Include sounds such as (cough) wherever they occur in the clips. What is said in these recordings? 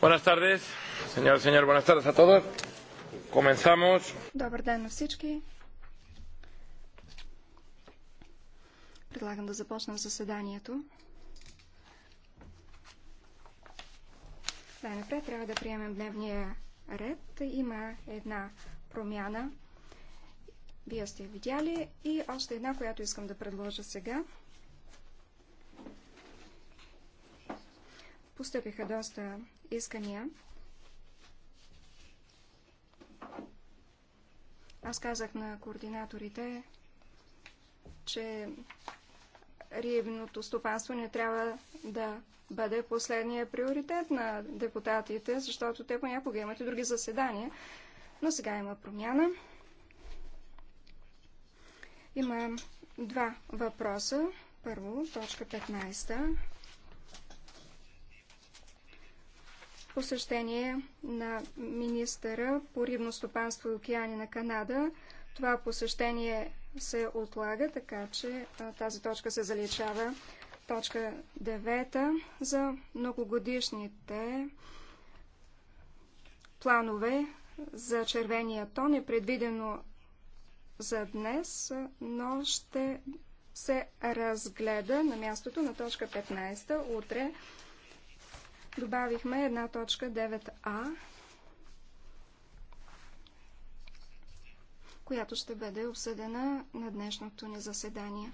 Buenas tardes, señor, señor, buenas tardes a todos. Comenzamos. Добър ден на всички. Предлагам да започнем заседанието. Най-напред трябва да приемем дневния ред. Има една промяна. Вие сте видяли и още една, която искам да предложа сега. Постъпиха доста искания. Аз казах на координаторите, че рибното стопанство не трябва да бъде последния приоритет на депутатите, защото те понякога имат и други заседания. Но сега има промяна. Има два въпроса. Първо, точка 15. посещение на министъра по рибно стопанство и океани на Канада. Това посещение се отлага, така че тази точка се заличава. Точка 9 за многогодишните планове за червения тон е предвидено за днес, но ще се разгледа на мястото на точка 15 утре добавихме една точка 9а, която ще бъде обсъдена на днешното ни заседание.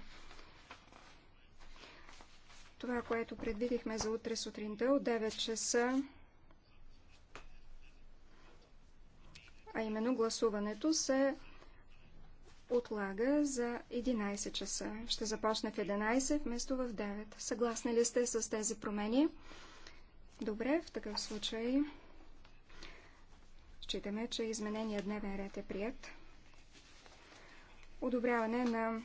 Това, което предвидихме за утре сутринта от 9 часа, а именно гласуването, се отлага за 11 часа. Ще започне в 11 вместо в 9. Съгласни ли сте с тези промени? Добре, в такъв случай считаме, че изменения дневен ред е прият. Одобряване на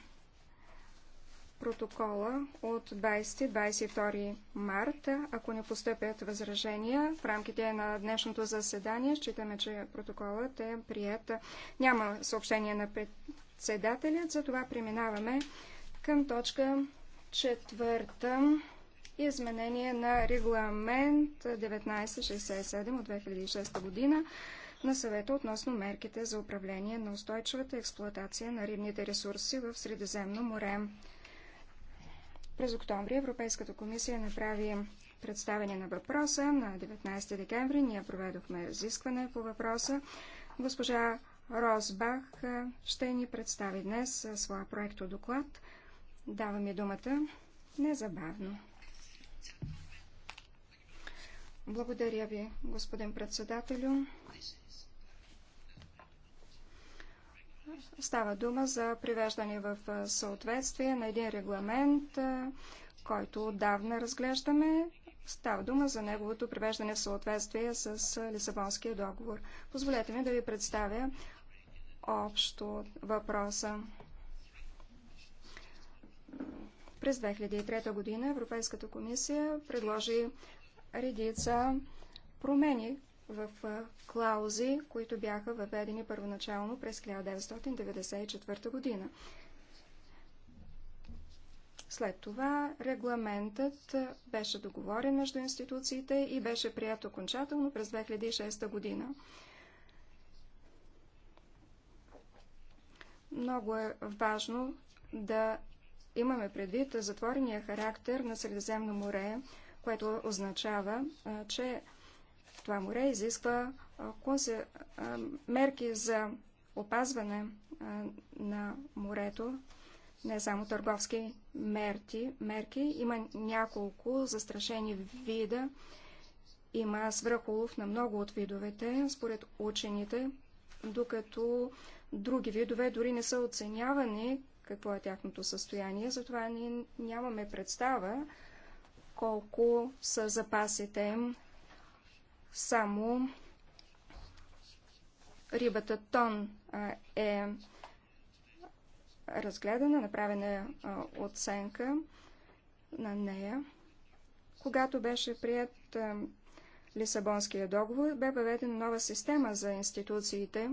протокола от 20-22 марта. Ако не постъпят възражения в рамките на днешното заседание, считаме, че протоколът е прият. Няма съобщение на председателят, затова преминаваме към точка четвърта. И изменение на регламент 1967 от 2006 година на съвета относно мерките за управление на устойчивата експлоатация на рибните ресурси в Средиземно море. През октомври Европейската комисия направи представяне на въпроса. На 19 декември ние проведохме разискване по въпроса. Госпожа Розбах ще ни представи днес своя проект доклад. Даваме думата незабавно. Благодаря ви, господин председателю. Става дума за привеждане в съответствие на един регламент, който отдавна разглеждаме. Става дума за неговото привеждане в съответствие с Лисабонския договор. Позволете ми да ви представя общо въпроса. През 2003 година Европейската комисия предложи редица промени в клаузи, които бяха въведени първоначално през 1994 година. След това регламентът беше договорен между институциите и беше прият окончателно през 2006 година. Много е важно да имаме предвид затворения характер на Средиземно море, което означава, че това море изисква мерки за опазване на морето, не само търговски мерки. мерки. Има няколко застрашени вида. Има свръхолов на много от видовете, според учените, докато други видове дори не са оценявани какво е тяхното състояние, затова ние нямаме представа колко са запасите само рибата тон е разгледана, направена оценка на нея. Когато беше прият Лисабонския договор, бе въведена нова система за институциите,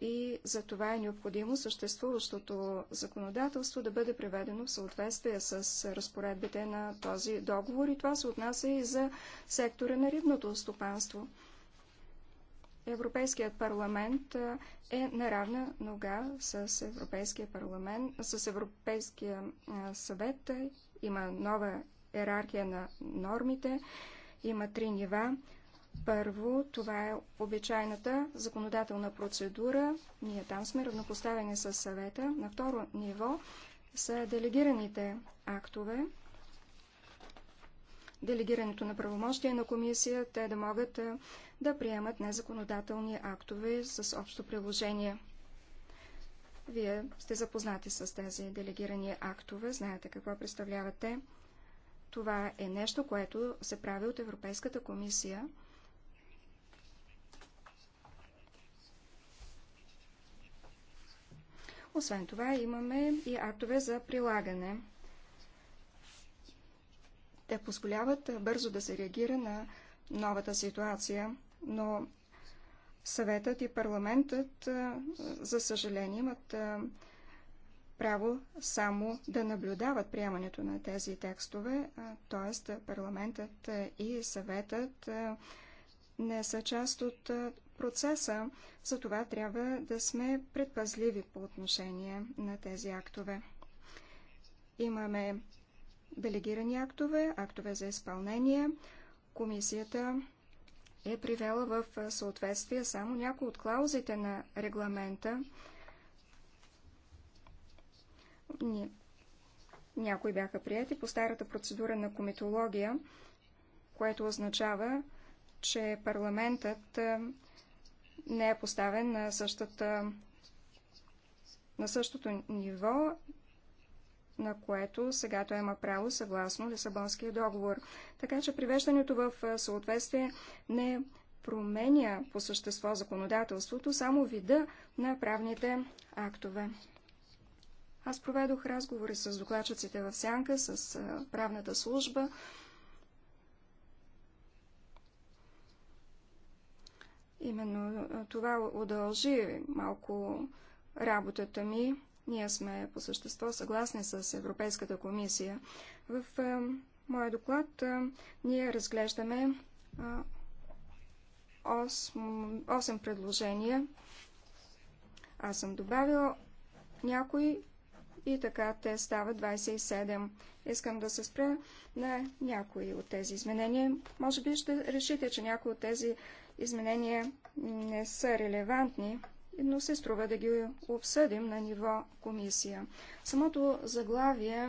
и за това е необходимо съществуващото законодателство да бъде приведено в съответствие с разпоредбите на този договор и това се отнася и за сектора на рибното стопанство. Европейският парламент е наравна нога с Европейския парламент, с Европейския съвет. Има нова иерархия на нормите, има три нива първо, това е обичайната законодателна процедура. Ние там сме равнопоставени с съвета. На второ ниво са делегираните актове. Делегирането на правомощия на комисия, те да могат да приемат незаконодателни актове с общо приложение. Вие сте запознати с тези делегирани актове, знаете какво представлявате. Това е нещо, което се прави от Европейската комисия – Освен това имаме и актове за прилагане. Те позволяват бързо да се реагира на новата ситуация, но съветът и парламентът, за съжаление, имат право само да наблюдават приемането на тези текстове, т.е. парламентът и съветът не са част от процеса, за това трябва да сме предпазливи по отношение на тези актове. Имаме делегирани актове, актове за изпълнение. Комисията е привела в съответствие само някои от клаузите на регламента. Някои бяха прияти по старата процедура на кометология, което означава, че парламентът не е поставен на, същата, на същото ниво, на което сега той има право съгласно Лисабонския договор. Така че привеждането в съответствие не променя по същество законодателството, само вида на правните актове. Аз проведох разговори с докладчиците в Сянка, с правната служба, Именно това удължи малко работата ми. Ние сме по същество съгласни с Европейската комисия. В моя доклад ние разглеждаме 8, 8 предложения. Аз съм добавила някои и така те стават 27. Искам да се спра на някои от тези изменения. Може би ще решите, че някои от тези изменения не са релевантни, но се струва да ги обсъдим на ниво комисия. Самото заглавие,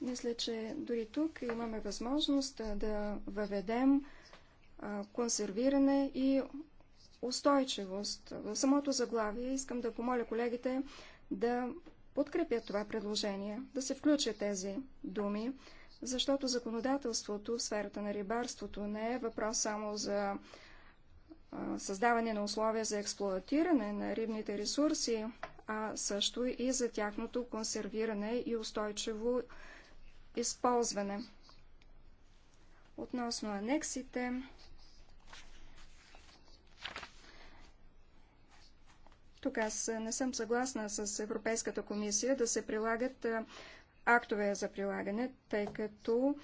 мисля, че дори тук имаме възможност да въведем консервиране и устойчивост. В самото заглавие искам да помоля колегите да подкрепят това предложение, да се включат тези думи, защото законодателството в сферата на рибарството не е въпрос само за създаване на условия за експлоатиране на рибните ресурси, а също и за тяхното консервиране и устойчиво използване. Относно анексите, тук аз не съм съгласна с Европейската комисия да се прилагат актове за прилагане, тъй като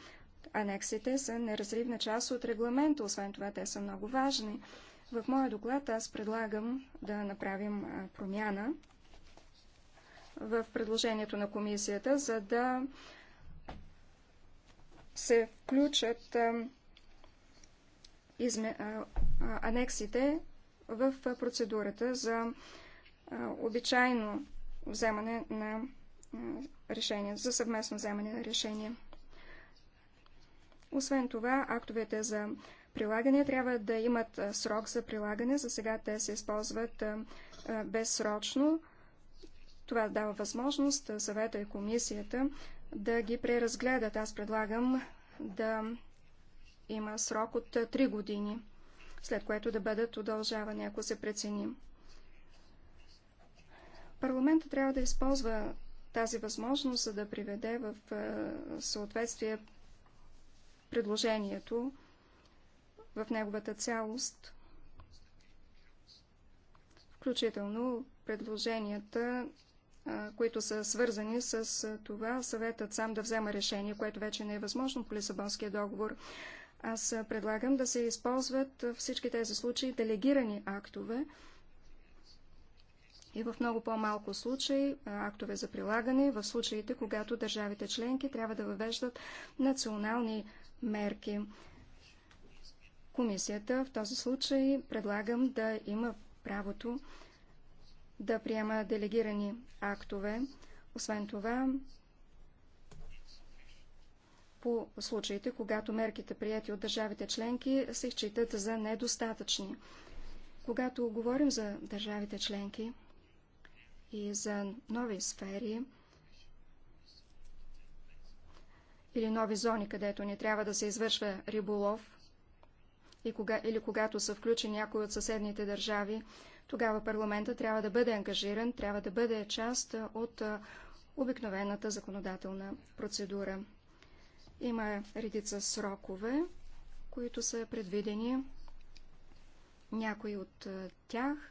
анексите са неразривна част от регламента, освен това те са много важни. В моя доклад аз предлагам да направим промяна в предложението на комисията, за да се включат анексите в процедурата за обичайно вземане на решение, за съвместно вземане на решение. Освен това, актовете за прилагане трябва да имат срок за прилагане. За сега те се използват безсрочно. Това дава възможност съвета и комисията да ги преразгледат. Аз предлагам да има срок от 3 години, след което да бъдат удължавани, ако се прецени. Парламентът трябва да използва тази възможност, за да приведе в съответствие предложението в неговата цялост, включително предложенията, които са свързани с това съветът сам да взема решение, което вече не е възможно по Лисабонския договор. Аз предлагам да се използват всички тези случаи делегирани актове, и в много по-малко случаи актове за прилагане, в случаите, когато държавите членки трябва да въвеждат национални мерки. Комисията в този случай предлагам да има правото да приема делегирани актове. Освен това, по случаите, когато мерките прияти от държавите членки се считат за недостатъчни. Когато говорим за държавите членки, и за нови сфери или нови зони, където не трябва да се извършва риболов и кога, или когато са включени някои от съседните държави, тогава парламента трябва да бъде ангажиран, трябва да бъде част от обикновената законодателна процедура. Има редица срокове, които са предвидени. Някои от тях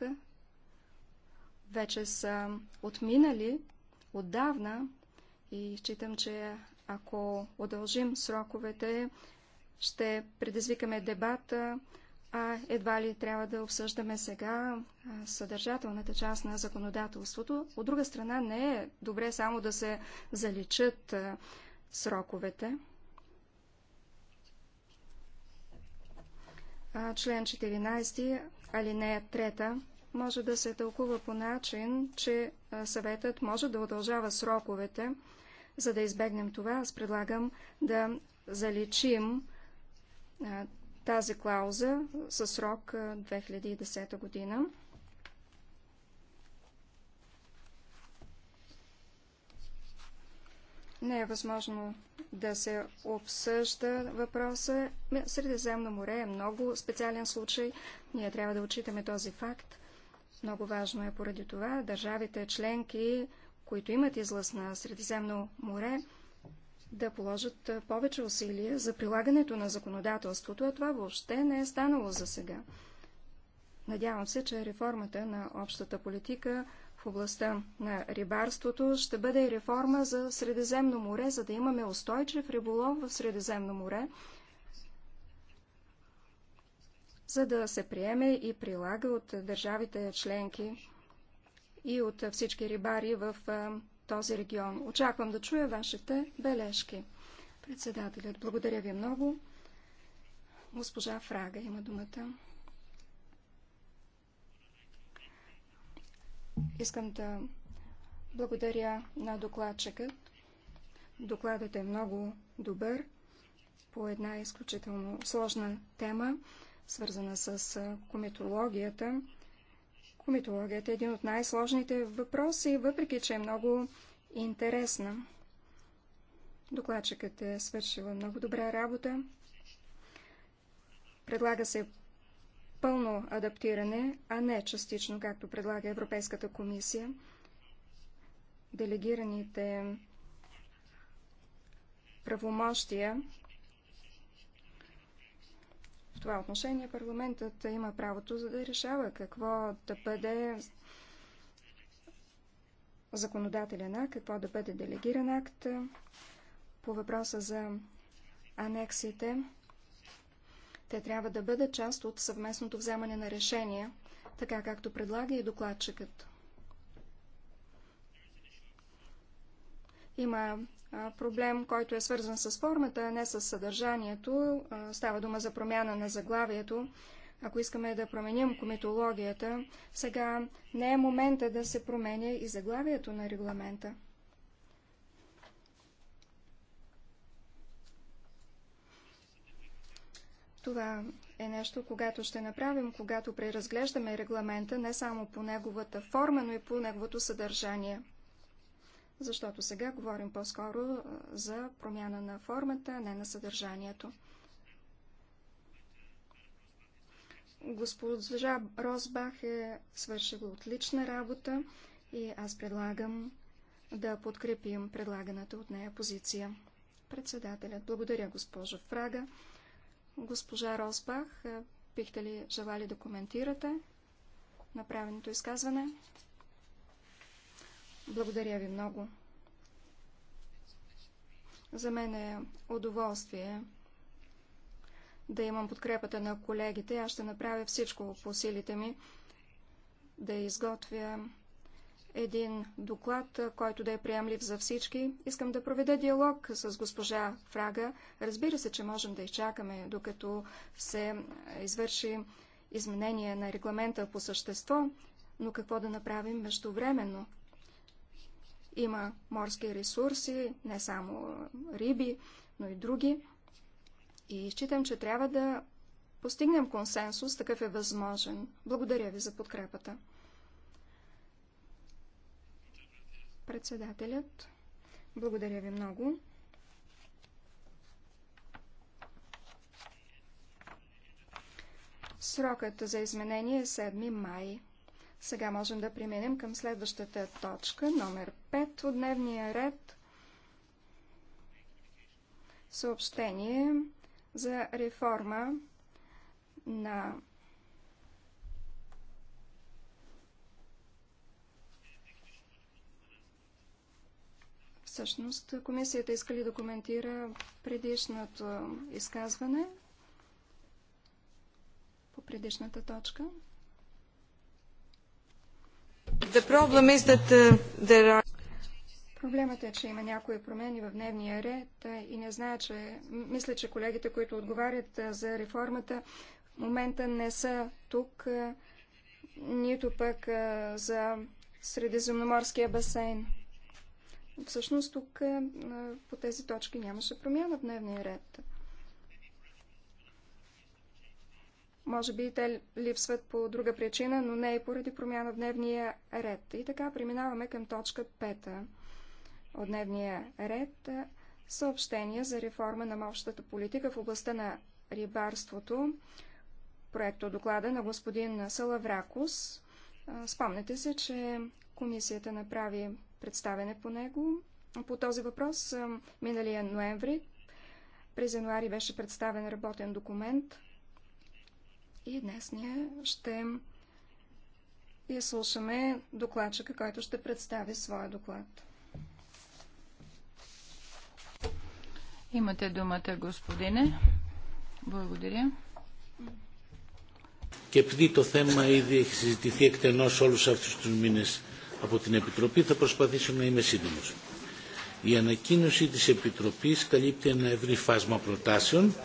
вече са отминали отдавна и считам, че ако удължим сроковете, ще предизвикаме дебата, а едва ли трябва да обсъждаме сега съдържателната част на законодателството. От друга страна, не е добре само да се заличат сроковете. Член 14, алинея може да се тълкува по начин, че съветът може да удължава сроковете. За да избегнем това, аз предлагам да заличим тази клауза със срок 2010 година. Не е възможно да се обсъжда въпроса. Средиземно море е много специален случай. Ние трябва да отчитаме този факт. Много важно е поради това държавите членки, които имат излъз на Средиземно море, да положат повече усилия за прилагането на законодателството, а това въобще не е станало за сега. Надявам се, че реформата на общата политика в областта на рибарството ще бъде и реформа за Средиземно море, за да имаме устойчив риболов в Средиземно море за да се приеме и прилага от държавите членки и от всички рибари в този регион. Очаквам да чуя вашите бележки. Председателят, благодаря ви много. Госпожа Фрага има думата. Искам да благодаря на докладчикът. Докладът е много добър по една изключително сложна тема свързана с кометологията. Кометологията е един от най-сложните въпроси, въпреки че е много интересна. Докладчикът е свършила много добра работа. Предлага се пълно адаптиране, а не частично, както предлага Европейската комисия. Делегираните правомощия това отношение парламентът има правото за да решава какво да бъде законодателен акт, какво да бъде делегиран акт. По въпроса за анексите, те трябва да бъдат част от съвместното вземане на решения, така както предлага и докладчикът. Има проблем, който е свързан с формата, а не с съдържанието. Става дума за промяна на заглавието. Ако искаме да променим комитологията, сега не е момента да се променя и заглавието на регламента. Това е нещо, когато ще направим, когато преразглеждаме регламента, не само по неговата форма, но и по неговото съдържание защото сега говорим по-скоро за промяна на формата, не на съдържанието. Госпожа Росбах е свършила отлична работа и аз предлагам да подкрепим предлаганата от нея позиция. Председателят, благодаря госпожа Фрага. Госпожа Росбах, бихте ли желали да коментирате направеното изказване? Благодаря ви много. За мен е удоволствие да имам подкрепата на колегите. Аз ще направя всичко по силите ми да изготвя един доклад, който да е приемлив за всички. Искам да проведа диалог с госпожа Фрага. Разбира се, че можем да изчакаме, докато се извърши изменение на регламента по същество, но какво да направим междувременно? Има морски ресурси, не само риби, но и други. И считам, че трябва да постигнем консенсус, такъв е възможен. Благодаря ви за подкрепата. Председателят, благодаря ви много. Срокът за изменение е 7 май. Сега можем да преминем към следващата точка, номер 5 от дневния ред. Съобщение за реформа на Всъщност, комисията ли да коментира предишното изказване по предишната точка. Uh, Проблемът е, че има някои промени в дневния ред и не знае, че мисля, че колегите, които отговарят за реформата, в момента не са тук, нито пък за Средиземноморския басейн. Всъщност тук по тези точки нямаше промяна в дневния ред. Може би те липсват по друга причина, но не и поради промяна в дневния ред. И така преминаваме към точка 5 от дневния ред. Съобщение за реформа на общата политика в областта на рибарството. Проекто доклада на господин Салавракус. Спомнете се, че комисията направи представене по него. По този въпрос миналия ноември през януари беше представен работен документ – и днес ние ще слушаме докладчика, който ще представи своя доклад. Имате думата, господине. Благодаря. Και επειδή το θέμα ήδη έχει συζητηθεί εκτενώς όλου αυτού του μήνε από την Επιτροπή, θα προσπαθήσω να είμαι σύντομο. Η ανακοίνωση τη Επιτροπή καλύπτει ένα ευρύ φάσμα προτάσεων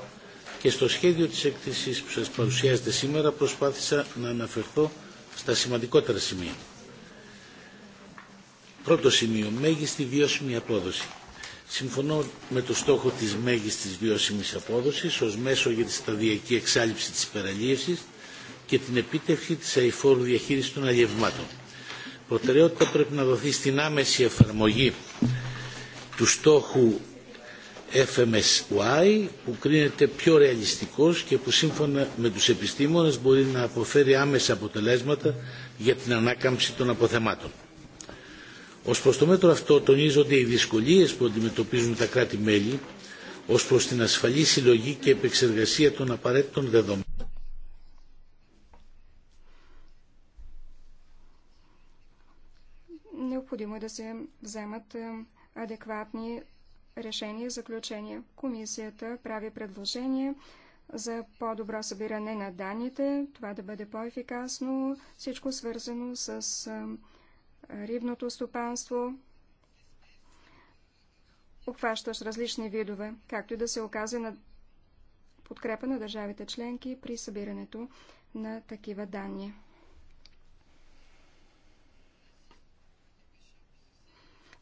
και στο σχέδιο της έκθεσης που σας παρουσιάζεται σήμερα προσπάθησα να αναφερθώ στα σημαντικότερα σημεία. Πρώτο σημείο, μέγιστη βιώσιμη απόδοση. Συμφωνώ με το στόχο της μέγιστης βιώσιμης απόδοσης ως μέσο για τη σταδιακή εξάλληψη της υπεραλίευσης και την επίτευξη της αηφόρου διαχείρισης των αλλιευμάτων. Προτεραιότητα πρέπει να δοθεί στην άμεση εφαρμογή του στόχου FMSY που κρίνεται πιο ρεαλιστικός και που σύμφωνα με τους επιστήμονες μπορεί να αποφέρει άμεσα αποτελέσματα για την ανάκαμψη των αποθεμάτων. Ως προς το μέτρο αυτό τονίζονται οι δυσκολίες που αντιμετωπίζουν τα κράτη-μέλη ως προς την ασφαλή συλλογή και επεξεργασία των απαραίτητων δεδομένων. Необходимо е да се вземат адекватни решение и заключение. Комисията прави предложение за по-добро събиране на данните, това да бъде по-ефикасно, всичко свързано с рибното стопанство, обхващащ различни видове, както и да се оказа на подкрепа на държавите членки при събирането на такива данни.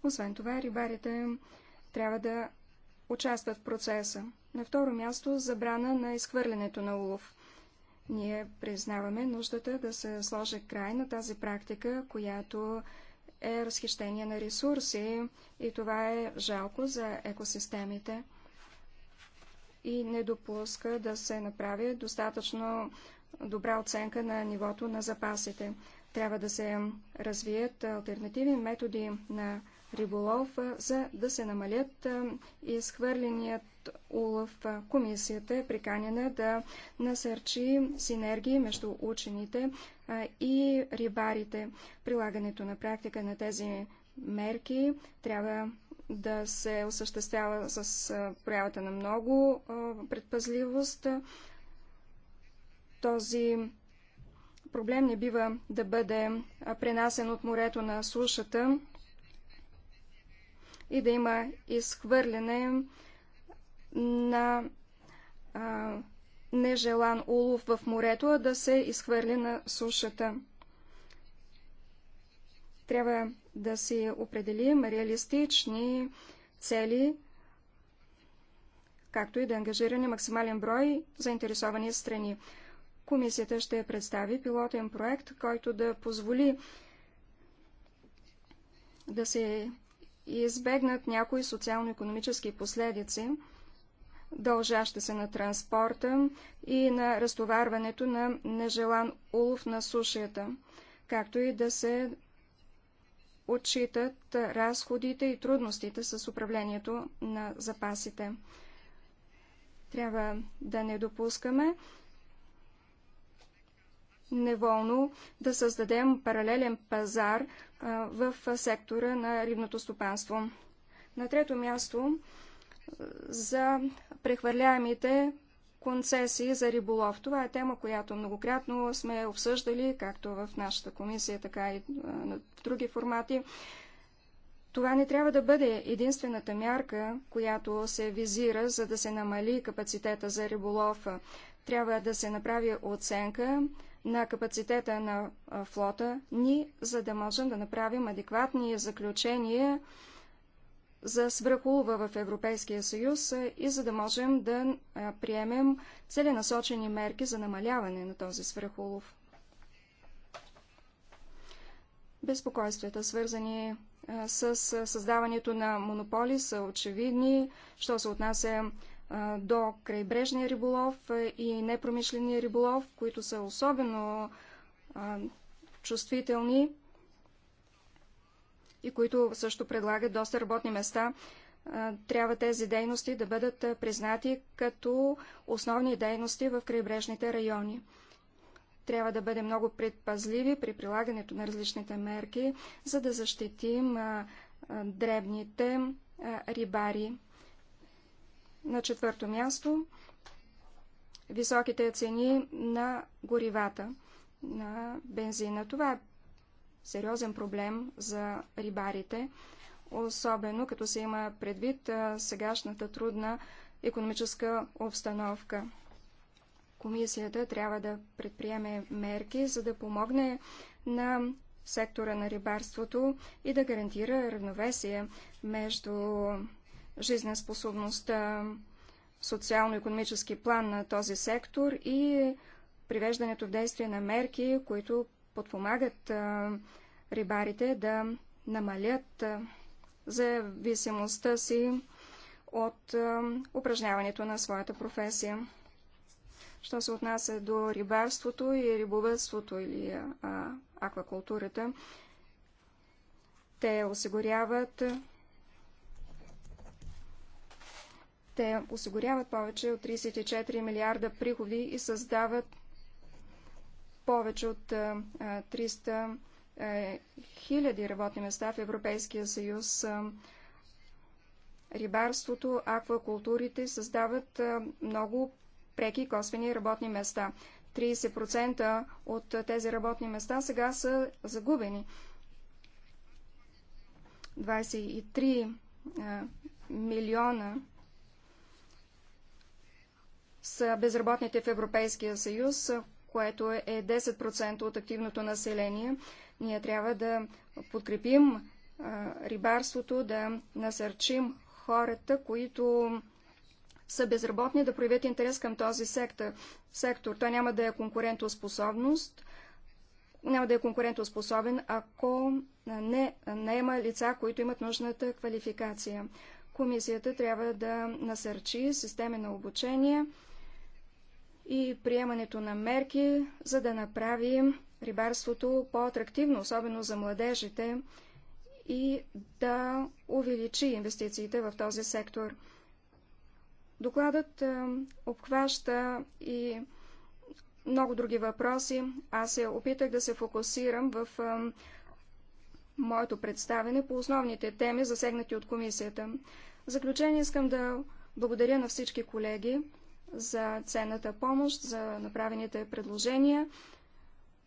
Освен това, рибарите трябва да участват в процеса. На второ място забрана на изхвърлянето на улов. Ние признаваме нуждата да се сложи край на тази практика, която е разхищение на ресурси и това е жалко за екосистемите и не допуска да се направи достатъчно добра оценка на нивото на запасите. Трябва да се развият альтернативни методи на риболов, за да се намалят изхвърленият улов. Комисията е приканена да насърчи синергии между учените и рибарите. Прилагането на практика на тези мерки трябва да се осъществява с проявата на много предпазливост. Този проблем не бива да бъде пренасен от морето на сушата и да има изхвърляне на а, нежелан улов в морето, а да се изхвърли на сушата. Трябва да си определим реалистични цели, както и да ангажираме максимален брой заинтересовани страни. Комисията ще представи пилотен проект, който да позволи да се и избегнат някои социално-економически последици, дължащи се на транспорта и на разтоварването на нежелан улов на сушията, както и да се отчитат разходите и трудностите с управлението на запасите. Трябва да не допускаме неволно да създадем паралелен пазар в сектора на рибното стопанство. На трето място за прехвърляемите концесии за риболов. Това е тема, която многократно сме обсъждали, както в нашата комисия, така и в други формати. Това не трябва да бъде единствената мярка, която се визира, за да се намали капацитета за риболов. Трябва да се направи оценка на капацитета на флота ни, за да можем да направим адекватни заключения за свръхулва в Европейския съюз и за да можем да приемем целенасочени мерки за намаляване на този свръхулов. Безпокойствията, свързани с създаването на монополи, са очевидни, що се отнася до крайбрежния риболов и непромишления риболов, които са особено чувствителни и които също предлагат доста работни места, трябва тези дейности да бъдат признати като основни дейности в крайбрежните райони. Трябва да бъдем много предпазливи при прилагането на различните мерки, за да защитим дребните рибари. На четвърто място високите цени на горивата, на бензина. Това е сериозен проблем за рибарите, особено като се има предвид сегашната трудна економическа обстановка. Комисията трябва да предприеме мерки, за да помогне на сектора на рибарството и да гарантира равновесие между жизнеспособността, социално-економически план на този сектор и привеждането в действие на мерки, които подпомагат рибарите да намалят зависимостта си от упражняването на своята професия. Що се отнася до рибарството и рибовътството или аквакултурата, те осигуряват Те осигуряват повече от 34 милиарда приходи и създават повече от 300 хиляди работни места в Европейския съюз. Рибарството, аквакултурите създават много преки косвени работни места. 30% от тези работни места сега са загубени. 23 милиона са безработните в Европейския съюз, което е 10% от активното население. Ние трябва да подкрепим рибарството, да насърчим хората, които са безработни, да проявят интерес към този сектор. сектор. Той няма да е конкурентоспособност, няма да е конкурентоспособен, ако не има лица, които имат нужната квалификация. Комисията трябва да насърчи системи на обучение, и приемането на мерки, за да направи рибарството по-атрактивно, особено за младежите, и да увеличи инвестициите в този сектор. Докладът обхваща и много други въпроси. Аз се опитах да се фокусирам в моето представене по основните теми, засегнати от комисията. В заключение искам да благодаря на всички колеги, за ценната помощ, за направените предложения,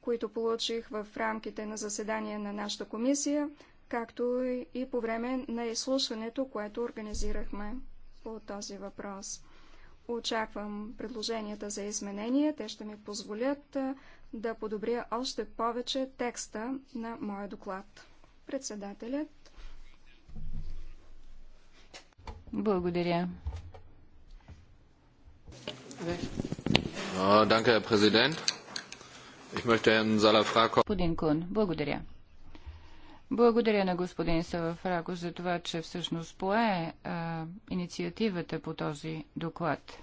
които получих в рамките на заседание на нашата комисия, както и по време на изслушването, което организирахме по този въпрос. Очаквам предложенията за изменения. Те ще ми позволят да подобря още повече текста на моя доклад. Председателят. Благодаря. Ah, господин Кун, благодаря. Благодаря на господин Салафрако за това, че всъщност пое инициативата по този доклад.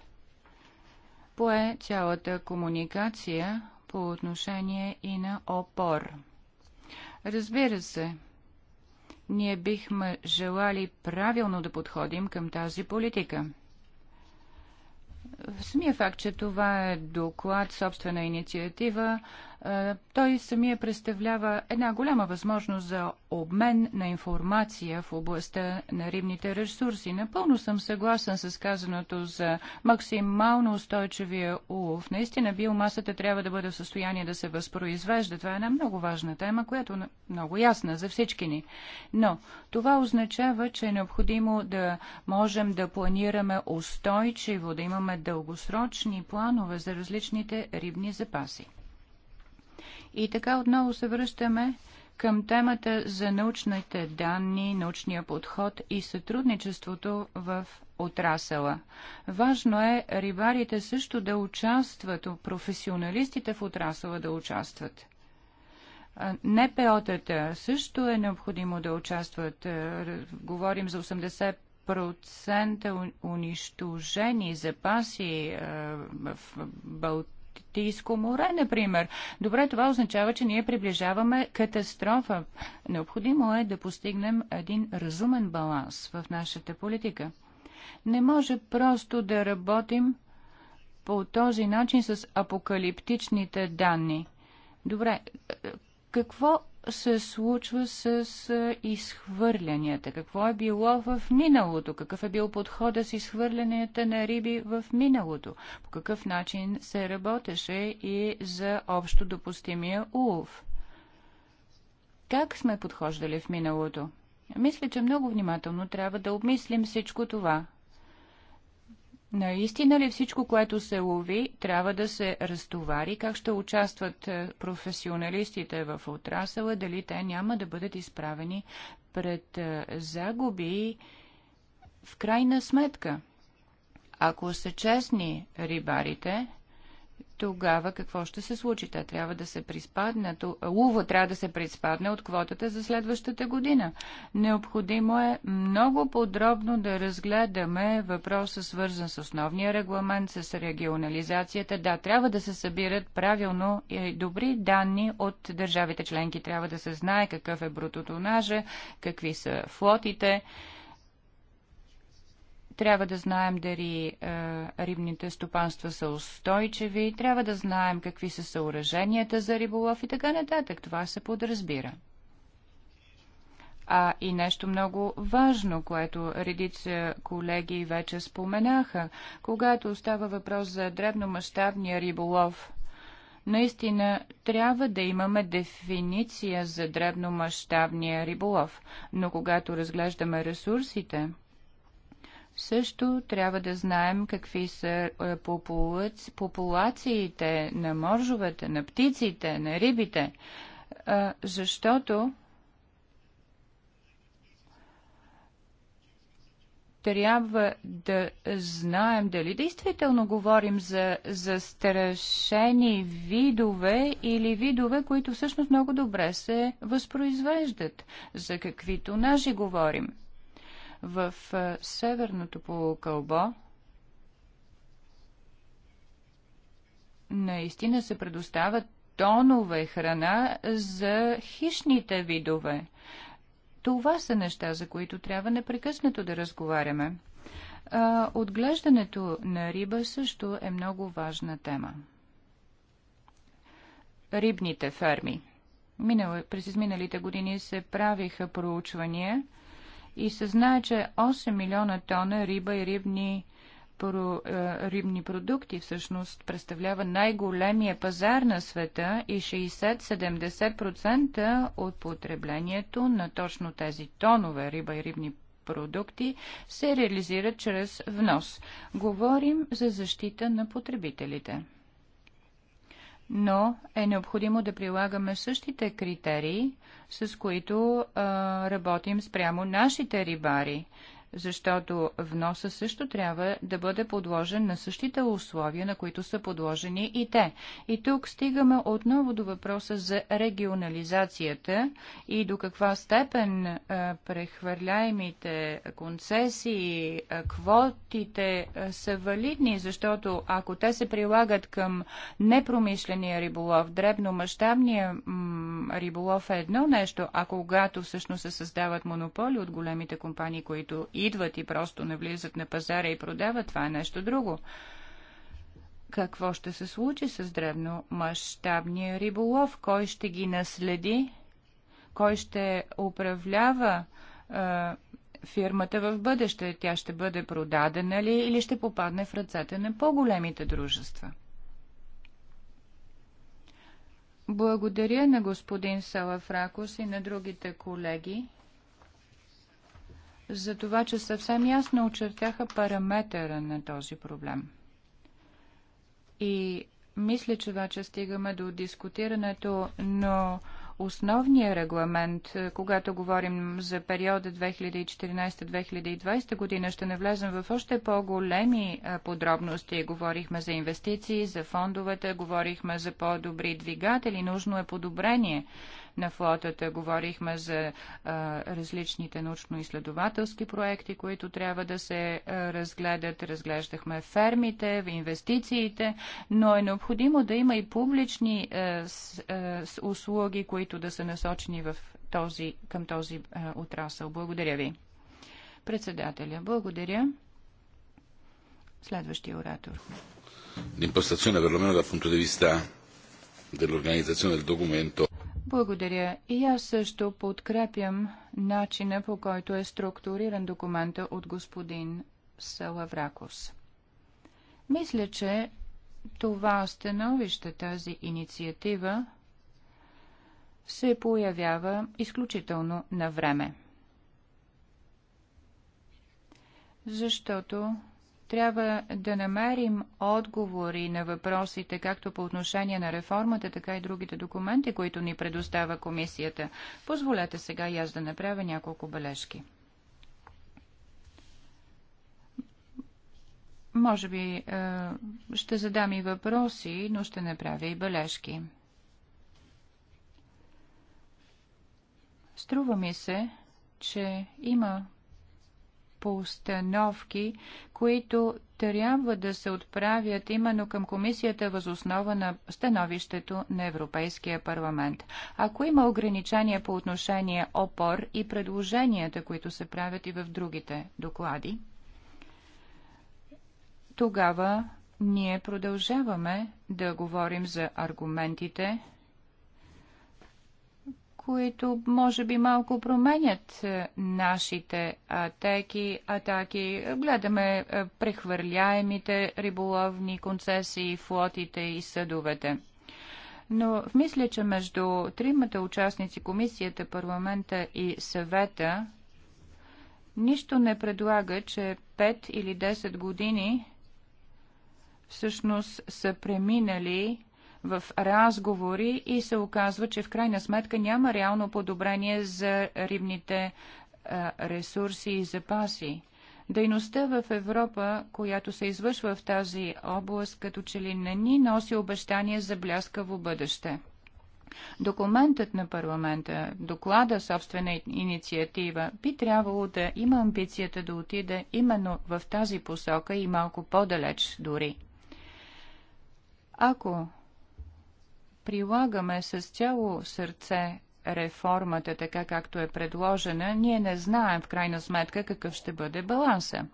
Пое цялата комуникация по отношение и на опор. Разбира се, ние бихме желали правилно да подходим към тази политика – Самия факт, че това е доклад, собствена инициатива, е, той самия представлява една голяма възможност за обмен на информация в областта на рибните ресурси. Напълно съм съгласен с казаното за максимално устойчивия улов. Наистина биомасата трябва да бъде в състояние да се възпроизвежда. Това е една много важна тема, която е много ясна за всички ни. Но това означава, че е необходимо да можем да планираме устойчиво, да имаме дългосрочни планове за различните рибни запаси. И така отново се връщаме към темата за научните данни, научния подход и сътрудничеството в отрасъла. Важно е рибарите също да участват, професионалистите в отрасъла да участват. НПО-тата също е необходимо да участват. Е, говорим за 80 унищожени запаси е, в Балтия Балтийско море, например. Добре, това означава, че ние приближаваме катастрофа. Необходимо е да постигнем един разумен баланс в нашата политика. Не може просто да работим по този начин с апокалиптичните данни. Добре, какво се случва с изхвърлянията? Какво е било в миналото? Какъв е бил подхода с изхвърлянията на риби в миналото? По какъв начин се работеше и за общо допустимия улов? Как сме подхождали в миналото? Мисля, че много внимателно трябва да обмислим всичко това. Наистина ли всичко, което се лови, трябва да се разтовари? Как ще участват е, професионалистите в отрасъла? Дали те няма да бъдат изправени пред е, загуби в крайна сметка? Ако са честни рибарите, тогава какво ще се случи? Те трябва да се приспаднат. Лува трябва да се приспадне от квотата за следващата година. Необходимо е много подробно да разгледаме въпроса, свързан с основния регламент, с регионализацията. Да, трябва да се събират правилно и добри данни от държавите членки. Трябва да се знае какъв е брутотонаже, какви са флотите. Трябва да знаем дали е, рибните стопанства са устойчиви, трябва да знаем какви са съоръженията за риболов и така нататък. Това се подразбира. А и нещо много важно, което редица колеги вече споменаха, когато става въпрос за дребномащабния риболов. Наистина трябва да имаме дефиниция за дребномащабния риболов, но когато разглеждаме ресурсите, също трябва да знаем какви са е, популациите на моржовете, на птиците, на рибите, защото трябва да знаем дали действително говорим за застрашени видове или видове, които всъщност много добре се възпроизвеждат. За каквито наши говорим? В северното полукълбо наистина се предоставят тонове храна за хищните видове. Това са неща, за които трябва непрекъснато да разговаряме. А, отглеждането на риба също е много важна тема. Рибните ферми. Минало, през изминалите години се правиха проучвания – и се знае, че 8 милиона тона риба и рибни е, рибни продукти всъщност представлява най-големия пазар на света и 60-70% от потреблението на точно тези тонове риба и рибни продукти се реализират чрез внос. Говорим за защита на потребителите но е необходимо да прилагаме същите критерии, с които а, работим спрямо нашите рибари защото вноса също трябва да бъде подложен на същите условия, на които са подложени и те. И тук стигаме отново до въпроса за регионализацията и до каква степен прехвърляемите концесии, квотите са валидни, защото ако те се прилагат към непромишления риболов, дребномащабния риболов е едно нещо, а когато всъщност се създават монополи от големите компании, които и идват и просто навлизат на пазара и продават, това е нещо друго. Какво ще се случи с древномащабния риболов? Кой ще ги наследи? Кой ще управлява а, фирмата в бъдеще? Тя ще бъде продадена ли или ще попадне в ръцете на по-големите дружества? Благодаря на господин Салафракос и на другите колеги за това, че съвсем ясно очертяха параметъра на този проблем. И мисля, че вече стигаме до дискутирането, но основния регламент, е, когато говорим за периода 2014-2020 година, ще навлезем в още по-големи е, подробности. Говорихме за инвестиции, за фондовете, говорихме за по-добри двигатели, нужно е подобрение на флотата. Говорихме за а, различните научно-изследователски проекти, които трябва да се разгледат. Разглеждахме фермите, инвестициите, но е необходимо да има и публични а, с, а, с услуги, които да са насочени в този, към този а, отрасъл. Благодаря ви. Председателя, благодаря. Следващия оратор. L'impostazione, perlomeno dal punto di vista dell'organizzazione del documento. Благодаря. И аз също подкрепям начина по който е структуриран документа от господин Салавракос. Мисля, че това становище, тази инициатива се появява изключително на време. Защото трябва да намерим отговори на въпросите, както по отношение на реформата, така и другите документи, които ни предостава комисията. Позволете сега и аз да направя няколко бележки. Може би е, ще задам и въпроси, но ще направя и бележки. Струва ми се, че има постановки, които трябва да се отправят именно към комисията възоснова на становището на Европейския парламент. Ако има ограничения по отношение опор и предложенията, които се правят и в другите доклади, тогава ние продължаваме да говорим за аргументите, които може би малко променят е, нашите атаки. атаки. Гледаме е, прехвърляемите риболовни концесии, флотите и съдовете. Но в мисля, че между тримата участници, комисията, парламента и съвета, нищо не предлага, че 5 или 10 години всъщност са преминали в разговори и се оказва, че в крайна сметка няма реално подобрение за рибните ресурси и запаси. Дейността в Европа, която се извършва в тази област, като че ли не ни носи обещание за бляскаво бъдеще. Документът на парламента, доклада собствена инициатива, би трябвало да има амбицията да отиде именно в тази посока и малко по-далеч дори. Ако прилагаме с цяло сърце реформата, така както е предложена, ние не знаем в крайна сметка какъв ще бъде баланса.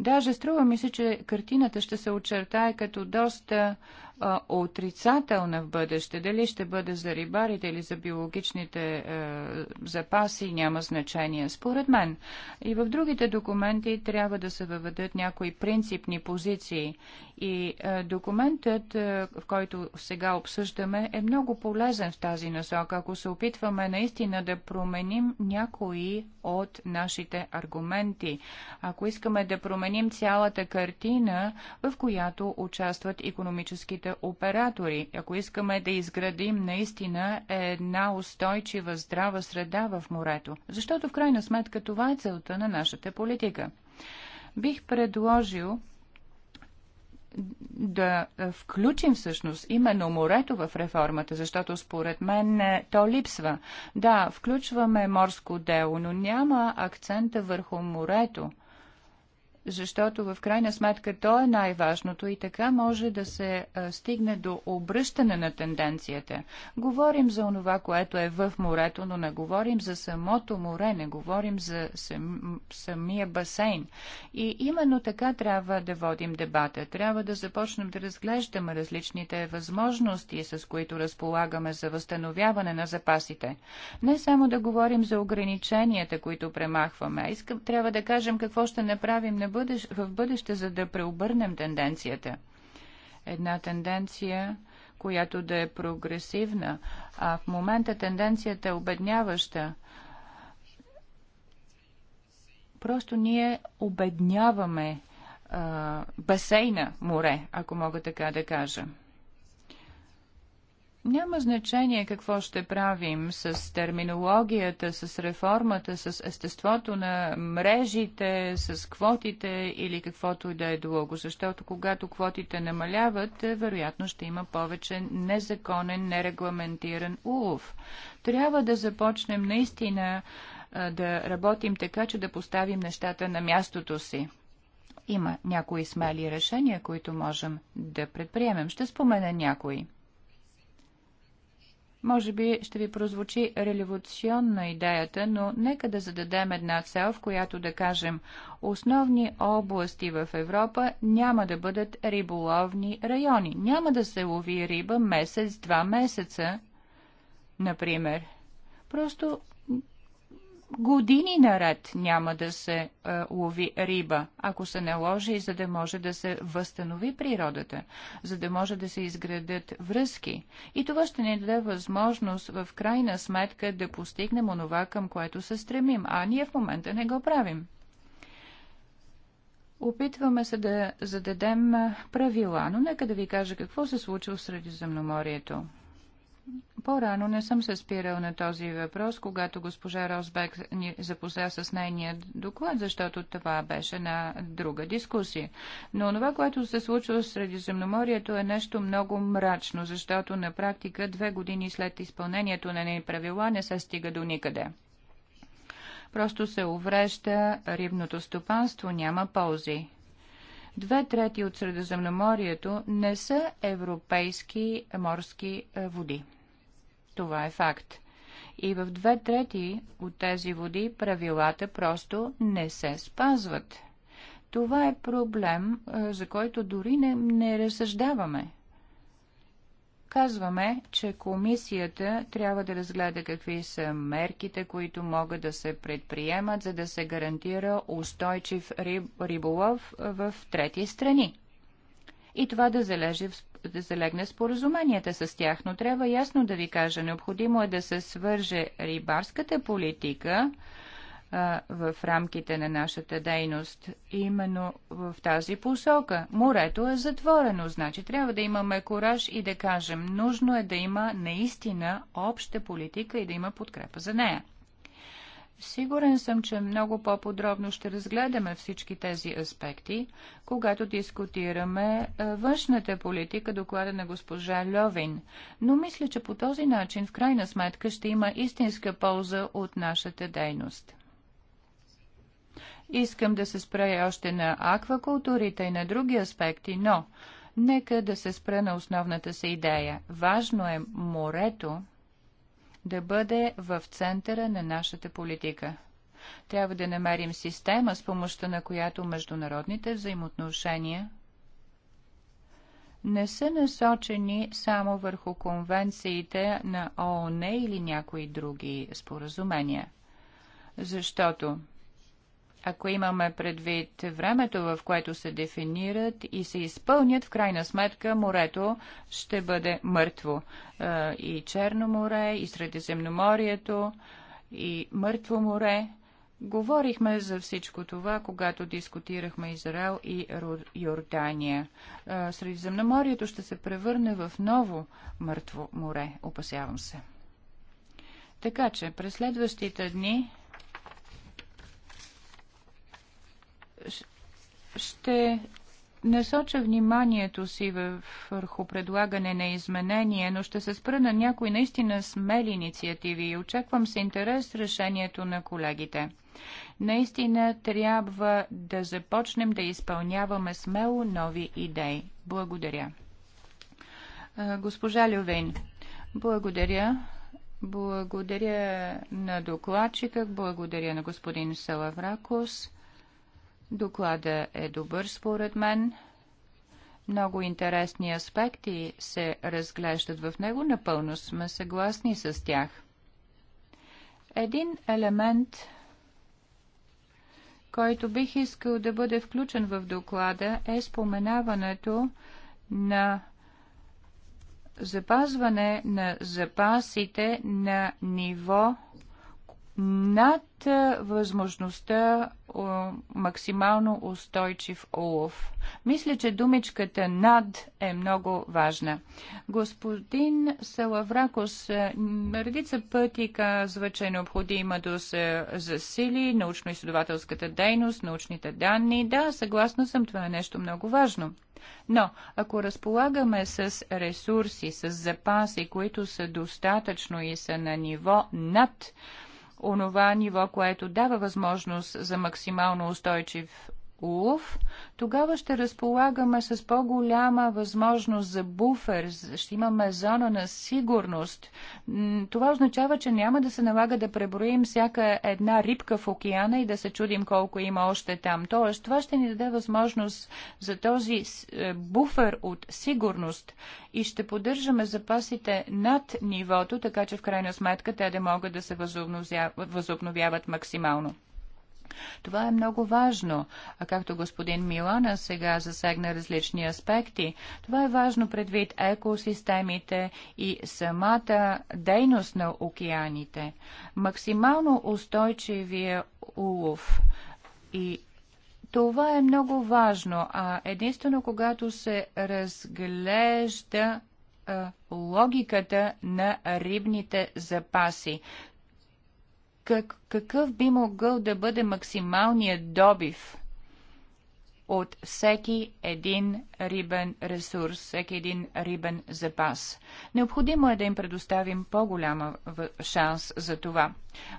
Даже струва ми се, че картината ще се очертае като доста а, отрицателна в бъдеще. Дали ще бъде за рибарите или за биологичните а, е, запаси, няма значение. Според мен и в другите документи трябва да се въведат някои принципни позиции. И а, е, документът, а, е, в който сега обсъждаме, е много полезен в тази насока, ако се опитваме наистина да променим някои от нашите аргументи. Ако искаме да променим цялата картина, в която участват економическите нашите оператори. Ако искаме да изградим наистина една устойчива здрава среда в морето, защото в крайна сметка това е целта на нашата политика. Бих предложил да включим всъщност именно морето в реформата, защото според мен е, то липсва. Да, включваме морско дело, но няма акцента върху морето защото в крайна сметка то е най-важното и така може да се стигне до обръщане на тенденцията. Говорим за онова, което е в морето, но не говорим за самото море, не говорим за сам, самия басейн. И именно така трябва да водим дебата. Трябва да започнем да разглеждаме различните възможности, с които разполагаме за възстановяване на запасите. Не само да говорим за ограниченията, които премахваме, а искам, трябва да кажем какво ще направим на бъдеще, в бъдеще, за да преобърнем тенденцията. Една тенденция, която да е прогресивна, а в момента тенденцията е обедняваща. Просто ние обедняваме а, басейна море, ако мога така да кажа. Няма значение какво ще правим с терминологията, с реформата, с естеството на мрежите, с квотите или каквото и да е друго, защото когато квотите намаляват, е, вероятно ще има повече незаконен, нерегламентиран улов. Трябва да започнем наистина да работим така, че да поставим нещата на мястото си. Има някои смели решения, които можем да предприемем. Ще спомена някои. Може би ще ви прозвучи революционна идеята, но нека да зададем една цел, в която да кажем основни области в Европа няма да бъдат риболовни райони. Няма да се лови риба месец, два месеца, например. Просто години наред няма да се а, е, лови риба, ако се наложи, за да може да се възстанови природата, за да може да се изградят връзки. И това ще ни даде възможност в крайна сметка да постигнем онова, към което се стремим, а ние в момента не го правим. Опитваме се да зададем е, правила, но нека да ви кажа какво се случва в Средиземноморието. По-рано не съм се спирал на този въпрос, когато госпожа Росбек ни запозна с нейния доклад, защото това беше на друга дискусия. Но това, което се случва в Средиземноморието е нещо много мрачно, защото на практика две години след изпълнението на ней правила не се стига до никъде. Просто се уврежда рибното стопанство, няма ползи. Две трети от Средиземноморието не са европейски морски е, води. Това е факт. И в две трети от тези води правилата просто не се спазват. Това е проблем, е, за който дори не, не разсъждаваме. Казваме, че комисията трябва да разгледа какви са мерките, които могат да се предприемат, за да се гарантира устойчив риб, риболов в трети страни. И това да залежи да залегне споразуменията с тях, но трябва ясно да ви кажа, необходимо е да се свърже рибарската политика в рамките на нашата дейност. Именно в тази посока. Морето е затворено, значи трябва да имаме кораж и да кажем, нужно е да има наистина обща политика и да има подкрепа за нея. Сигурен съм, че много по-подробно ще разгледаме всички тези аспекти, когато дискутираме външната политика, доклада на госпожа Льовин. Но мисля, че по този начин в крайна сметка ще има истинска полза от нашата дейност. Искам да се спра още на аквакултурите и на други аспекти, но нека да се спра на основната си идея. Важно е морето да бъде в центъра на нашата политика. Трябва да намерим система, с помощта на която международните взаимоотношения не са насочени само върху конвенциите на ООН или някои други споразумения. Защото ако имаме предвид времето, в което се дефинират и се изпълнят, в крайна сметка морето ще бъде мъртво. Е, и Черно море, и Средиземноморието, и Мъртво море. Говорихме за всичко това, когато дискутирахме Израел и Йордания. Е, Средиземноморието ще се превърне в ново мъртво море, опасявам се. Така че през следващите дни ще насоча вниманието си върху предлагане на изменения, но ще се спра на някои наистина смели инициативи и очаквам с интерес решението на колегите. Наистина трябва да започнем да изпълняваме смело нови идеи. Благодаря. Госпожа Лювин, благодаря. Благодаря на докладчика, благодаря на господин Салавракос. Доклада е добър според мен. Много интересни аспекти се разглеждат в него, напълно сме съгласни с тях. Един елемент, който бих искал да бъде включен в доклада, е споменаването на запазване на запасите на ниво над възможността о, максимално устойчив улов. Мисля, че думичката над е много важна. Господин Салавракос редица пъти казва, че е необходимо да се засили научно-изследователската дейност, научните данни. Да, съгласна съм, това е нещо много важно. Но ако разполагаме с ресурси, с запаси, които са достатъчно и са на ниво над онова ниво, което дава възможност за максимално устойчив улов, тогава ще разполагаме с по-голяма възможност за буфер, ще имаме зона на сигурност. Това означава, че няма да се налага да преброим всяка една рибка в океана и да се чудим колко има още там. Тоест, това ще ни даде възможност за този е, буфер от сигурност и ще поддържаме запасите над нивото, така че в крайна сметка те да могат да се възобновяват максимално. Това е много важно, а както господин Милана сега засегна различни аспекти, това е важно предвид екосистемите и самата дейност на океаните. Максимално устойчивия улов и това е много важно, а единствено когато се разглежда логиката на рибните запаси как, какъв би могъл да бъде максималният добив от всеки един рибен ресурс, всеки един рибен запас. Необходимо е да им предоставим по-голяма шанс за това.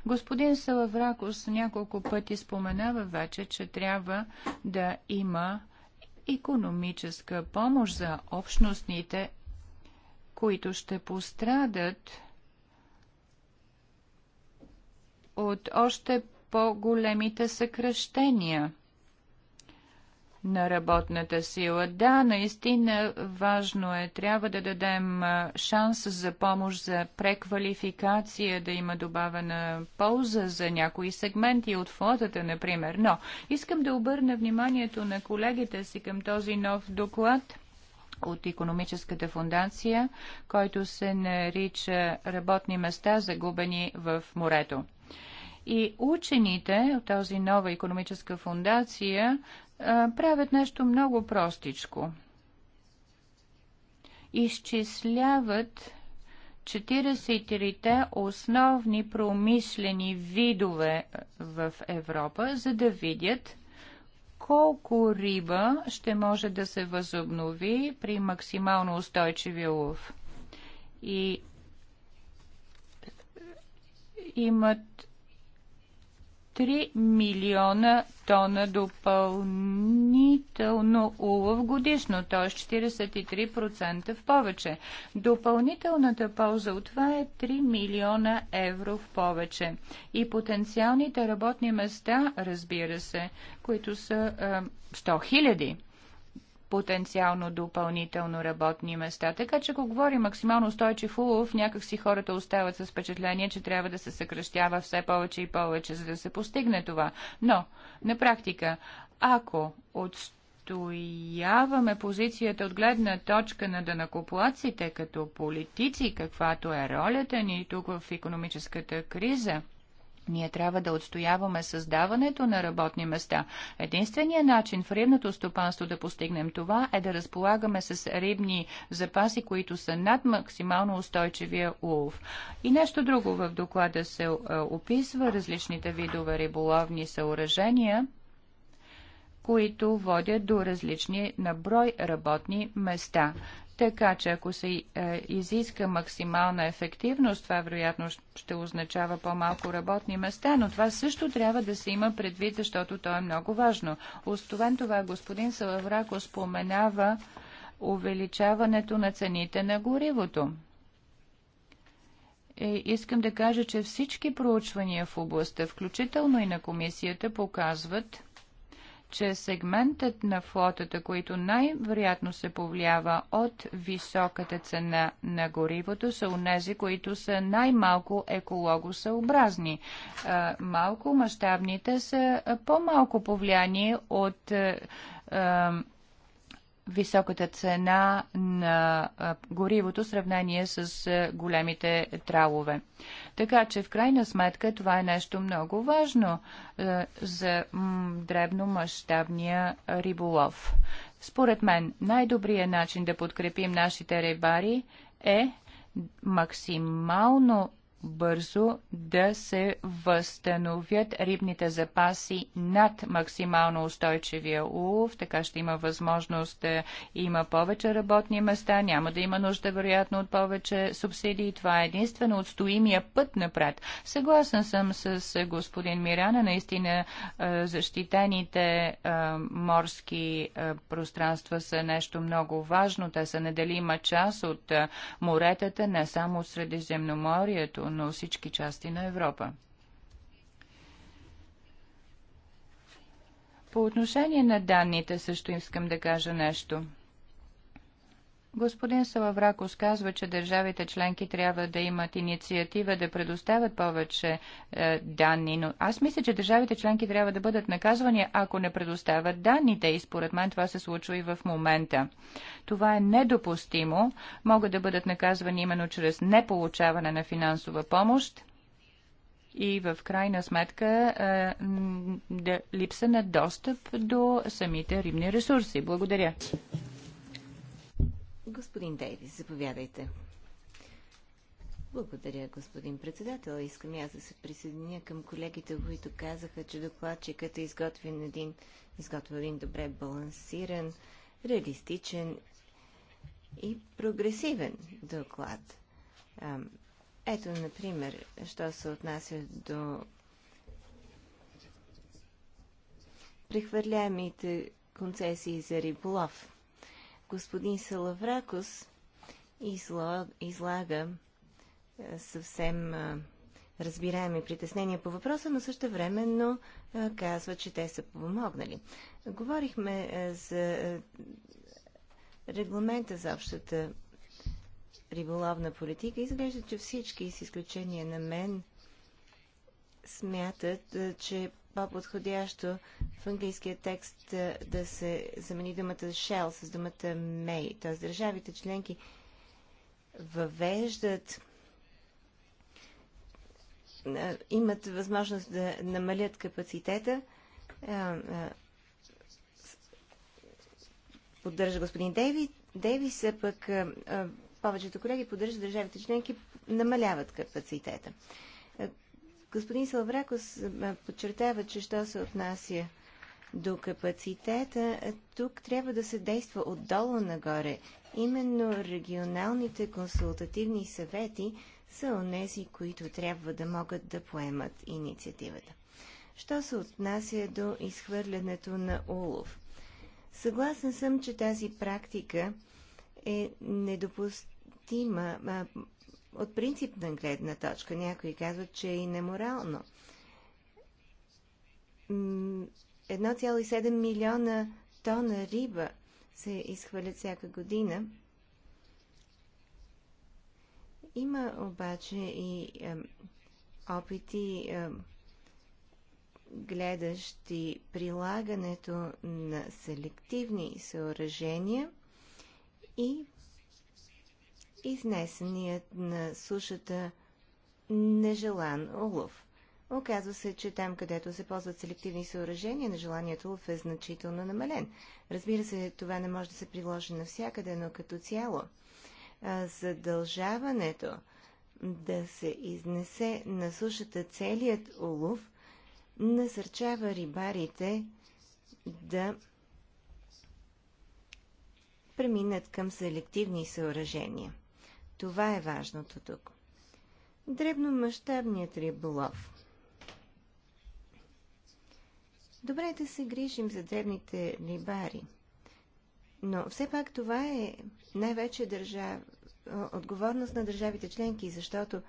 Господин Салавракос няколко пъти споменава вече, че трябва да има економическа помощ за общностните, които ще пострадат от още по-големите съкръщения на работната сила. Да, наистина важно е. Трябва да дадем шанс за помощ за преквалификация, да има добавена полза за някои сегменти от флотата, например. Но искам да обърна вниманието на колегите си към този нов доклад от економическата фундация, който се нарича Работни места, загубени в морето. И учените от тази нова економическа фундация правят нещо много простичко. Изчисляват 43-те основни промишлени видове в Европа, за да видят колко риба ще може да се възобнови при максимално устойчиви лов. И имат 3 милиона тона допълнително улов годишно, т.е. 43% в повече. Допълнителната полза от това е 3 милиона евро в повече. И потенциалните работни места, разбира се, които са 100 е, хиляди потенциално допълнително работни места. Така че ако говори максимално устойчив улов, някакси хората остават с впечатление, че трябва да се съкръщава все повече и повече, за да се постигне това. Но, на практика, ако отстояваме позицията от гледна точка на данакоплаците като политици, каквато е ролята ни тук в економическата криза, ние трябва да отстояваме създаването на работни места. Единственият начин в рибното стопанство да постигнем това е да разполагаме с рибни запаси, които са над максимално устойчивия улов. И нещо друго в доклада се е, описва различните видове риболовни съоръжения които водят до различни наброй работни места. Така че ако се е, изиска максимална ефективност, това вероятно ще означава по-малко работни места, но това също трябва да се има предвид, защото то е много важно. Остовен това господин Салавраков споменава увеличаването на цените на горивото. И е, искам да кажа, че всички проучвания в областта, включително и на комисията, показват, че сегментът на флотата, който най-вероятно се повлиява от високата цена на горивото, са унези, които са най-малко екологосъобразни. Малко мащабните са по-малко повлияни от високата цена на горивото в сравнение с големите тралове. Така че в крайна сметка това е нещо много важно за дребномащабния риболов. Според мен най-добрият начин да подкрепим нашите рибари е максимално бързо да се възстановят рибните запаси над максимално устойчивия улов. Така ще има възможност да има повече работни места, няма да има нужда вероятно от повече субсидии. Това е единствено отстоимия път напред. Съгласен съм с господин Мирана, наистина е, защитените е, морски е, пространства са нещо много важно. Те са неделима част от моретата, не само от Средиземноморието, на всички части на Европа. По отношение на данните също искам да кажа нещо. Господин Салавракос казва, че държавите членки трябва да имат инициатива да предоставят повече е, данни, но аз мисля, че държавите членки трябва да бъдат наказвани, ако не предоставят данните и според мен това се случва и в момента. Това е недопустимо. Могат да бъдат наказвани именно чрез неполучаване на финансова помощ и в крайна сметка е, да, липса на достъп до самите рибни ресурси. Благодаря. Господин Дейвис, заповядайте. Благодаря, господин председател. Искам аз да се присъединя към колегите, които казаха, че докладчикът е изготвен един, изготвил един добре балансиран, реалистичен и прогресивен доклад. Ето, например, що се отнася до прехвърляемите концесии за риболов господин Салавракос излага е, съвсем е, разбираеми притеснения по въпроса, но също времено е, казва, че те са помогнали. Говорихме за регламента за общата риболовна политика. Изглежда, че всички, с изключение на мен, смятат, че по-подходящо в английския текст е, да се замени думата Shell с думата may. Т.е. държавите членки въвеждат е, имат възможност да намалят капацитета. Е, поддържа господин Дейви. Дейвис, пък повечето колеги поддържат държавите членки, намаляват капацитета. Господин Салвракос подчертава, че що се отнася до капацитета, тук трябва да се действа отдолу нагоре. Именно регионалните консултативни съвети са онези, които трябва да могат да поемат инициативата. Що се отнася до изхвърлянето на улов? Съгласен съм, че тази практика е недопустима от принципна гледна точка. Някои казват, че е и неморално. 1,7 милиона тона риба се изхвърлят всяка година. Има обаче и е, опити, е, гледащи прилагането на селективни съоръжения и изнесеният на сушата нежелан улов. Оказва се, че там, където се ползват селективни съоръжения, нежеланият улов е значително намален. Разбира се, това не може да се приложи навсякъде, но като цяло. Задължаването да се изнесе на сушата целият улов насърчава рибарите да преминат към селективни съоръжения. Това е важното тук. Дребномащабният риболов. Добре е да се грижим за древните рибари. Но все пак това е най-вече държав... отговорност на държавите членки, защото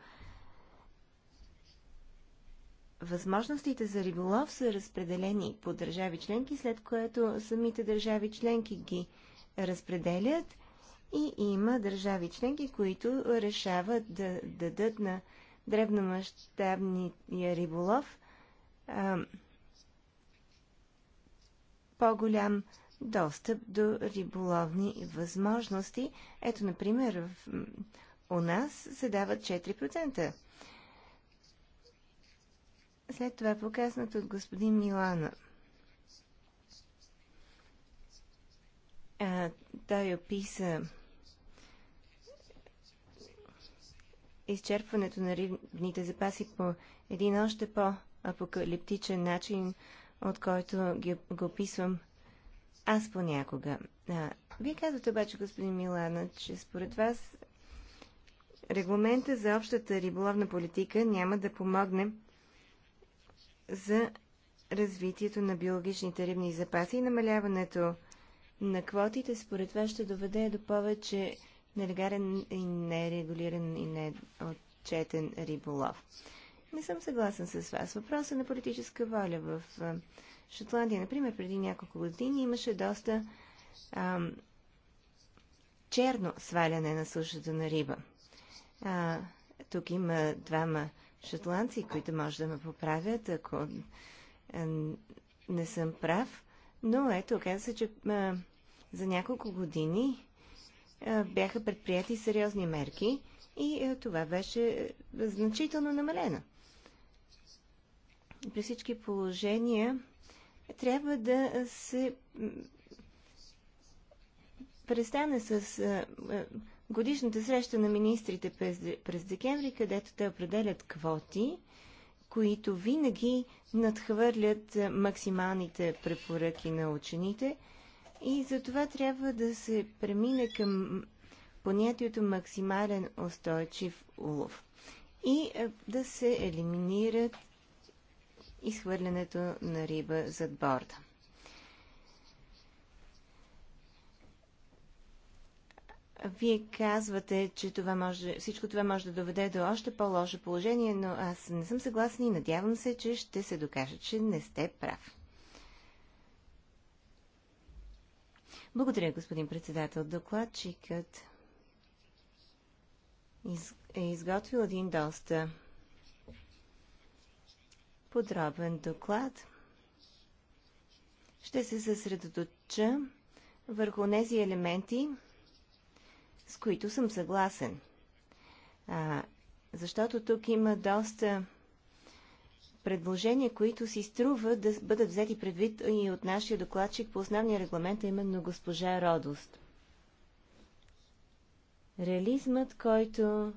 възможностите за риболов са разпределени по държави членки, след което самите държави членки ги разпределят и има държави членки, които решават да дадат на дребномащабния риболов по-голям достъп до риболовни възможности. Ето, например, в, у нас се дават 4%. След това показнат от господин Милана. А, той описа изчерпването на рибните запаси по един още по-апокалиптичен начин, от който ги, го описвам аз понякога. А, вие казвате обаче, господин Милана, че според вас регламента за общата риболовна политика няма да помогне за развитието на биологичните рибни запаси и намаляването на квотите, според вас ще доведе до повече нелегален и нерегулиран и неотчетен риболов. Не съм съгласен с вас. Въпросът е на политическа воля. В Шотландия, например, преди няколко години имаше доста ам, черно сваляне на сушата на риба. А, тук има двама шотландци, които може да ме поправят, ако не съм прав. Но ето, оказа се, че а, за няколко години бяха предприяти сериозни мерки и това беше значително намалено. При всички положения трябва да се престане с годишната среща на министрите през, през декември, където те определят квоти, които винаги надхвърлят максималните препоръки на учените – и за това трябва да се премине към понятието максимален устойчив улов и е, да се елиминира изхвърлянето на риба зад борда. Вие казвате, че това може, всичко това може да доведе до още по-лошо положение, но аз не съм съгласна и надявам се, че ще се докаже, че не сте прав. Благодаря, господин председател. Докладчикът е изготвил един доста подробен доклад. Ще се съсредоточа върху тези елементи, с които съм съгласен. А, защото тук има доста предложения, които си струва да бъдат взети предвид и от нашия докладчик по основния регламент, а именно госпожа Родост. Реализмът, който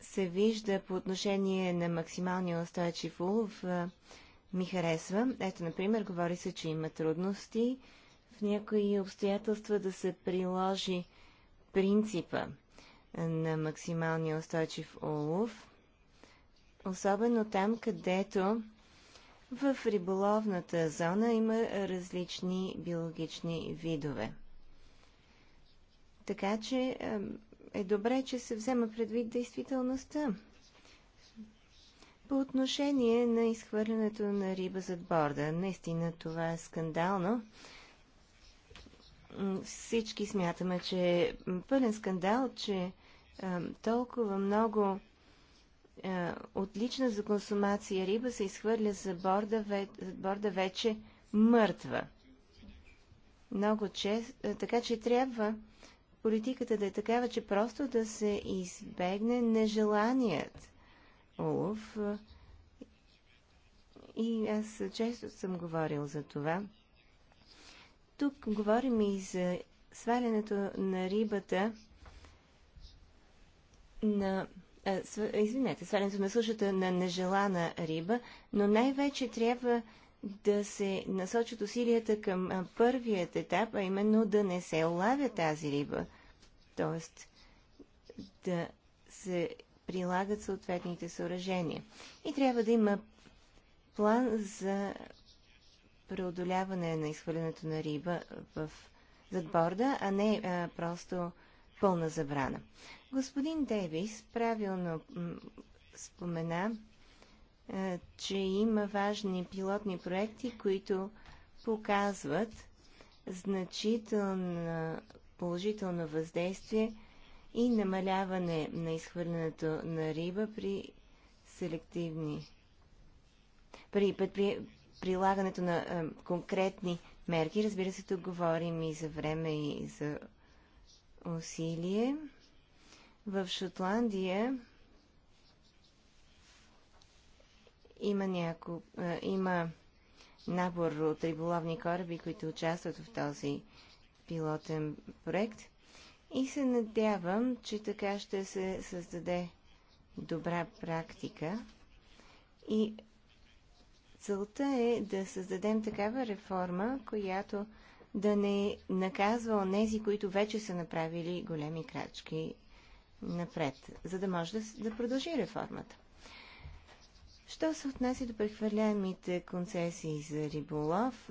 се вижда по отношение на максималния устойчив улов, ми харесва. Ето, например, говори се, че има трудности в някои обстоятелства да се приложи принципа – на максималния устойчив улов, особено там, където в риболовната зона има различни биологични видове. Така че е добре, че се взема предвид действителността. По отношение на изхвърлянето на риба зад борда, наистина това е скандално. Всички смятаме, че е пълен скандал, че а, толкова много а, отлична за консумация риба се изхвърля за борда, ве, борда вече мъртва. Много чест, а, така че трябва политиката да е такава, че просто да се избегне нежеланият улов. И аз често съм говорил за това. Тук говорим и за свалянето на рибата на извинете, свалянето на сушата на нежелана риба, но най-вече трябва да се насочат усилията към първият етап, а именно да не се улавя тази риба. Тоест да се прилагат съответните съоръжения. И трябва да има план за преодоляване на изхвърлянето на риба в, задборда, а не а, просто пълна забрана. Господин Дейвис правилно спомена, е, че има важни пилотни проекти, които показват значително положително въздействие и намаляване на изхвърлянето на риба при селективни при, прилагането на а, конкретни мерки. Разбира се, тук говорим и за време, и за усилие. В Шотландия има, няко, има набор от риболовни кораби, които участват в този пилотен проект. И се надявам, че така ще се създаде добра практика. И целта е да създадем такава реформа, която да не наказва онези, които вече са направили големи крачки напред, за да може да, да продължи реформата. Що се отнася до прехвърляемите концесии за риболов,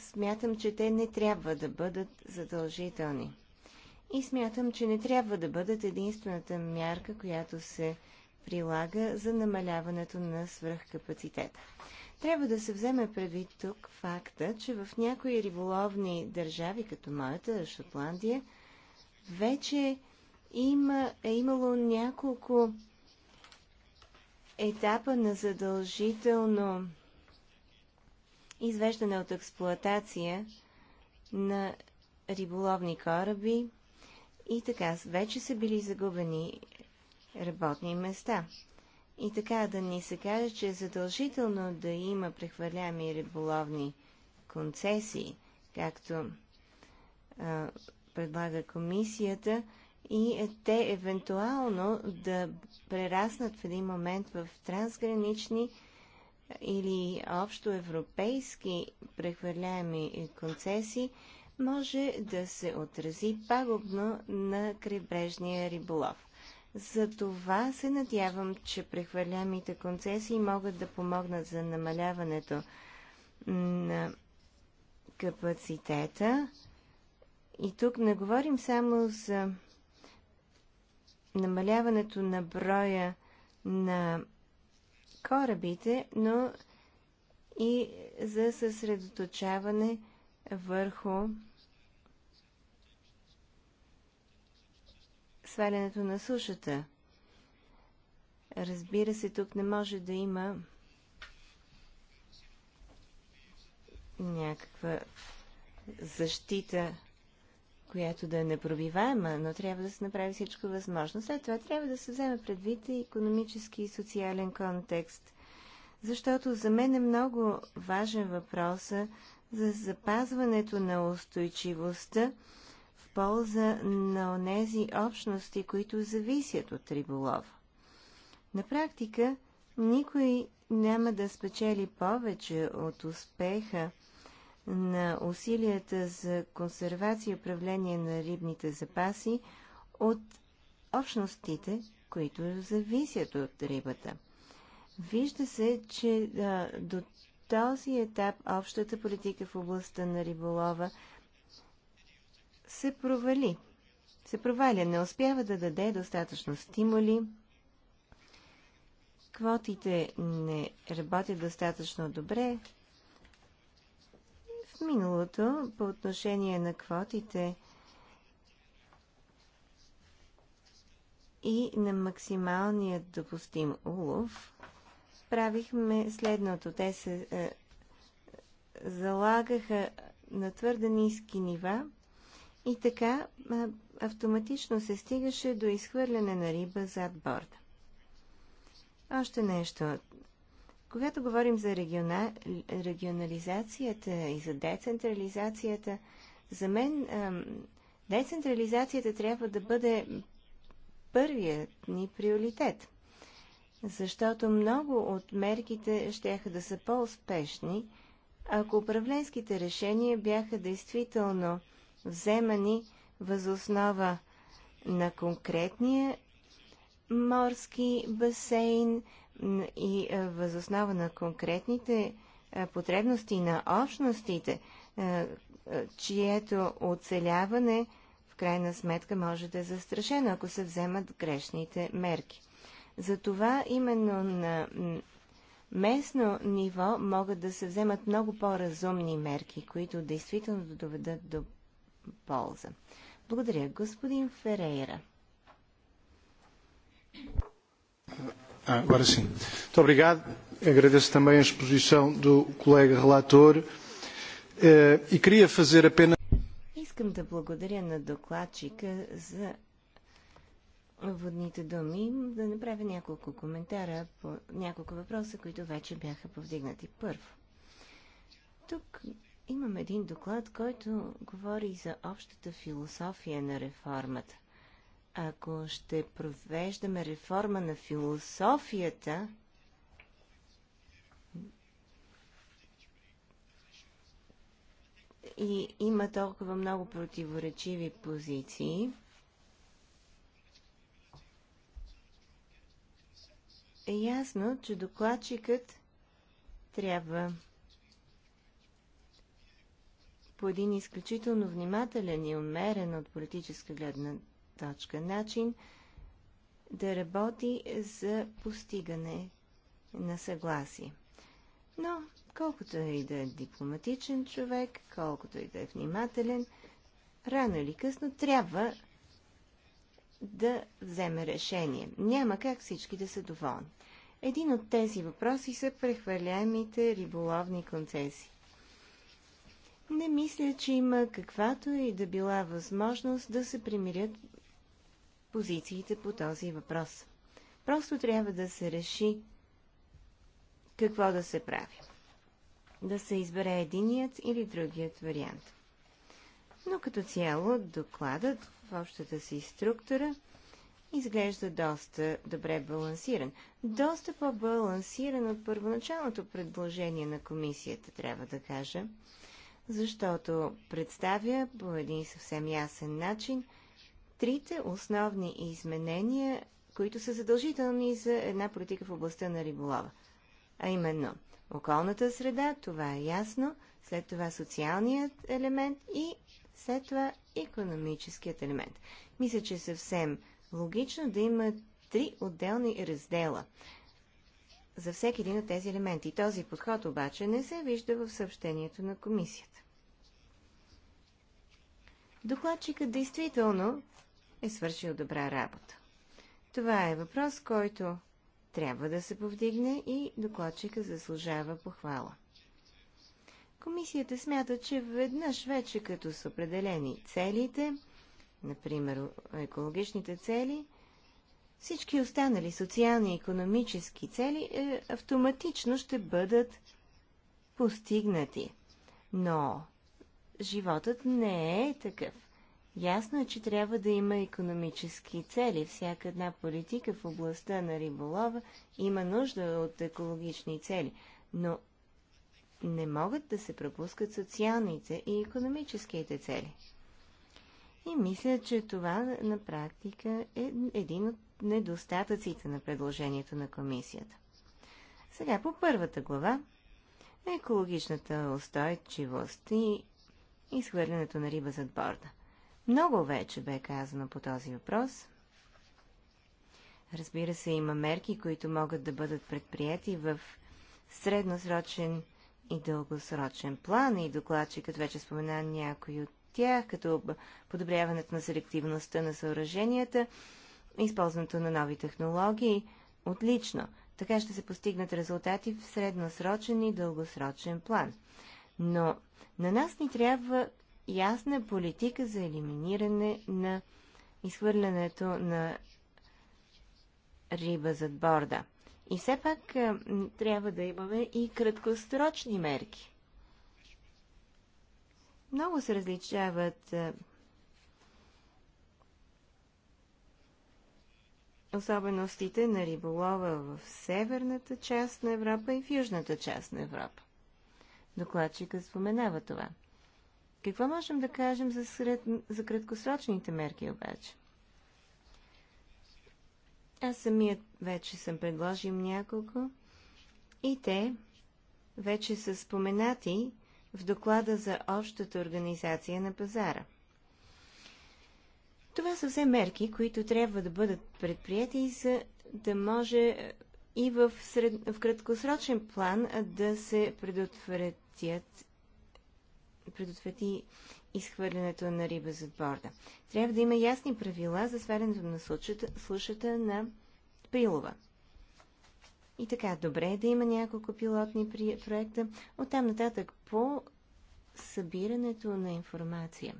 смятам, че те не трябва да бъдат задължителни. И смятам, че не трябва да бъдат единствената мярка, която се прилага за намаляването на свръхкапацитета. Трябва да се вземе предвид тук факта, че в някои риболовни държави, като моята Шотландия, вече има, е имало няколко етапа на задължително извеждане от експлоатация на риболовни кораби и така вече са били загубени работни места. И така да ни се каже, че е задължително да има прехвърлями риболовни концесии, както а, предлага комисията, и те евентуално да прераснат в един момент в трансгранични или общо европейски прехвърляеми концесии, може да се отрази пагубно на крайбрежния риболов. За това се надявам, че прехвърлямите концесии могат да помогнат за намаляването на капацитета. И тук не говорим само за намаляването на броя на корабите, но и за съсредоточаване върху свалянето на сушата. Разбира се, тук не може да има някаква защита която да е непробиваема, но трябва да се направи всичко възможно. След това трябва да се вземе предвид и економически и социален контекст, защото за мен е много важен въпроса за запазването на устойчивостта в полза на онези общности, които зависят от риболов. На практика никой няма да спечели повече от успеха на усилията за консервация и управление на рибните запаси от общностите, които зависят от рибата. Вижда се, че а, до този етап общата политика в областта на риболова се провали. Се проваля, не успява да даде достатъчно стимули. Квотите не работят достатъчно добре, миналото по отношение на квотите и на максималния допустим улов, правихме следното. Те се е, залагаха на твърде ниски нива и така е, автоматично се стигаше до изхвърляне на риба зад борда. Още нещо. Когато говорим за региона, регионализацията и за децентрализацията, за мен децентрализацията трябва да бъде първият ни приоритет, защото много от мерките ще да са по-успешни, ако управленските решения бяха действително вземани възоснова на конкретния морски басейн, и е, възоснова на конкретните е, потребности на общностите, е, чието оцеляване в крайна сметка може да е застрашено, ако се вземат грешните мерки. Затова именно на местно ниво могат да се вземат много по-разумни мерки, които действително да доведат до полза. Благодаря, господин Ферейра. Ah, Muito obrigado. Agradeço também a exposição do colega relator и eh, e queria fazer apenas. Искам да благодаря на докладчика за водните думи, да направя няколко коментара по няколко въпроса, които вече бяха повдигнати. Първо, тук имам един доклад, който говори за общата философия на реформата ако ще провеждаме реформа на философията, и има толкова много противоречиви позиции, е ясно, че докладчикът трябва по един изключително внимателен и умерен от политическа гледна точка. Начин да работи за постигане на съгласие. Но, колкото и да е дипломатичен човек, колкото и да е внимателен, рано или късно трябва да вземе решение. Няма как всички да са доволни. Един от тези въпроси са прехвърляемите риболовни концесии. Не мисля, че има каквато и да била възможност да се примирят позициите по този въпрос. Просто трябва да се реши какво да се прави. Да се избере единият или другият вариант. Но като цяло докладът в общата си структура изглежда доста добре балансиран. Доста по-балансиран от първоначалното предложение на комисията, трябва да кажа, защото представя по един съвсем ясен начин – трите основни изменения, които са задължителни за една политика в областта на риболова. А именно, околната среда, това е ясно, след това социалният елемент и след това економическият елемент. Мисля, че е съвсем логично да има три отделни раздела за всеки един от тези елементи. Този подход обаче не се вижда в съобщението на комисията. Докладчика действително е свършил добра работа. Това е въпрос, който трябва да се повдигне и докладчика заслужава похвала. Комисията смята, че веднъж вече като са определени целите, например екологичните цели, всички останали социални и економически цели е, автоматично ще бъдат постигнати. Но животът не е такъв. Ясно е, че трябва да има економически цели. Всяка една политика в областта на риболова има нужда от екологични цели, но не могат да се пропускат социалните и економическите цели. И мисля, че това на практика е един от недостатъците на предложението на комисията. Сега по първата глава екологичната устойчивост и изхвърлянето на риба зад борда – много вече бе казано по този въпрос. Разбира се, има мерки, които могат да бъдат предприяти в средносрочен и дългосрочен план и докладчикът вече спомена някои от тях, като подобряването на селективността на съоръженията, използването на нови технологии. Отлично! Така ще се постигнат резултати в средносрочен и дългосрочен план. Но на нас ни трябва ясна политика за елиминиране на изхвърлянето на риба зад борда. И все пак е, трябва да имаме и краткосрочни мерки. Много се различават е, особеностите на риболова в северната част на Европа и в южната част на Европа. Докладчика споменава това – какво можем да кажем за, сред... за краткосрочните мерки обаче? Аз самият вече съм предложил няколко и те вече са споменати в доклада за общата организация на пазара. Това са все мерки, които трябва да бъдат предприяти, за да може и в, сред... в краткосрочен план да се предотвратят предотврати изхвърлянето на риба за борда. Трябва да има ясни правила за свалянето на слушата, слушата на прилова. И така, добре е да има няколко пилотни проекта. Оттам нататък по събирането на информация.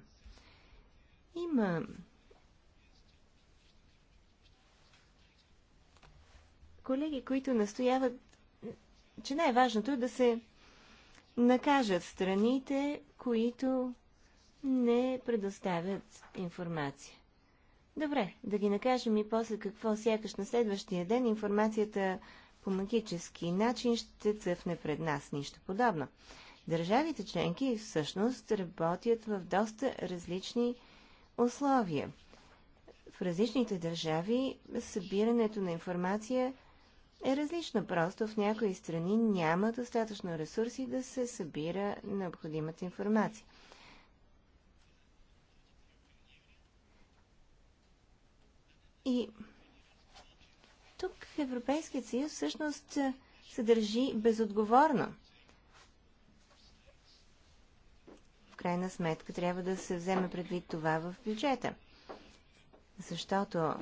Има колеги, които настояват, че най-важното е да се накажат страните, които не предоставят информация. Добре, да ги накажем и после какво сякаш на следващия ден информацията по магически начин ще цъфне пред нас. Нищо подобно. Държавите членки всъщност работят в доста различни условия. В различните държави събирането на информация е различна. Просто в някои страни няма достатъчно ресурси да се събира необходимата информация. И тук Европейският съюз всъщност се държи безотговорно. В крайна сметка трябва да се вземе предвид това в бюджета. Защото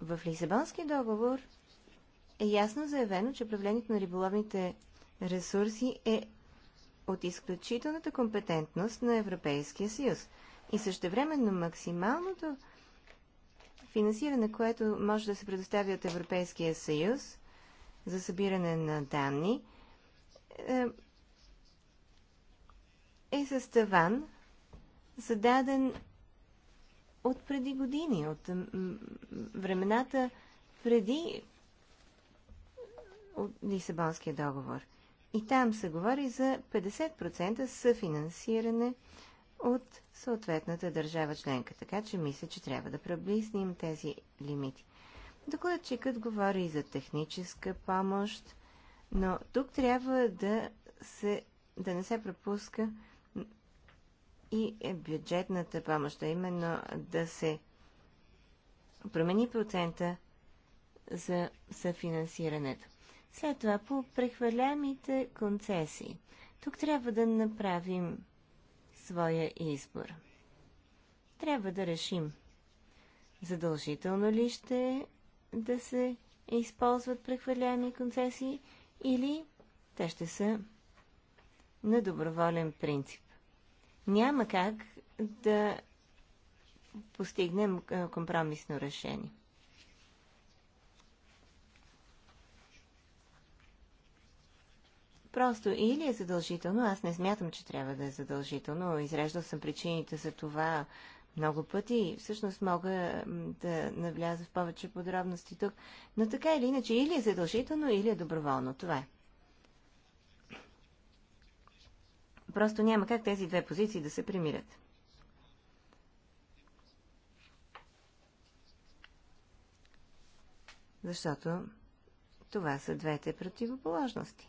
в Лисабонския договор е ясно заявено, че управлението на риболовните ресурси е от изключителната компетентност на Европейския съюз. И същевременно максималното финансиране, което може да се предостави от Европейския съюз за събиране на данни, е, е съставан, таван, зададен от преди години, от времената преди от Лисабонския договор. И там се говори за 50% съфинансиране от съответната държава членка. Така че мисля, че трябва да приблизним тези лимити. Докладчикът говори и за техническа помощ, но тук трябва да, се, да не се пропуска и е бюджетната помощ, а именно да се промени процента за съфинансирането. След това по прехвърлямите концесии. Тук трябва да направим своя избор. Трябва да решим. Задължително ли ще да се използват прехвърляеми концесии или те ще са на доброволен принцип. Няма как да постигнем компромисно решение. Просто или е задължително, аз не смятам, че трябва да е задължително. Изреждал съм причините за това много пъти. Всъщност мога да навляза в повече подробности тук. Но така или иначе, или е задължително, или е доброволно. Това е. Просто няма как тези две позиции да се примирят. Защото това са двете противоположности.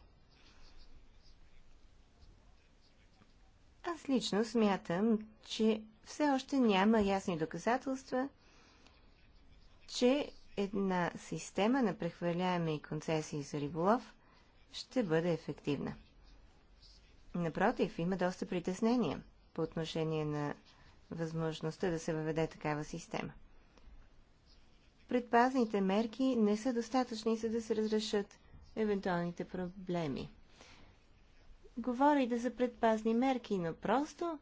Аз лично смятам, че все още няма ясни доказателства, че една система на прехвърляеми концесии за риболов ще бъде ефективна. Напротив, има доста притеснения по отношение на възможността да се въведе такава система. Предпазните мерки не са достатъчни, за да се разрешат евентуалните проблеми говори да за предпазни мерки, но просто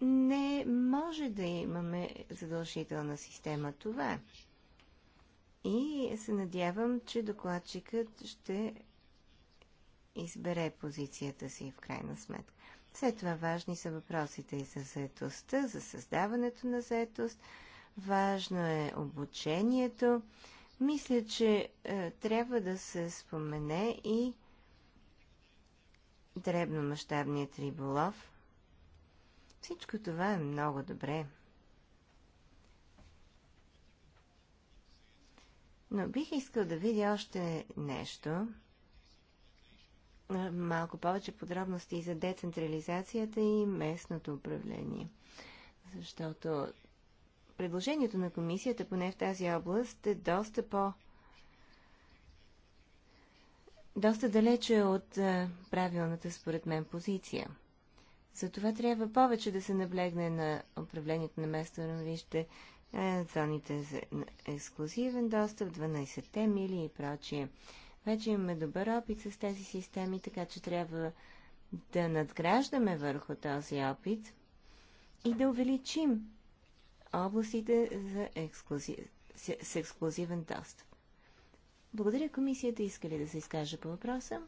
не може да имаме задължителна система това. И се надявам, че докладчикът ще избере позицията си в крайна сметка. След това важни са въпросите и за заетостта, за създаването на заетост. Важно е обучението. Мисля, че е, трябва да се спомене и дребномащабният риболов. Всичко това е много добре. Но бих искал да видя още нещо. Малко повече подробности за децентрализацията и местното управление. Защото предложението на комисията, поне в тази област, е доста по- доста далече от а, е, правилната, според мен, позиция. Затова трябва повече да се наблегне на управлението на местно равнище, е, зоните за ексклюзивен достъп, 12-те мили и прочие. Вече имаме добър опит с тези системи, така че трябва да надграждаме върху този опит и да увеличим областите за ексклюзив... с ексклюзивен достъп. Благодаря. Комисията иска ли да се изкаже по въпроса?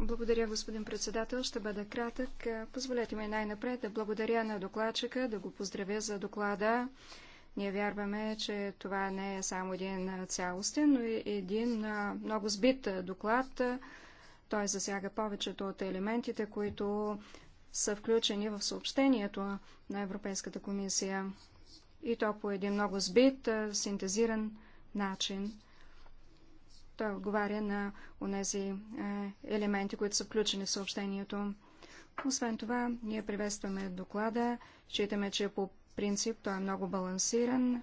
Благодаря, господин председател. Ще бъда кратък. Позволете ми най-напред да благодаря на докладчика, да го поздравя за доклада. Ние вярваме, че това не е само един цялостен, но и един много сбит доклад. Той засяга повечето от елементите, които са включени в съобщението на Европейската комисия. И то по един много сбит, синтезиран начин. Той отговаря на онези е, елементи, които са включени в съобщението. Освен това, ние приветстваме доклада. Считаме, че по принцип той е много балансиран.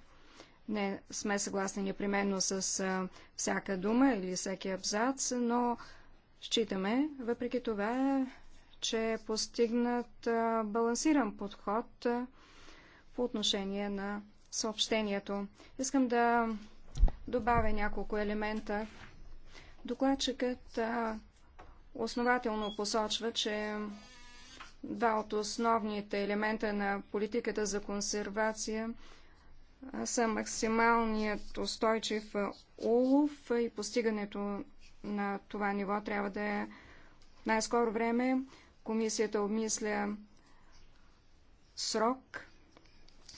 Не сме съгласни непременно с е, всяка дума или всеки абзац, но считаме, въпреки това, че е постигнат е, балансиран подход по отношение на съобщението. Искам да добавя няколко елемента. Докладчикът основателно посочва, че два от основните елемента на политиката за консервация са максималният устойчив улов и постигането на това ниво трябва да е най-скоро време. Комисията обмисля срок.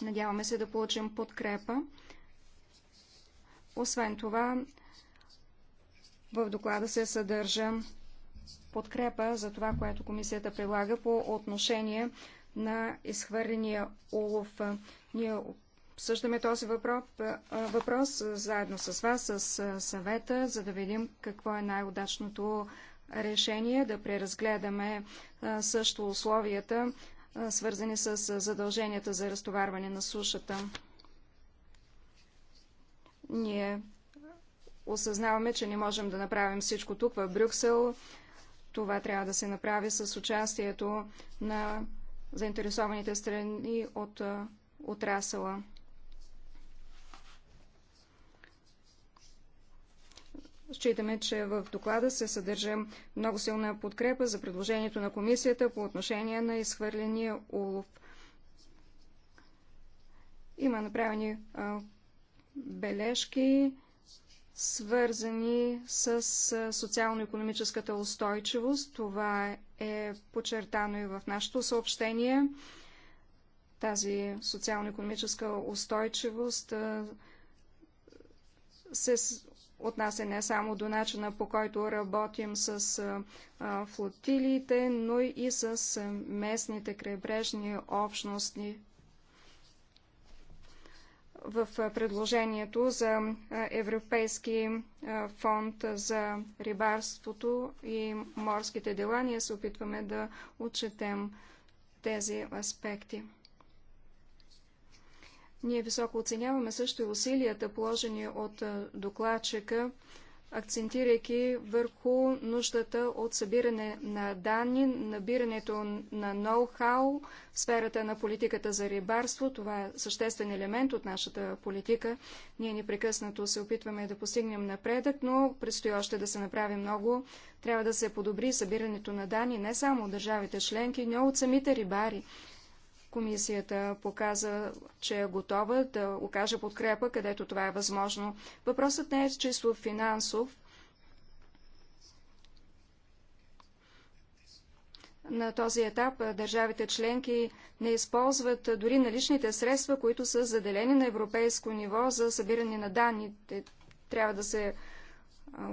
Надяваме се да получим подкрепа. Освен това, в доклада се съдържа подкрепа за това, което комисията прилага по отношение на изхвърления улов. Ние обсъждаме този въпрос, въпрос заедно с вас, с съвета, за да видим какво е най-удачното решение, да преразгледаме също условията, свързани с задълженията за разтоварване на сушата. Ние осъзнаваме, че не можем да направим всичко тук в Брюксел. Това трябва да се направи с участието на заинтересованите страни от отрасъла. Считаме, че в доклада се съдържа много силна подкрепа за предложението на комисията по отношение на изхвърления улов. Има направени бележки, свързани с социално-економическата устойчивост. Това е подчертано и в нашето съобщение. Тази социално-економическа устойчивост се отнася не само до начина по който работим с флотилиите, но и с местните крайбрежни общности в предложението за Европейски фонд за рибарството и морските дела. Ние се опитваме да отчетем тези аспекти. Ние високо оценяваме също и усилията, положени от докладчика акцентирайки върху нуждата от събиране на данни, набирането на ноу-хау в сферата на политиката за рибарство. Това е съществен елемент от нашата политика. Ние непрекъснато се опитваме да постигнем напредък, но предстои още да се направи много. Трябва да се подобри събирането на данни не само от държавите членки, но от самите рибари. Комисията показа, че е готова да окаже подкрепа, където това е възможно. Въпросът не е чисто финансов. На този етап държавите членки не използват дори наличните средства, които са заделени на европейско ниво за събиране на Те Трябва да се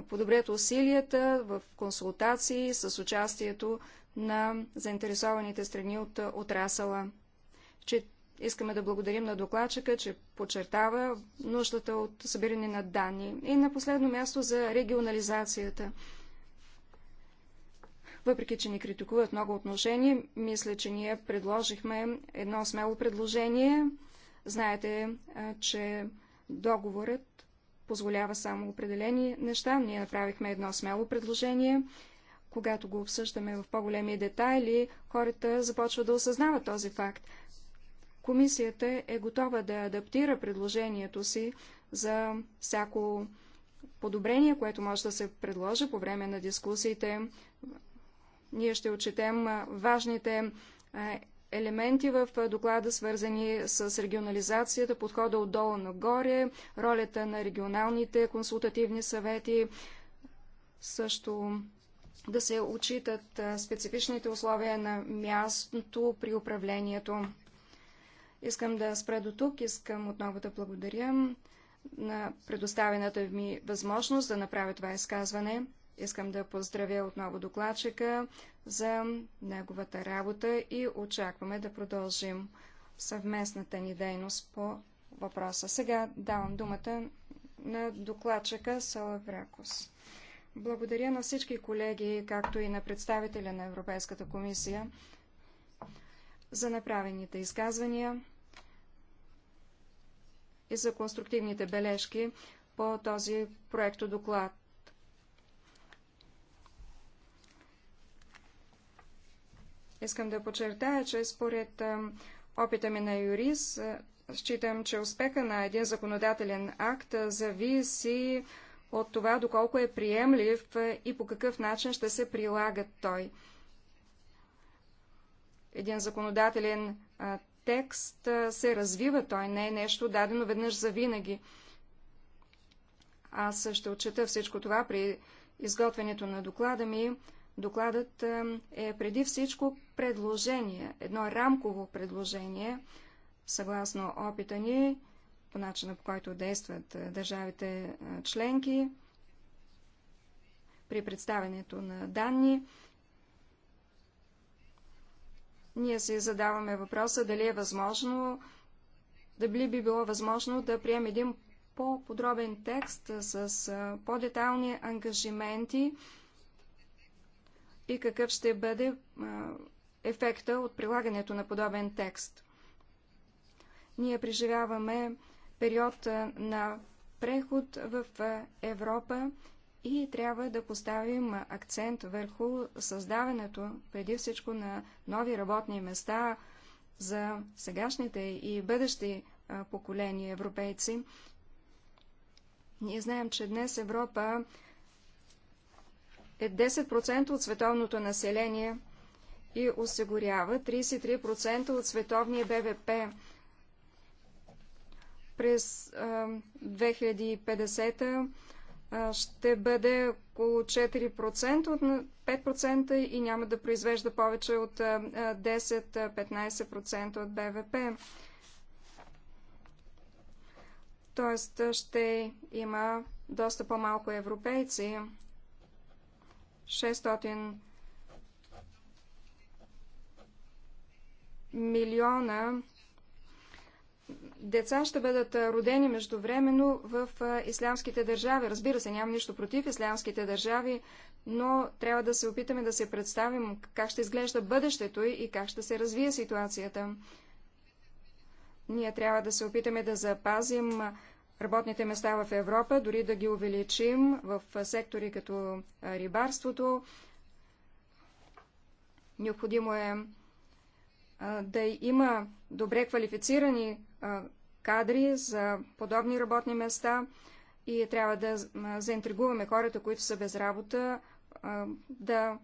подобрят усилията в консултации с участието на заинтересованите страни от отрасъла че искаме да благодарим на докладчика, че подчертава нуждата от събиране на данни. И на последно място за регионализацията. Въпреки, че ни критикуват много отношения, мисля, че ние предложихме едно смело предложение. Знаете, че договорът позволява само определени неща. Ние направихме едно смело предложение. Когато го обсъждаме в по-големи детайли, хората започват да осъзнават този факт. Комисията е готова да адаптира предложението си за всяко подобрение, което може да се предложи по време на дискусиите. Ние ще отчетем важните елементи в доклада, свързани с регионализацията, подхода отдолу нагоре, ролята на регионалните консултативни съвети, също да се отчитат специфичните условия на мястото при управлението. Искам да спра до тук. Искам отново да благодаря на предоставената ми възможност да направя това изказване. Искам да поздравя отново докладчика за неговата работа и очакваме да продължим съвместната ни дейност по въпроса. Сега давам думата на докладчика Салаврякос. Благодаря на всички колеги, както и на представителя на Европейската комисия за направените изказвания и за конструктивните бележки по този проект доклад. Искам да подчертая, че според опита ми на юрист, считам, че успеха на един законодателен акт зависи от това, доколко е приемлив и по какъв начин ще се прилага той. Един законодателен текст се развива, той не е нещо дадено веднъж за винаги. Аз ще отчета всичко това при изготвянето на доклада ми. Докладът е преди всичко предложение, едно рамково предложение, съгласно опита ни, по начина по който действат държавите членки, при представянето на данни ние си задаваме въпроса дали е възможно, дали би било възможно да приемем един по-подробен текст с по-детални ангажименти и какъв ще бъде ефекта от прилагането на подобен текст. Ние преживяваме период на преход в Европа и трябва да поставим акцент върху създаването преди всичко на нови работни места за сегашните и бъдещи поколения европейци. Ние знаем, че днес Европа е 10% от световното население и осигурява 33% от световния БВП. През 2050 ще бъде около 4% от 5% и няма да произвежда повече от 10-15% от БВП. Тоест ще има доста по-малко европейци. 600 милиона деца ще бъдат родени междувременно в ислямските държави. Разбира се, нямам нищо против ислямските държави, но трябва да се опитаме да се представим как ще изглежда бъдещето и как ще се развие ситуацията. Ние трябва да се опитаме да запазим работните места в Европа, дори да ги увеличим в сектори като рибарството. Необходимо е да има добре квалифицирани кадри за подобни работни места и трябва да заинтригуваме хората, които са без работа, да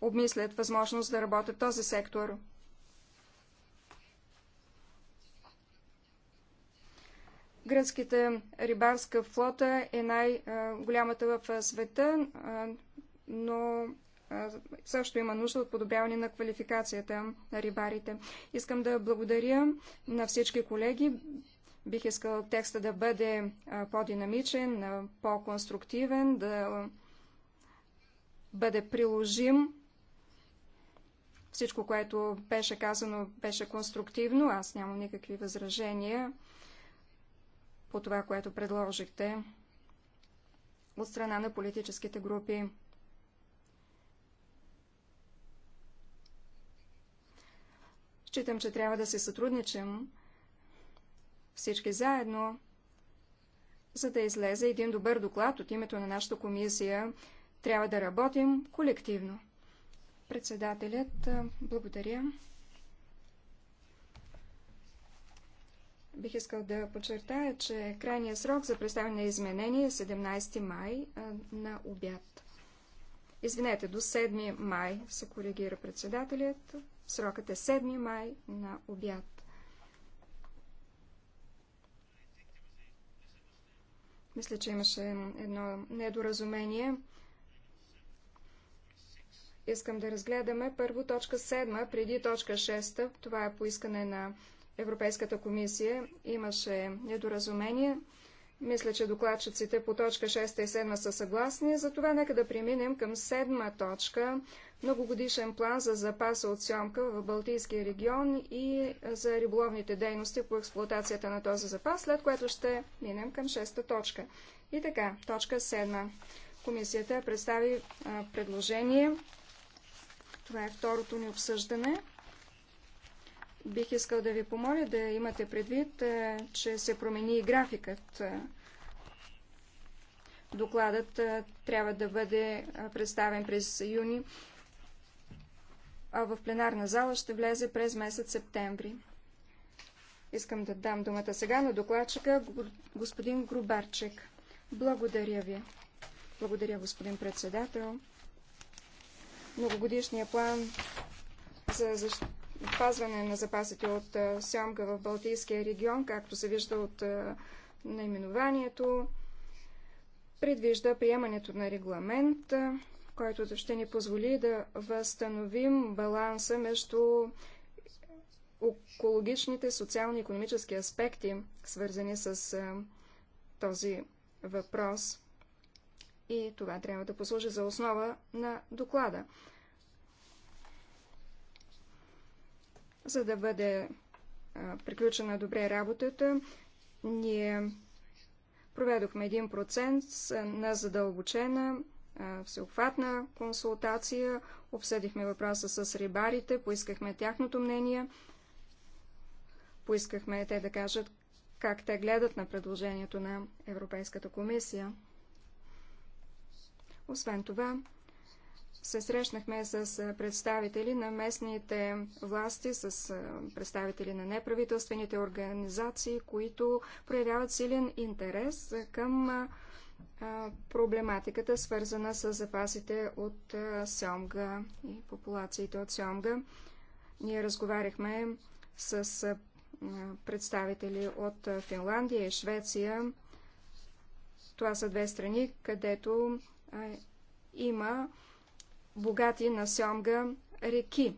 обмислят възможност да работят този сектор. Гръцката рибарска флота е най-голямата в света, но също има нужда от подобряване на квалификацията на рибарите. Искам да благодаря на всички колеги. Бих искал текста да бъде по-динамичен, по-конструктивен, да бъде приложим. Всичко, което беше казано, беше конструктивно. Аз нямам никакви възражения по това, което предложихте от страна на политическите групи. Считам, че трябва да се сътрудничим всички заедно, за да излезе един добър доклад от името на нашата комисия. Трябва да работим колективно. Председателят, благодаря. Бих искал да подчертая, че крайният срок за представяне на изменение е 17 май на обяд. Извинете, до 7 май се коригира председателят. Срокът е 7 май на обяд. Мисля, че имаше едно недоразумение. Искам да разгледаме първо точка 7, преди точка 6. Това е поискане на Европейската комисия. Имаше недоразумение. Мисля, че докладчиците по точка 6 и 7 са съгласни, затова нека да преминем към седма точка – многогодишен план за запаса от съемка в Балтийския регион и за риболовните дейности по експлуатацията на този запас, след което ще минем към шеста точка. И така, точка 7. Комисията представи а, предложение. Това е второто ни обсъждане. Бих искал да ви помоля да имате предвид, е, че се промени и графикът. Е, докладът е, трябва да бъде представен през юни, а в пленарна зала ще влезе през месец септември. Искам да дам думата сега на докладчика господин Грубарчик. Благодаря ви. Благодаря, господин председател. Многогодишния план за защита опазване на запасите от сямка в Балтийския регион, както се вижда от наименованието. Предвижда приемането на регламент, който ще ни позволи да възстановим баланса между екологичните, социални и економически аспекти, свързани с този въпрос. И това трябва да послужи за основа на доклада. За да бъде приключена добре работата, ние проведохме един процент на задълбочена, всеобхватна консултация, обсъдихме въпроса с рибарите, поискахме тяхното мнение, поискахме те да кажат как те гледат на предложението на Европейската комисия. Освен това, се срещнахме с представители на местните власти, с представители на неправителствените организации, които проявяват силен интерес към проблематиката, свързана с запасите от сьомга и популациите от сьомга. Ние разговаряхме с представители от Финландия и Швеция. Това са две страни, където има богати на сьомга реки.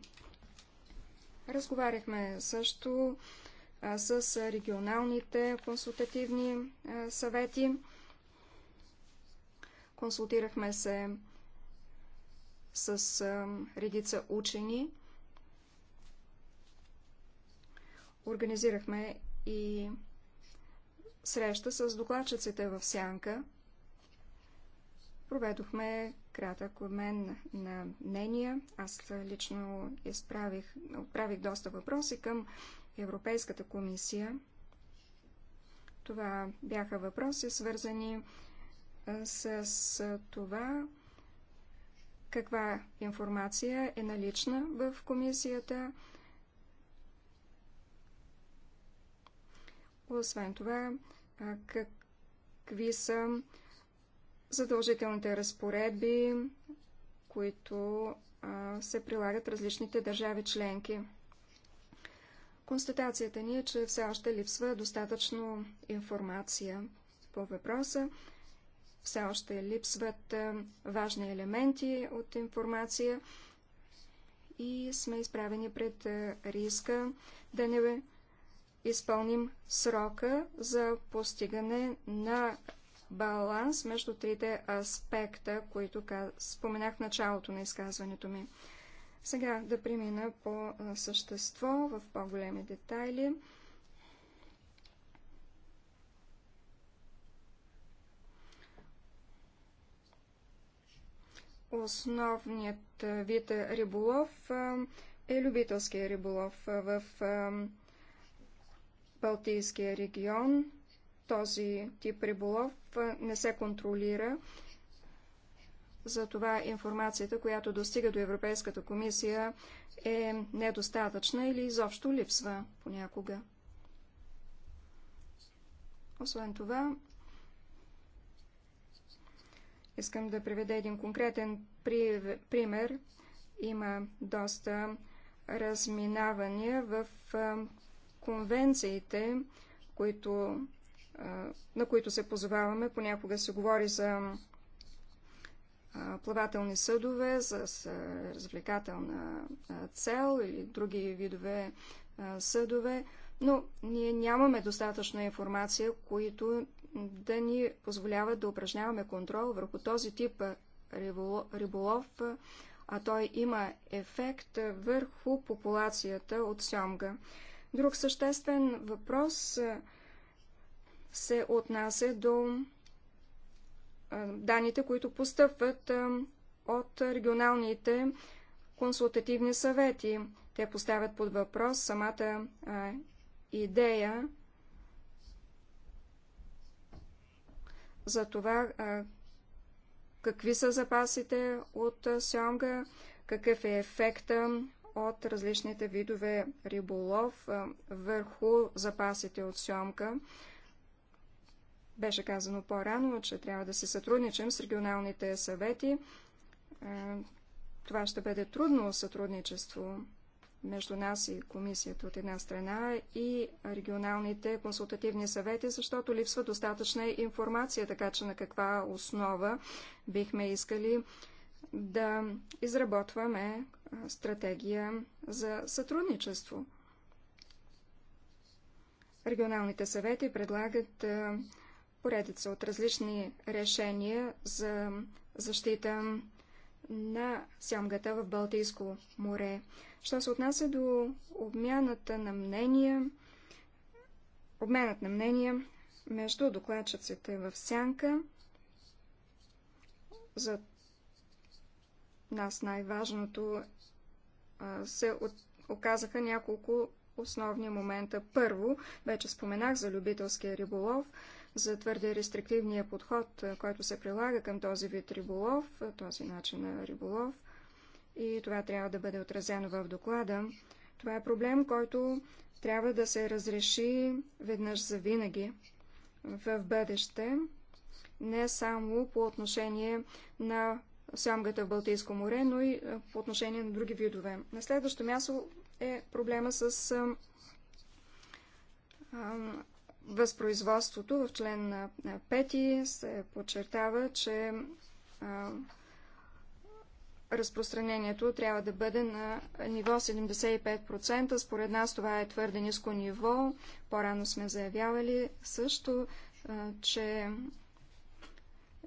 Разговаряхме също а, с регионалните консултативни а, съвети. Консултирахме се с а, редица учени. Организирахме и среща с докладчиците в Сянка. Проведохме кратък обмен на мнения. Аз лично изправих, отправих доста въпроси към Европейската комисия. Това бяха въпроси, свързани с това, каква информация е налична в комисията. Освен това, какви са задължителните разпоредби, които а, се прилагат в различните държави членки. Констатацията ни е, че все още липсва достатъчно информация по въпроса. Все още липсват а, важни елементи от информация и сме изправени пред а, риска да не изпълним срока за постигане на баланс между трите аспекта, които споменах в началото на изказването ми. Сега да премина по същество в по-големи детайли. Основният вид риболов е любителския риболов в Балтийския регион. Този тип риболов не се контролира. Затова информацията, която достига до Европейската комисия, е недостатъчна или изобщо липсва понякога. Освен това, искам да приведа един конкретен пример. Има доста разминавания в конвенциите, които на които се позоваваме. Понякога се говори за плавателни съдове с развлекателна цел или други видове съдове, но ние нямаме достатъчна информация, които да ни позволяват да упражняваме контрол върху този тип риболов, а той има ефект върху популацията от сьомга. Друг съществен въпрос е се отнася до данните, които постъпват от регионалните консултативни съвети. Те поставят под въпрос самата идея за това какви са запасите от сьомга, какъв е ефекта от различните видове риболов върху запасите от сьомка. Беше казано по-рано, че трябва да се сътрудничим с регионалните съвети. Е, това ще бъде трудно сътрудничество между нас и комисията от една страна и регионалните консултативни съвети, защото липсва достатъчна информация, така че на каква основа бихме искали да изработваме е, стратегия за сътрудничество. Регионалните съвети предлагат е, поредица от различни решения за защита на сямгата в Балтийско море. Що се отнася до обмяната на мнения, обменът на мнения между докладчиците в сянка, за нас най-важното се от... оказаха няколко основни момента. Първо, вече споменах за любителския риболов – за твърде рестриктивния подход, който се прилага към този вид риболов, този начин на риболов. И това трябва да бъде отразено в доклада. Това е проблем, който трябва да се разреши веднъж за винаги в бъдеще, не само по отношение на сямгата в Балтийско море, но и по отношение на други видове. На следващо място е проблема с възпроизводството в член 5 се подчертава, че разпространението трябва да бъде на ниво 75%. Според нас това е твърде ниско ниво. По-рано сме заявявали също, че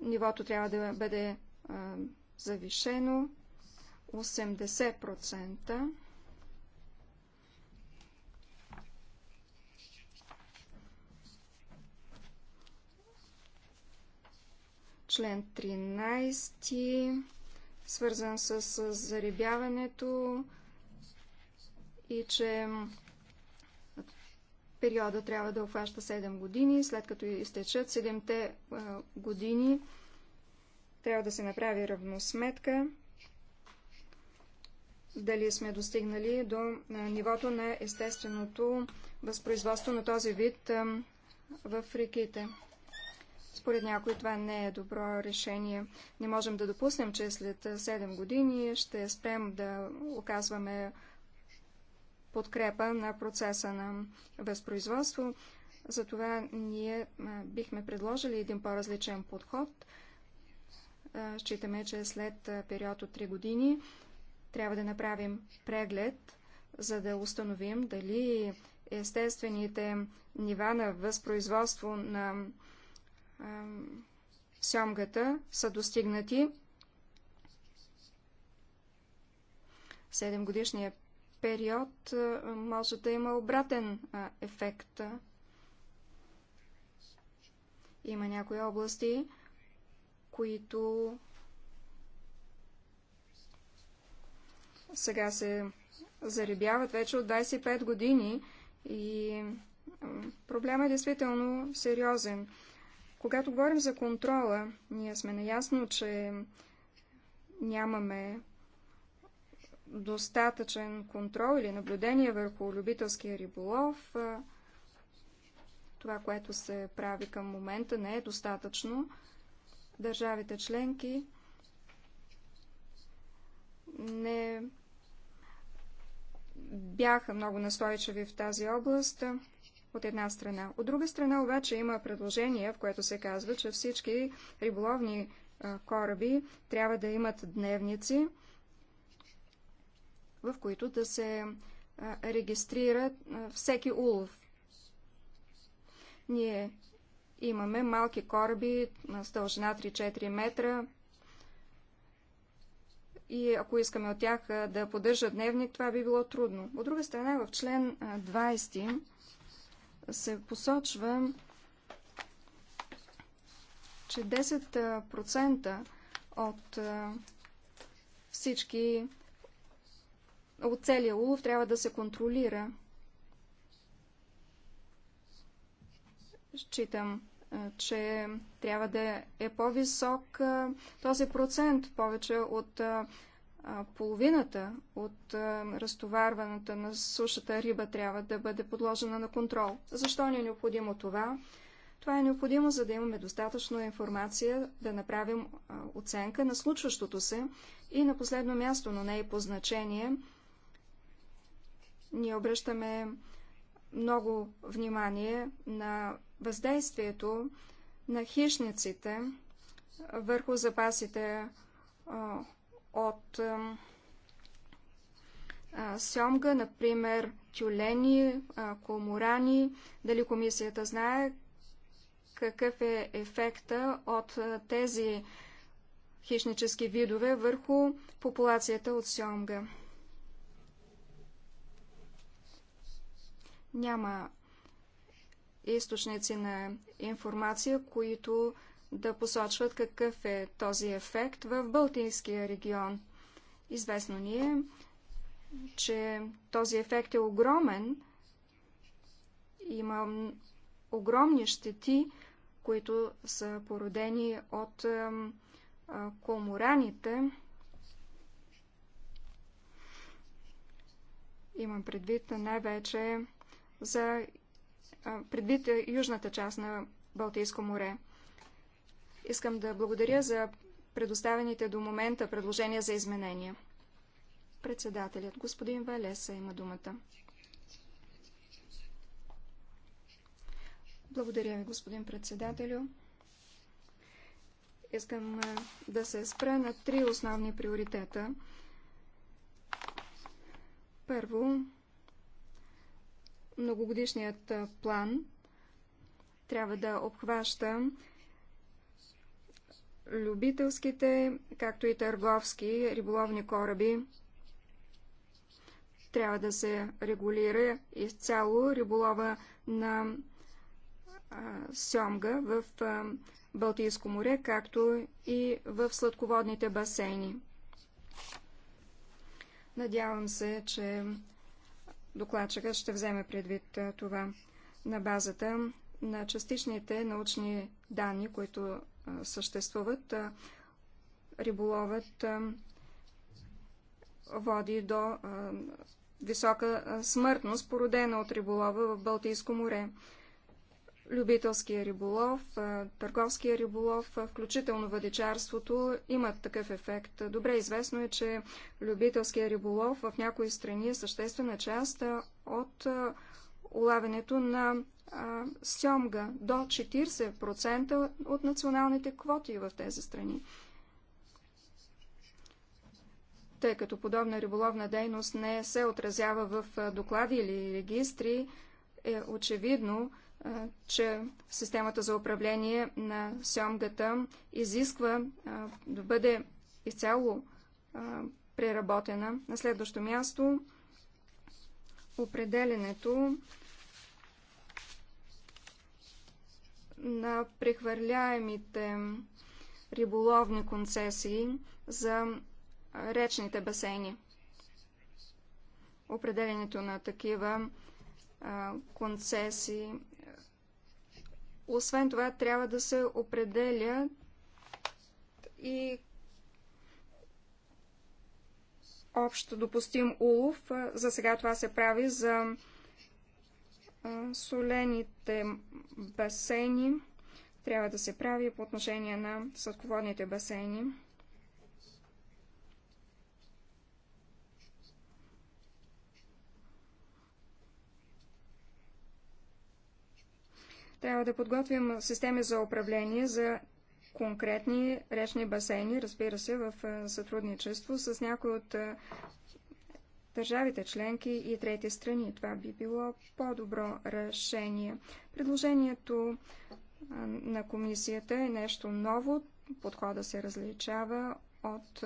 нивото трябва да бъде завишено 80%. Член 13, свързан с заребяването и че периода трябва да обхваща 7 години, след като изтечат 7-те години, трябва да се направи равносметка дали сме достигнали до нивото на естественото възпроизводство на този вид в реките. Според някои това не е добро решение. Не можем да допуснем, че след 7 години ще спрем да оказваме подкрепа на процеса на възпроизводство. Затова ние бихме предложили един по-различен подход. Считаме, че след период от 3 години трябва да направим преглед, за да установим дали естествените нива на възпроизводство на сьомгата са достигнати. 7 годишния период може да има обратен ефект. Има някои области, които сега се заребяват вече от 25 години и проблемът е действително сериозен. Когато говорим за контрола, ние сме наясно, че нямаме достатъчен контрол или наблюдение върху любителския риболов. Това, което се прави към момента, не е достатъчно. Държавите членки не бяха много настойчиви в тази област от една страна. От друга страна обаче има предложение, в което се казва, че всички риболовни кораби трябва да имат дневници, в които да се регистрира всеки улов. Ние имаме малки кораби с дължина 3-4 метра и ако искаме от тях да поддържат дневник, това би било трудно. От друга страна, в член 20 се посочва, че 10% от всички от целия улов трябва да се контролира. Считам, че трябва да е по-висок този процент, повече от половината от разтоварваната на сушата риба трябва да бъде подложена на контрол. Защо ни е необходимо това? Това е необходимо, за да имаме достатъчно информация, да направим оценка на случващото се и на последно място, но не и по значение. Ние обръщаме много внимание на въздействието на хищниците върху запасите от сьомга, например, тюлени, комурани. Дали комисията знае какъв е ефекта от тези хищнически видове върху популацията от сьомга? Няма източници на информация, които да посочват какъв е този ефект в Балтийския регион. Известно ни е, че този ефект е огромен. Има огромни щети, които са породени от комораните. Имам предвид най-вече за предвид е, южната част на Балтийско море. Искам да благодаря за предоставените до момента предложения за изменения. Председателят, господин Валеса, има думата. Благодаря ви, господин председателю. Искам да се спра на три основни приоритета. Първо, многогодишният план трябва да обхваща любителските, както и търговски риболовни кораби. Трябва да се регулира изцяло риболова на а, сьомга в а, Балтийско море, както и в сладководните басейни. Надявам се, че докладчика ще вземе предвид това на базата на частичните научни данни, които съществуват, риболовът води до висока смъртност, породена от риболова в Балтийско море. Любителския риболов, търговския риболов, включително въдичарството имат такъв ефект. Добре известно е, че любителския риболов в някои страни е съществена част от улавянето на сьомга до 40% от националните квоти в тези страни. Тъй като подобна риболовна дейност не се отразява в доклади или регистри, е очевидно, че системата за управление на сьомгата изисква да бъде изцяло преработена. На следващо място определенето на прехвърляемите риболовни концесии за речните басейни. Определенето на такива а, концесии. Освен това, трябва да се определя и общо допустим улов. За сега това се прави за солените басейни трябва да се прави по отношение на сладководните басейни. Трябва да подготвим системи за управление за конкретни речни басейни, разбира се, в сътрудничество с някои от държавите членки и трети страни. Това би било по-добро решение. Предложението на комисията е нещо ново. Подхода се различава от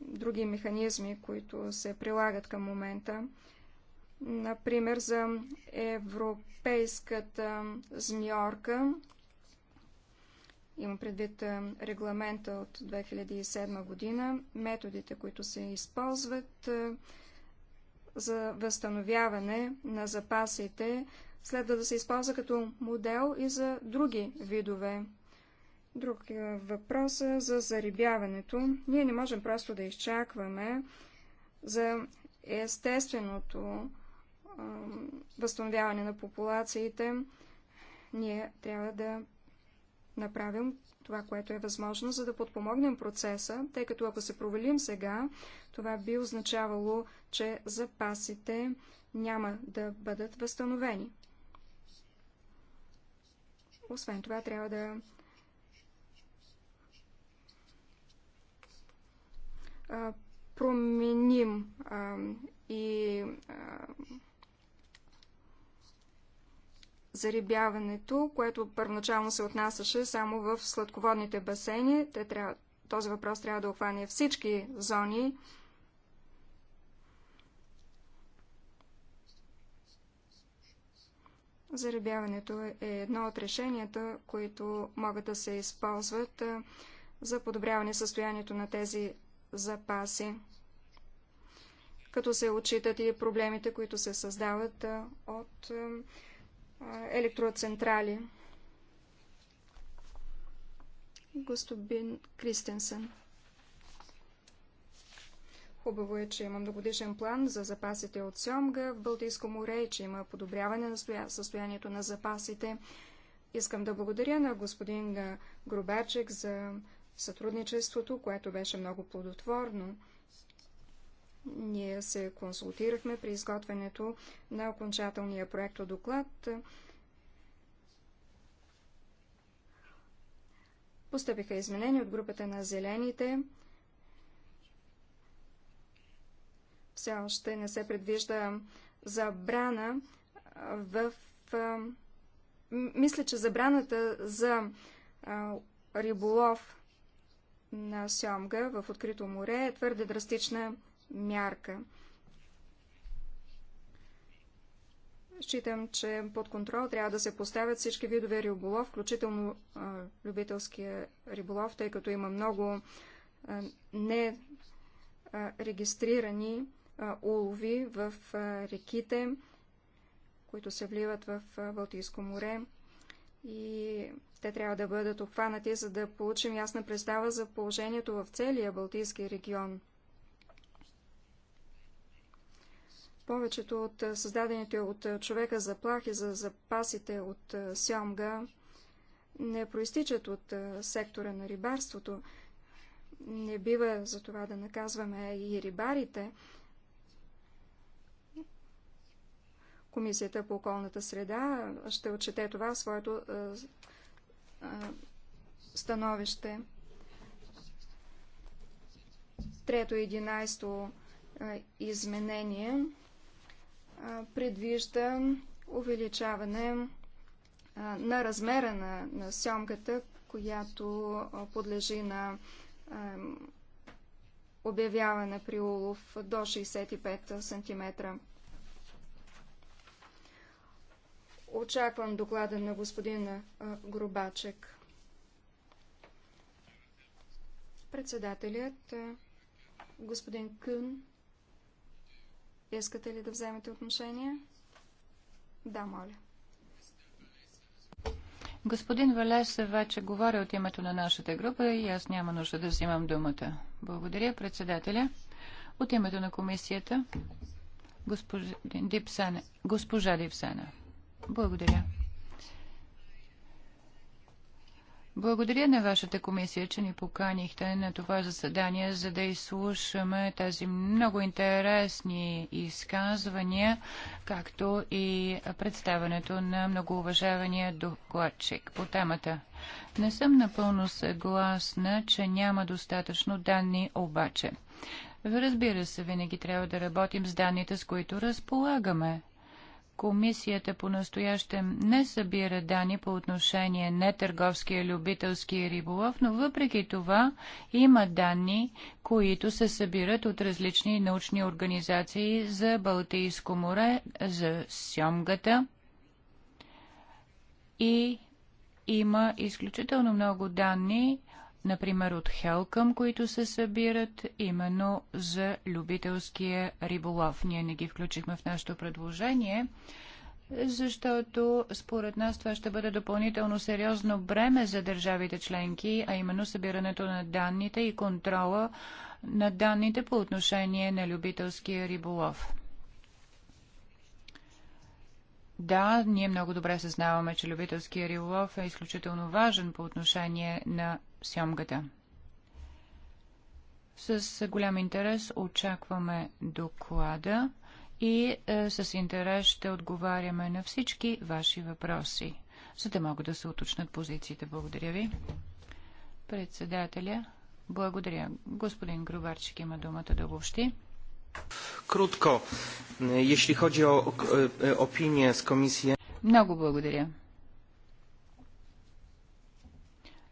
други механизми, които се прилагат към момента. Например, за европейската змиорка, има предвид е, регламента от 2007 година, методите, които се използват е, за възстановяване на запасите, следва да се използва като модел и за други видове. Друг е, въпрос за зарибяването. Ние не можем просто да изчакваме за естественото възстановяване на популациите. Ние трябва да направим това, което е възможно, за да подпомогнем процеса, тъй като ако се провалим сега, това би означавало, че запасите няма да бъдат възстановени. Освен това, трябва да променим и зарибяването, което първоначално се отнасяше само в сладководните басейни. Те трябва, този въпрос трябва да охване всички зони. Зарибяването е едно от решенията, които могат да се използват за подобряване състоянието на тези запаси, като се отчитат и проблемите, които се създават от електроцентрали. Господин Кристенсен. Хубаво е, че има многодишен план за запасите от Сьомга в Балтийско море и че има подобряване на състоянието на запасите. Искам да благодаря на господин Грубачек за сътрудничеството, което беше много плодотворно. Ние се консултирахме при изготвянето на окончателния проекто доклад. Постъпиха изменения от групата на зелените. Все още не се предвижда забрана в... Мисля, че забраната за риболов на сьомга в открито море е твърде драстична мярка. Считам, че под контрол трябва да се поставят всички видове риболов, включително а, любителския риболов, тъй като има много а, не а, регистрирани а, улови в а, реките, които се вливат в а, Балтийско море. И те трябва да бъдат обхванати, за да получим ясна представа за положението в целия Балтийски регион. Повечето от създадените от човека заплахи за запасите от сьомга не проистичат от сектора на рибарството. Не бива за това да наказваме и рибарите. Комисията по околната среда ще отчете това в своето становище. Трето и единайсто изменение – предвижда увеличаване на размера на, на сьомката, която подлежи на обявяване при улов до 65 см. Очаквам доклада на господин Грубачек. Председателят господин Кюн Искате ли да вземете отношение? Да, моля. Господин Валес вече говори от името на нашата група и аз няма нужда да взимам думата. Благодаря, председателя. От името на комисията, госпожа Дипсена. Госпожа Дипсана. Благодаря. Благодаря на вашата комисия, че ни поканихте на това заседание, за да изслушаме тези много интересни изказвания, както и представането на многоуважавания докладчик по темата. Не съм напълно съгласна, че няма достатъчно данни обаче. Разбира се, винаги трябва да работим с данните, с които разполагаме. Комисията по настоящем не събира данни по отношение на търговския любителски риболов, но въпреки това има данни, които се събират от различни научни организации за Балтийско море, за сьомгата и има изключително много данни например от Хелкъм, които се събират именно за любителския риболов. Ние не ги включихме в нашето предложение, защото според нас това ще бъде допълнително сериозно бреме за държавите членки, а именно събирането на данните и контрола на данните по отношение на любителския риболов. Да, ние много добре съзнаваме, че любителския риболов е изключително важен по отношение на сьомгата. С голям интерес очакваме доклада и е, с интерес ще отговаряме на всички ваши въпроси, за да могат да се уточнат позициите. Благодаря ви. Председателя, благодаря. Господин Груварчик има думата да обобщи. Е, е, е, Много благодаря.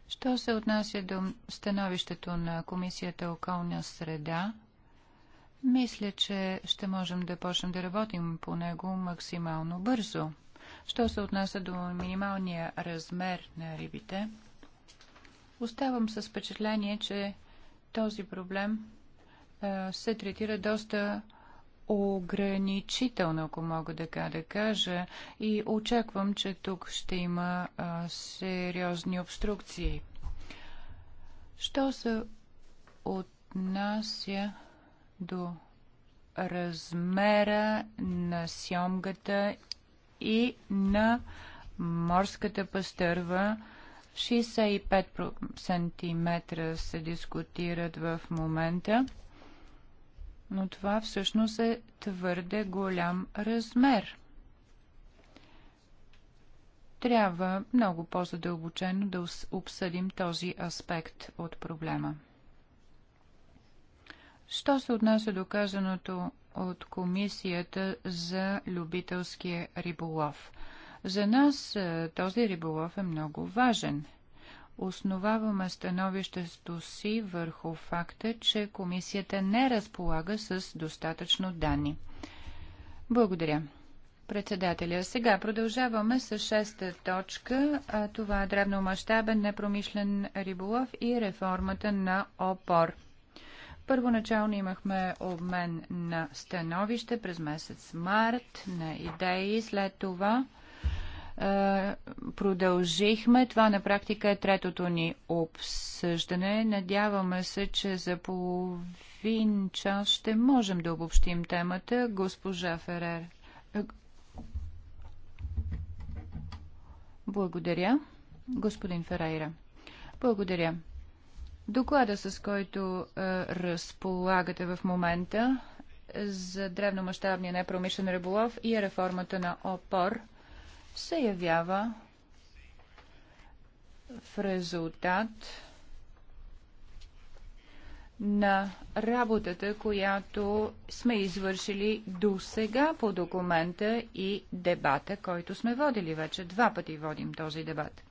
Що се отнася до становището на Комисията околна среда, мисля, че ще можем да почнем да работим по него максимално бързо. Що се отнася до минималния размер на рибите, оставам с впечатление, че този проблем се третира доста ограничително, ако мога така да кажа, и очаквам, че тук ще има а, сериозни обструкции. Що се отнася до размера на сьомгата и на морската пастърва, 65 см се дискутират в момента но това всъщност е твърде голям размер. Трябва много по-задълбочено да обсъдим този аспект от проблема. Що се отнася до казаното от комисията за любителския риболов? За нас е, този риболов е много важен – основаваме становището си върху факта, че комисията не разполага с достатъчно данни. Благодаря. Председателя, сега продължаваме с шеста точка. А това е древномащабен непромишлен риболов и реформата на ОПОР. Първоначално имахме обмен на становище през месец март, на идеи, след това е, продължихме. Това на практика е третото ни обсъждане. Надяваме се, че за половин час ще можем да обобщим темата. Госпожа Ферер. Е, благодаря. Господин Ферейра. Благодаря. Доклада, с който е, разполагате в момента за древномащабния непромишлен риболов и реформата на ОПОР – се явява в резултат на работата, която сме извършили до сега по документа и дебата, който сме водили вече. Два пъти водим този дебат.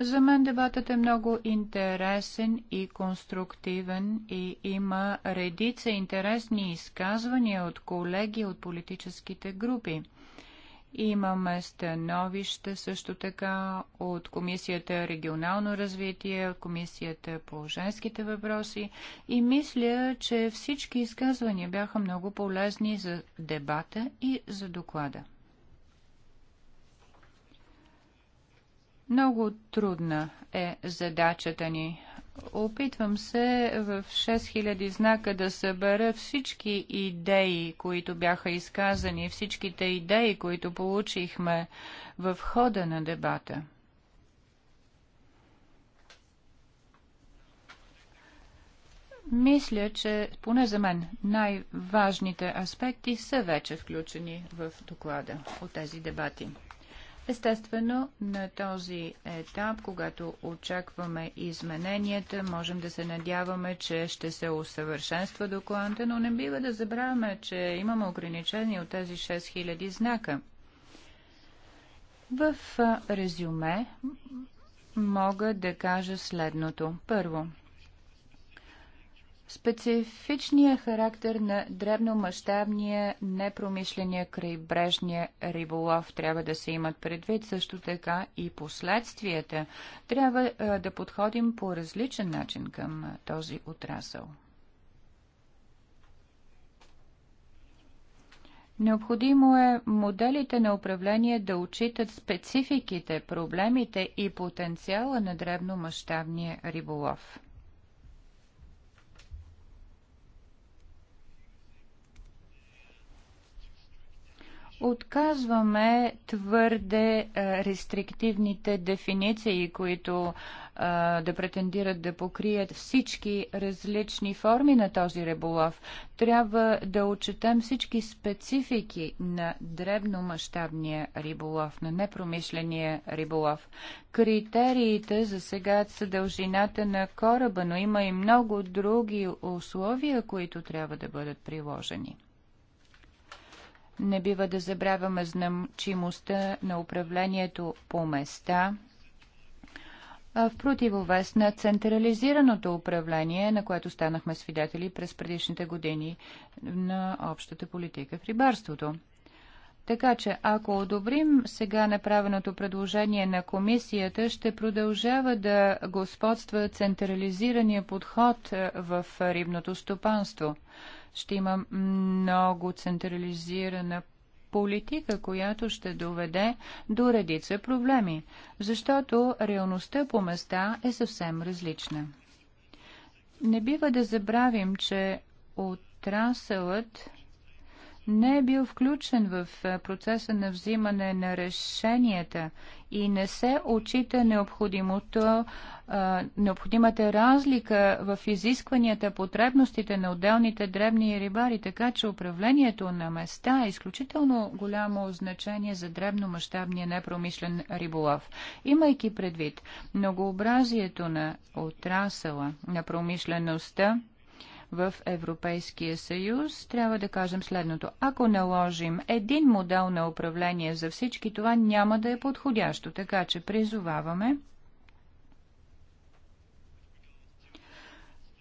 За мен дебатът е много интересен и конструктивен и има редица интересни изказвания от колеги от политическите групи. Имаме становище също така от Комисията регионално развитие, от Комисията по женските въпроси и мисля, че всички изказвания бяха много полезни за дебата и за доклада. Много трудна е задачата ни Опитвам се в 6000 знака да събера всички идеи, които бяха изказани, всичките идеи, които получихме в хода на дебата. Мисля, че поне за мен най-важните аспекти са вече включени в доклада от тези дебати. Естествено, на този етап, когато очакваме измененията, можем да се надяваме, че ще се усъвършенства доклада, но не бива да забравяме, че имаме ограничения от тези 6000 знака. В резюме мога да кажа следното. Първо – специфичния характер на дребномащабния непромишления крайбрежния риболов трябва да се имат предвид, също така и последствията. Трябва а, да подходим по различен начин към а, този отрасъл. Необходимо е моделите на управление да отчитат спецификите, проблемите и потенциала на дребномащабния риболов. Отказваме твърде е, рестриктивните дефиниции, които е, да претендират да покрият всички различни форми на този риболов. Трябва да отчетем всички специфики на дребномащабния риболов, на непромишления риболов. Критериите за сега са дължината на кораба, но има и много други условия, които трябва да бъдат приложени. Не бива да забравяме значимостта на управлението по места, в противовес на централизираното управление, на което станахме свидетели през предишните години на общата политика в рибарството. Така че, ако одобрим сега направеното предложение на комисията, ще продължава да господства централизирания подход в рибното стопанство ще има много централизирана политика, която ще доведе до редица проблеми, защото реалността по места е съвсем различна. Не бива да забравим, че отрасълът не е бил включен в е, процеса на взимане на решенията и не се отчита необходимото, е, необходимата разлика в изискванията, потребностите на отделните дребни рибари, така че управлението на места е изключително голямо значение за дребномащабния непромишлен риболов. Имайки предвид многообразието на отрасъла на промишлеността, в Европейския съюз, трябва да кажем следното. Ако наложим един модел на управление за всички, това няма да е подходящо, така че призоваваме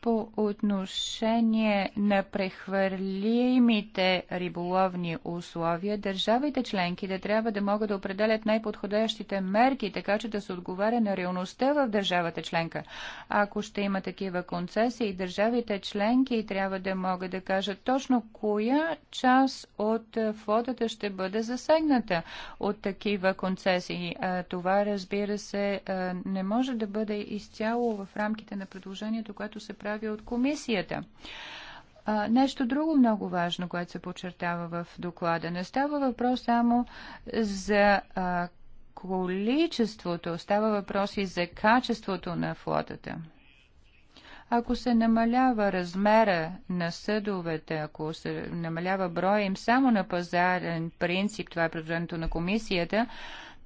по отношение на прехвърлимите риболовни условия, държавите членки да трябва да могат да определят най-подходящите мерки, така че да се отговаря на реалността в държавата членка. Ако ще има такива концесии, държавите членки трябва да могат да кажат точно коя част от флотата ще бъде засегната от такива концесии. Това, разбира се, не може да бъде изцяло в рамките на предложението, което се прави направи от комисията. А, нещо друго много важно, което се подчертава в доклада. Не става въпрос само за а, количеството, става въпрос и за качеството на флотата ако се намалява размера на съдовете, ако се намалява броя им само на пазарен принцип, това е предложението на комисията,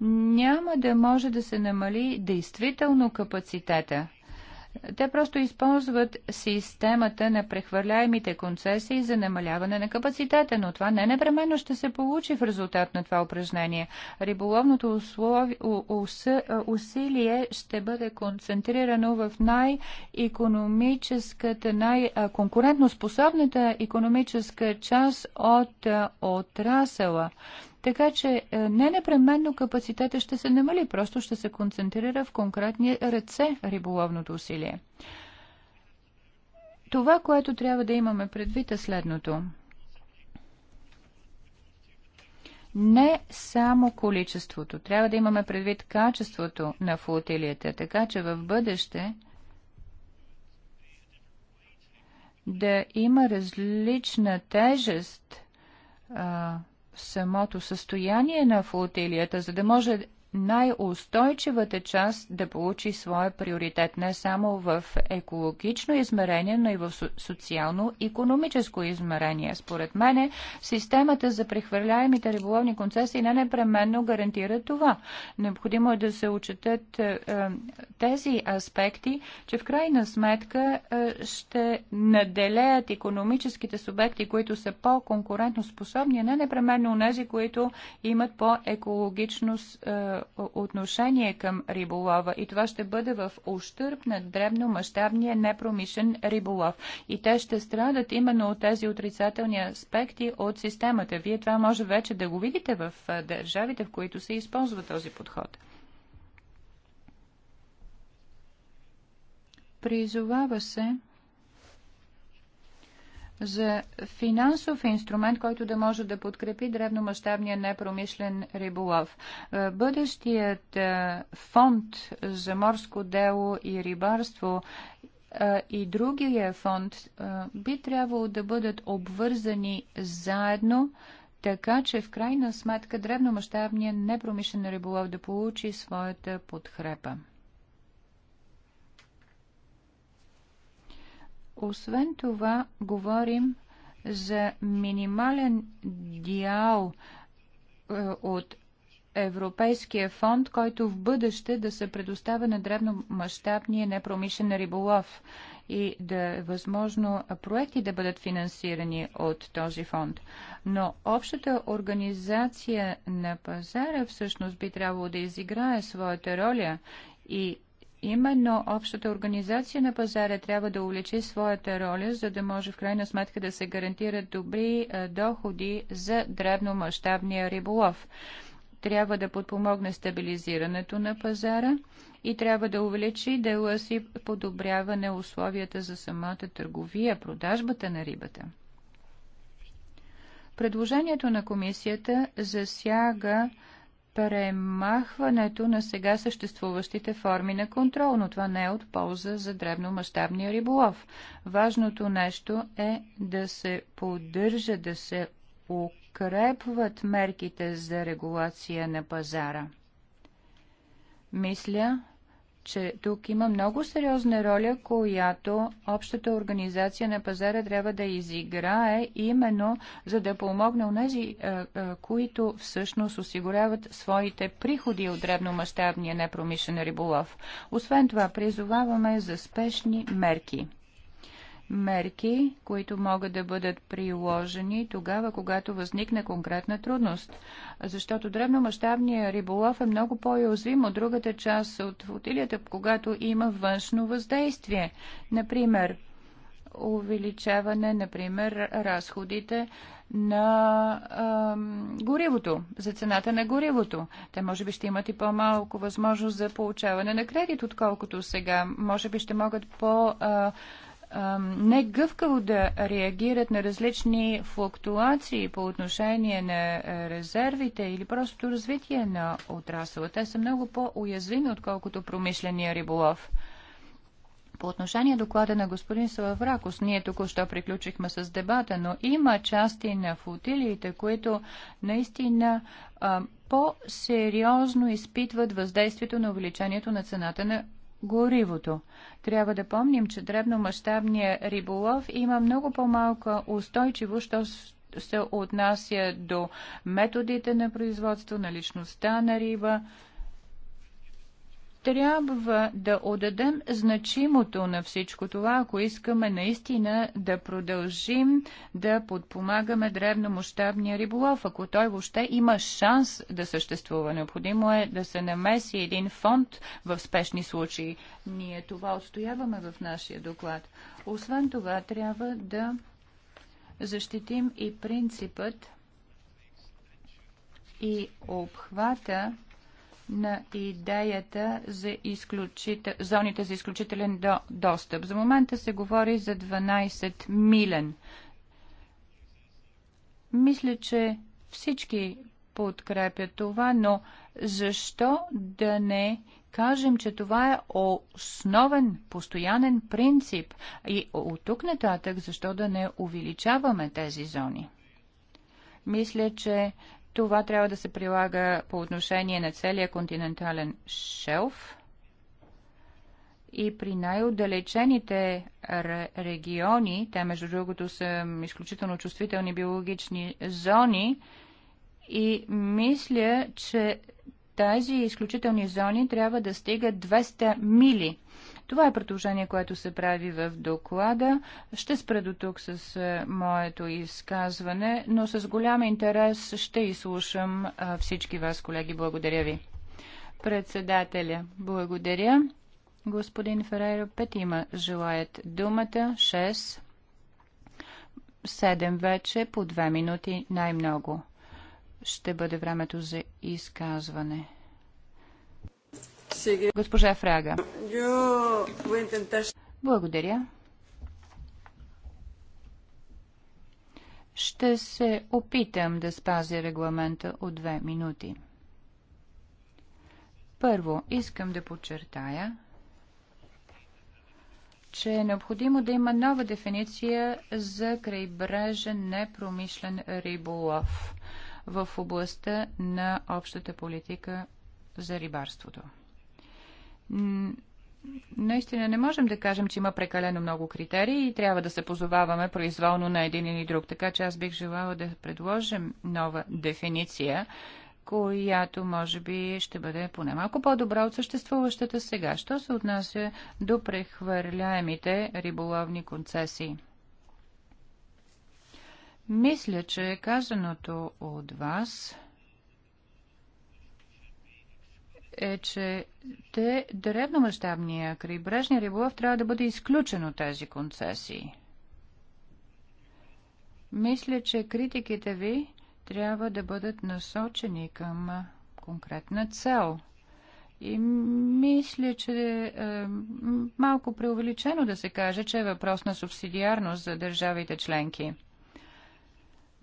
няма да може да се намали действително капацитета те просто използват системата на прехвърляемите концесии за намаляване на капацитета, но това не непременно ще се получи в резултат на това упражнение. Риболовното услови, усилие ще бъде концентрирано в най-економическата, най-конкурентно способната економическа част от отрасъла. Така че е, не непременно капацитета ще се намали, просто ще се концентрира в конкретни ръце риболовното усилие. Това, което трябва да имаме предвид е следното. Не само количеството. Трябва да имаме предвид качеството на флотилията, така че в бъдеще да има различна тежест а, самото състояние на флотилията, за да може най-устойчивата част да получи своя приоритет не само в екологично измерение, но и в социално-економическо измерение. Според мене, системата за прехвърляемите риболовни концесии не непременно гарантира това. Необходимо е да се учетат е, е, тези аспекти, че в крайна сметка е, ще наделеят економическите субекти, които са по-конкурентно способни, а не непременно нези, които имат по-екологично е, е, отношение към риболова и това ще бъде в ущърп на дребномащабния непромишен риболов. И те ще страдат именно от тези отрицателни аспекти от системата. Вие това може вече да го видите в е, държавите, в които се използва този подход. Призовава се за финансов инструмент, който да може да подкрепи древномащабния непромишлен риболов. Е, бъдещият е, фонд за морско дело и рибарство е, и другия фонд би трябвало да бъдат обвързани заедно, така че в крайна сметка древномащабният непромишлен риболов да получи своята подкрепа. Освен това, говорим за минимален дял е, от Европейския фонд, който в бъдеще да се предоставя на древномащабния непромишлен риболов и да е възможно проекти да бъдат финансирани от този фонд. Но общата организация на пазара всъщност би трябвало да изиграе своята роля и Именно общата организация на пазара трябва да увлече своята роля, за да може в крайна сметка да се гарантират добри доходи за дребномащабния риболов. Трябва да подпомогне стабилизирането на пазара и трябва да увеличи дела си подобряване условията за самата търговия, продажбата на рибата. Предложението на комисията засяга премахването на сега съществуващите форми на контрол, но това не е от полза за дребномащабния риболов. Важното нещо е да се поддържа, да се укрепват мерките за регулация на пазара. Мисля, че тук има много сериозна роля, която общата организация на пазара трябва да изиграе, именно за да помогне у нези, е, е, които всъщност осигуряват своите приходи от дребномащабния непромишлен риболов. Освен това, призоваваме за спешни мерки мерки, които могат да бъдат приложени тогава, когато възникне конкретна трудност. Защото древномащабният риболов е много по уязвим от другата част от флотилията, когато има външно въздействие. Например, увеличаване, например, разходите на а, горивото, за цената на горивото. Те може би ще имат и по-малко възможност за получаване на кредит, отколкото сега. Може би ще могат по- а, не е гъвкаво да реагират на различни флуктуации по отношение на е, резервите или просто развитие на отрасъла. Те са много по-уязвими, отколкото промишления риболов. По отношение доклада на господин Салавракос, ние току-що приключихме с дебата, но има части на флотилиите, които наистина по-сериозно изпитват въздействието на увеличението на цената на горивото. Трябва да помним, че дребномащабният риболов има много по-малка устойчивост, що се отнася до методите на производство, на личността на риба, трябва да отдадем значимото на всичко това, ако искаме наистина да продължим да подпомагаме древномащабния риболов, ако той въобще има шанс да съществува. Необходимо е да се намеси един фонд в спешни случаи. Ние това отстояваме в нашия доклад. Освен това, трябва да защитим и принципът и обхвата на идеята за изключител... зоните за изключителен до... достъп. За момента се говори за 12 милен. Мисля, че всички подкрепят това, но защо да не кажем, че това е основен, постоянен принцип и от тук нататък защо да не увеличаваме тези зони? Мисля, че това трябва да се прилага по отношение на целия континентален шелф и при най-отдалечените региони, те между другото са изключително чувствителни биологични зони, и мисля, че тези изключителни зони трябва да стигат 200 мили това е предложение, което се прави в доклада. Ще спра до тук с е, моето изказване, но с голям интерес ще изслушам е, всички вас, колеги. Благодаря ви. Председателя, благодаря. Господин Ферейро, петима желаят думата. Шест. Седем вече, по две минути най-много. Ще бъде времето за изказване. Госпожа Фрага. Благодаря. Ще се опитам да спазя регламента от две минути. Първо, искам да подчертая, че е необходимо да има нова дефиниция за крайбрежен непромишлен риболов в областта на общата политика за рибарството наистина не можем да кажем, че има прекалено много критерии и трябва да се позоваваме произволно на един или друг. Така че аз бих желала да предложим нова дефиниция, която може би ще бъде поне малко по-добра от съществуващата сега. Що се отнася до прехвърляемите риболовни концесии? Мисля, че казаното от вас – е, че те, древномащабния крайбрежния риболов трябва да бъде изключен от тези концесии. Мисля, че критиките ви трябва да бъдат насочени към конкретна цел. И мисля, че е малко преувеличено да се каже, че е въпрос на субсидиарност за държавите членки.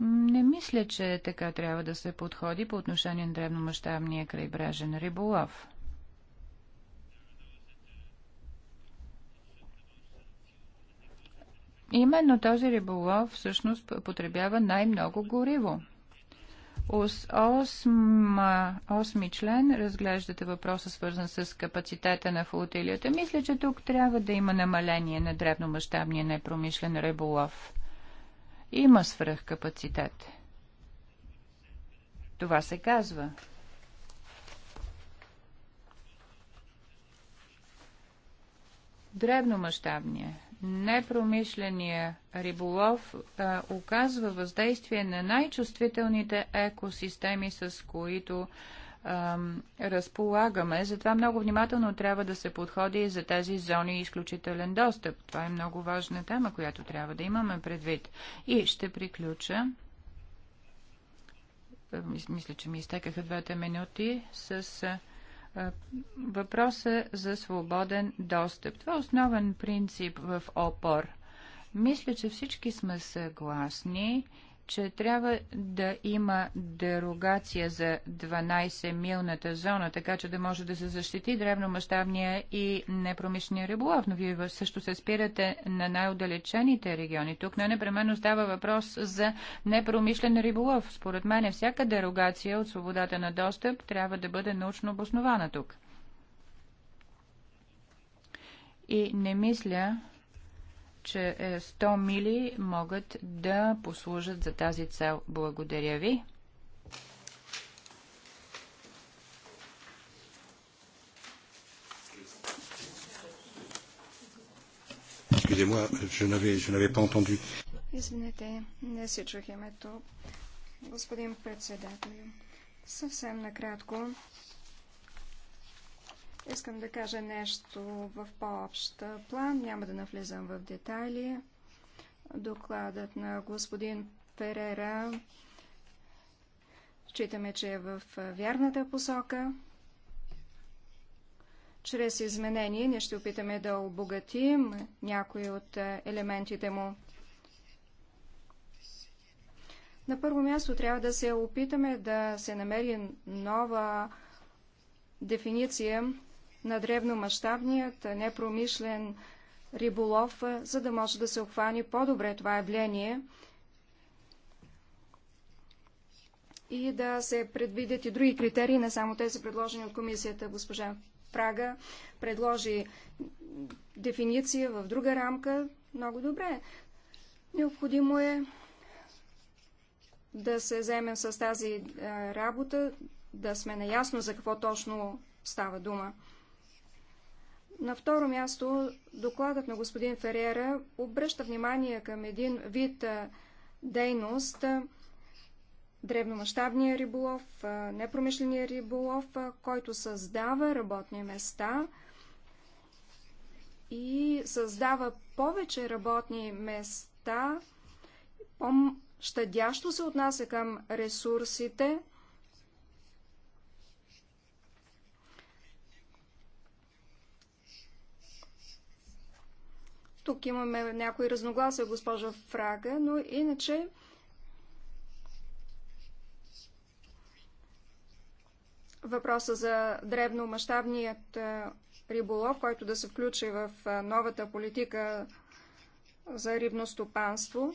Не мисля, че така трябва да се подходи по отношение на древномащабния крайбрежен риболов. Именно този риболов всъщност потребява най-много гориво. Ус 8 осми член разглеждате въпроса свързан с капацитета на флотилията. Мисля, че тук трябва да има намаление на древномащабния непромишлен риболов – има свръхкапацитет. Това се казва. Дребномащабния, непромишления риболов а, оказва въздействие на най-чувствителните екосистеми, с които разполагаме. Затова много внимателно трябва да се подходи и за тези зони изключителен достъп. Това е много важна тема, която трябва да имаме предвид. И ще приключа. Мисля, че ми изтекаха двете минути с въпроса за свободен достъп. Това е основен принцип в ОПОР. Мисля, че всички сме съгласни, че трябва да има дерогация за 12-милната зона, така че да може да се защити древномащабния и непромишления риболов. Но вие също се спирате на най-отдалечените региони. Тук не непременно става въпрос за непромишлен риболов. Според мен всяка дерогация от свободата на достъп трябва да бъде научно обоснована тук. И не мисля, че 100 е, мили могат да послужат за тази цел. Благодаря ви. excusez Извинете, не си чух името, господин председател. Съвсем накратко, Искам да кажа нещо в по-общ план, няма да навлизам в детайли. Докладът на господин Перера считаме, че е в вярната посока. Чрез изменение ние ще опитаме да обогатим някои от елементите му. На първо място трябва да се опитаме да се намери нова дефиниция на древномащабният непромишлен риболов, за да може да се обхване по-добре това явление и да се предвидят и други критерии, не само тези предложени от комисията. Госпожа Прага предложи дефиниция в друга рамка. Много добре. Необходимо е да се вземем с тази работа, да сме наясно за какво точно става дума. На второ място, докладът на господин Ферера обръща внимание към един вид дейност, древномащабния риболов, непромишления риболов, който създава работни места и създава повече работни места, по-щадящо се отнася към ресурсите – Тук имаме някои разногласия, госпожа Фрага, но иначе въпроса за дребномащабният е, риболов, който да се включи в е, новата политика за рибно стопанство.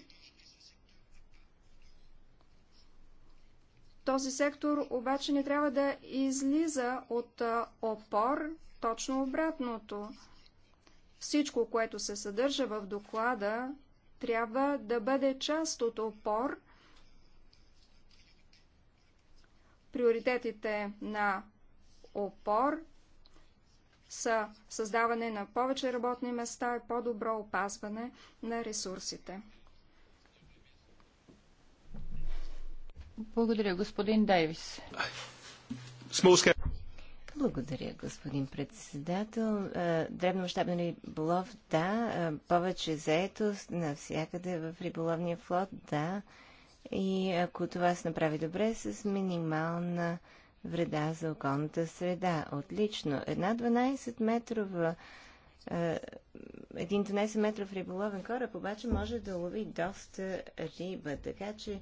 Този сектор обаче не трябва да излиза от е, опор, точно обратното – всичко, което се съдържа в доклада, трябва да бъде част от опор Приоритетите на опор са създаване на повече работни места и по-добро опазване на ресурсите. Благодаря, господин Дейвис. Благодаря, господин председател. Дребномащабен риболов, да. Повече заетост навсякъде в риболовния флот, да. И ако това се направи добре, с минимална вреда за околната среда. Отлично. Една 12 метрова един 12 метров риболовен кораб обаче може да лови доста риба, така че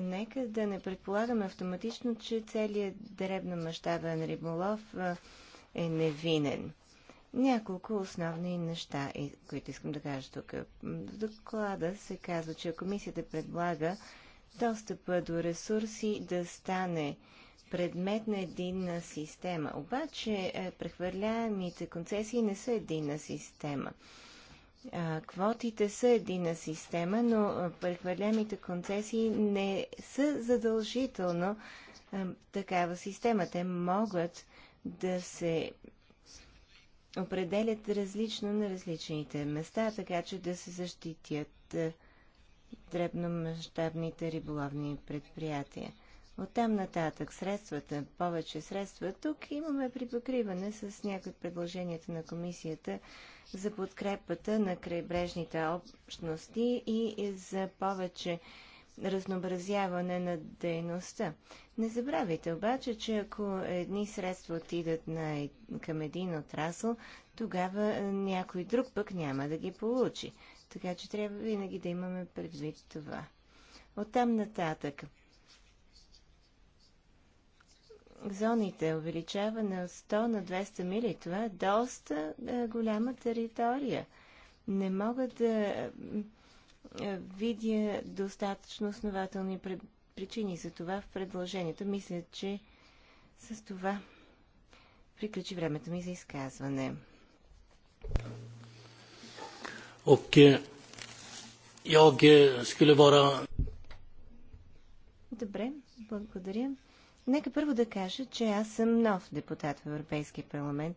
нека да не предполагаме автоматично, че целият мащабен риболов е невинен. Няколко основни неща, които искам да кажа тук. В доклада се казва, че комисията предлага достъпа до ресурси да стане предмет на единна система. Обаче е, прехвърляемите концесии не са единна система. Квотите са едина система, но прехвърлямите концесии не са задължително такава система. Те могат да се определят различно на различните места, така че да се защитят дребномащабните риболовни предприятия. От там нататък средствата, повече средства, тук имаме припокриване с някои предложенията на комисията за подкрепата на крайбрежните общности и за повече разнообразяване на дейността. Не забравяйте обаче, че ако едни средства отидат на, към един отрасъл, тогава е, някой друг пък няма да ги получи. Така че трябва винаги да имаме предвид това. Оттам нататък зоните увеличаване от 100 на 200 мили, това е доста а, е, голяма територия. Не мога да а, е, е, видя достатъчно основателни причини за това в предложението. Мисля, че с това приключи времето ми за изказване. Добре, благодаря. Нека първо да кажа, че аз съм нов депутат в Европейския парламент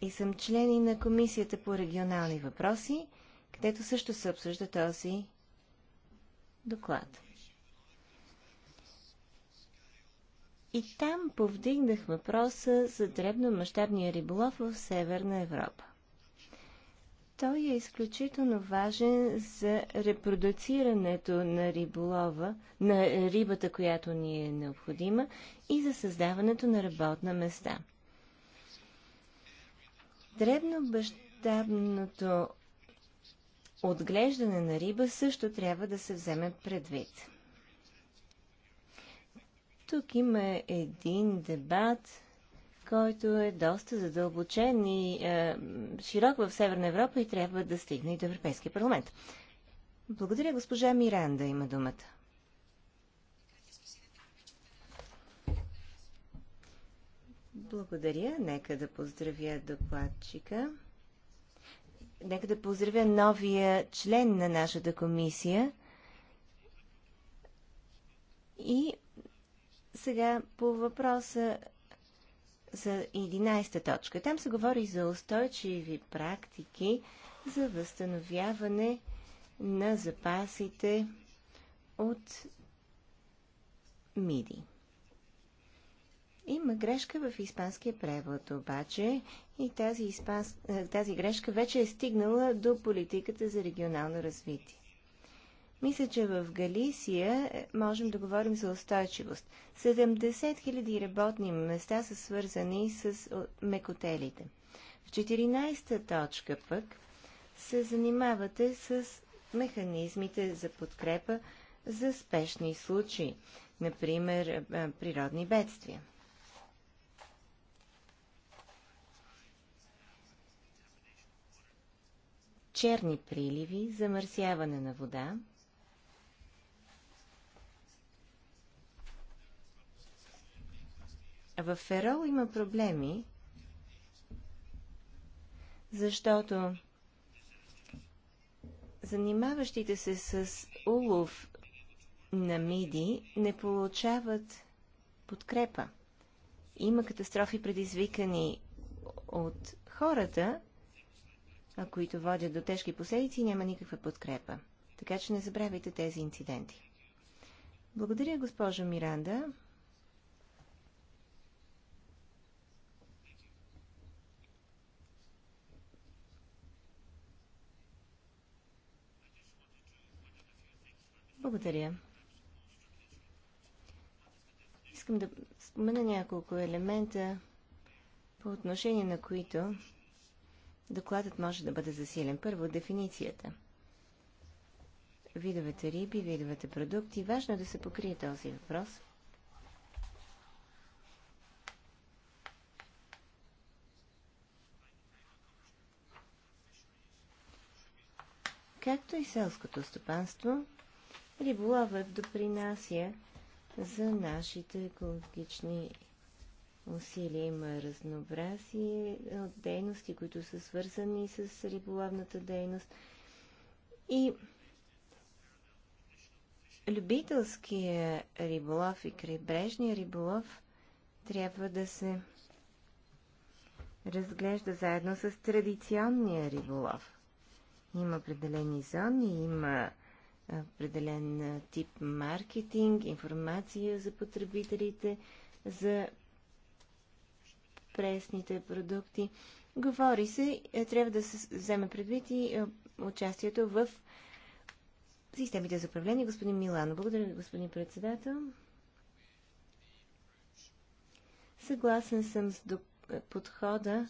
и съм член и на Комисията по регионални въпроси, където също се обсъжда този доклад. И там повдигнах въпроса за дребномащабния риболов в Северна Европа. Той е изключително важен за репродуцирането на риболова, на рибата, която ни е необходима и за създаването на работна места. Дребнобащабното отглеждане на риба също трябва да се вземе предвид. Тук има един дебат който е доста задълбочен и е, широк в Северна Европа и трябва да стигне и до Европейския парламент. Благодаря, госпожа Миранда има думата. Благодаря. Нека да поздравя докладчика. Нека да поздравя новия член на нашата комисия. И сега по въпроса за 11-та точка. Там се говори за устойчиви практики за възстановяване на запасите от миди. Има грешка в испанския превод обаче и тази, испанс... Е, тази грешка вече е стигнала до политиката за регионално развитие. Мисля, че в Галисия е, можем да говорим за устойчивост. 70 000 работни места са свързани с мекотелите. В 14-та точка пък се занимавате с механизмите за подкрепа за спешни случаи, например е, е, природни бедствия. черни приливи, замърсяване на вода, В Ферол има проблеми, защото занимаващите се с улов на миди не получават подкрепа. Има катастрофи предизвикани от хората, а които водят до тежки последици, няма никаква подкрепа. Така че не забравяйте тези инциденти. Благодаря, госпожо Миранда. Благодаря. Искам да спомена няколко елемента, по отношение на които докладът може да бъде засилен. Първо, дефиницията. Видовете риби, видовете продукти. Важно е да се покрие този въпрос. Както и селското стопанство, риболовът допринася за нашите екологични усилия. Има разнообразие от дейности, които са свързани с риболовната дейност. И любителския риболов и крайбрежния риболов трябва да се разглежда заедно с традиционния риболов. Има определени зони, има определен тип маркетинг, информация за потребителите, за пресните продукти. Говори се, е, трябва да се вземе предвид и е, участието в системите за управление. Господин Милано, благодаря ви, господин председател. Съгласен съм с е, подхода,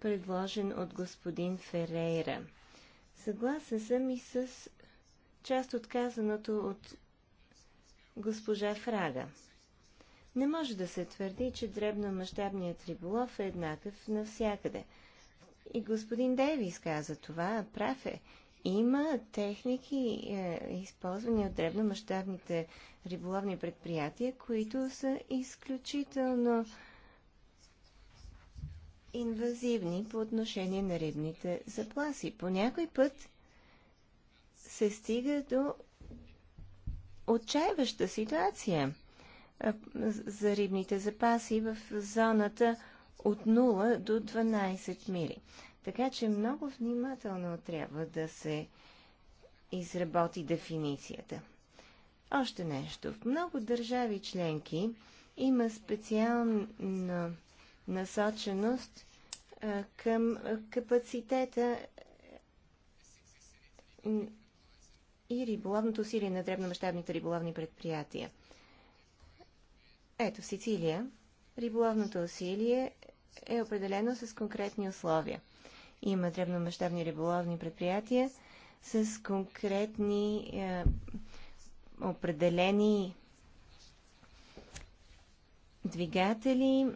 предложен от господин Ферейра. Съгласен съм и с част от казаното от госпожа Фрага. Не може да се твърди, че дребномащабният риболов е еднакъв навсякъде. И господин Дейвис каза това, прав е. Има техники, е, използвани от дребномащабните риболовни предприятия, които са изключително инвазивни по отношение на рибните запласи. По някой път се стига до отчаяваща ситуация за рибните запаси в зоната от 0 до 12 мили. Така че много внимателно трябва да се изработи дефиницията. Още нещо. В много държави членки има специална насоченост към капацитета и риболовното усилие на дребномащабните риболовни предприятия. Ето, в Сицилия риболовното усилие е определено с конкретни условия. Има дребномащабни риболовни предприятия с конкретни е, определени двигатели.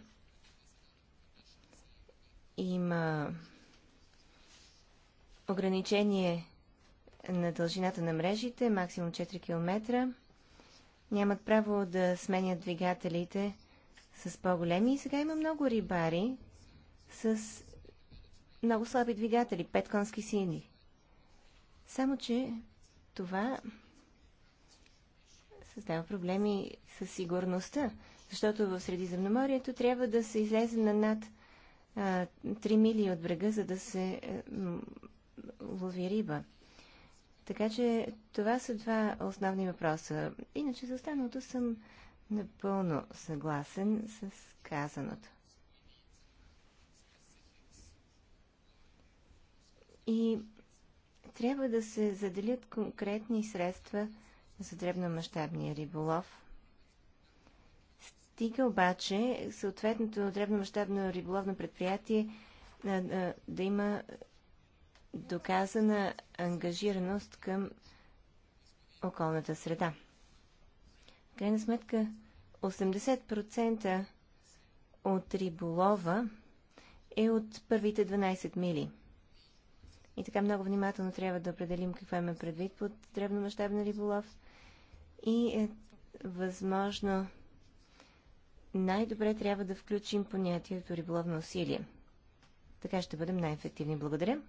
Има ограничение на дължината на мрежите, максимум 4 км, нямат право да сменят двигателите с по-големи. И сега има много рибари с много слаби двигатели, пет конски сини. Само, че това създава проблеми със сигурността, защото в Средиземноморието трябва да се излезе на над а, 3 мили от брега, за да се а, лови риба. Така че това са два основни въпроса. Иначе за останалото съм напълно съгласен с казаното. И трябва да се заделят конкретни средства за дребномащабния риболов. Стига обаче съответното дребномащабно риболовно предприятие да има доказана ангажираност към околната среда. В крайна сметка, 80% от риболова е от първите 12 мили. И така много внимателно трябва да определим какво има предвид под дребномащабен риболов и е възможно най-добре трябва да включим понятието риболовно усилие. Така ще бъдем най-ефективни. Благодаря.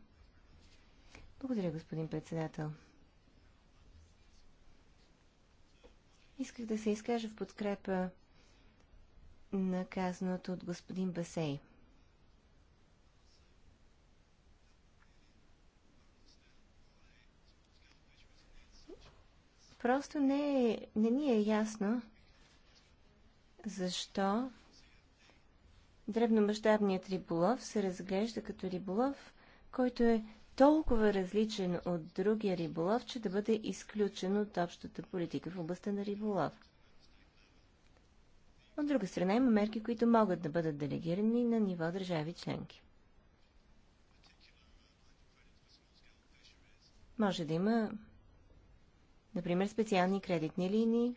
Благодаря, господин председател. Исках да се изкажа в подкрепа на казаното от господин Басей. Просто не, е, не ни е ясно защо дребномащабният риболов се разглежда като риболов, който е толкова различен от другия риболов, че да бъде изключен от общата политика в областта на риболов. От друга страна има мерки, които могат да бъдат делегирани на ниво държави членки. Може да има, например, специални кредитни линии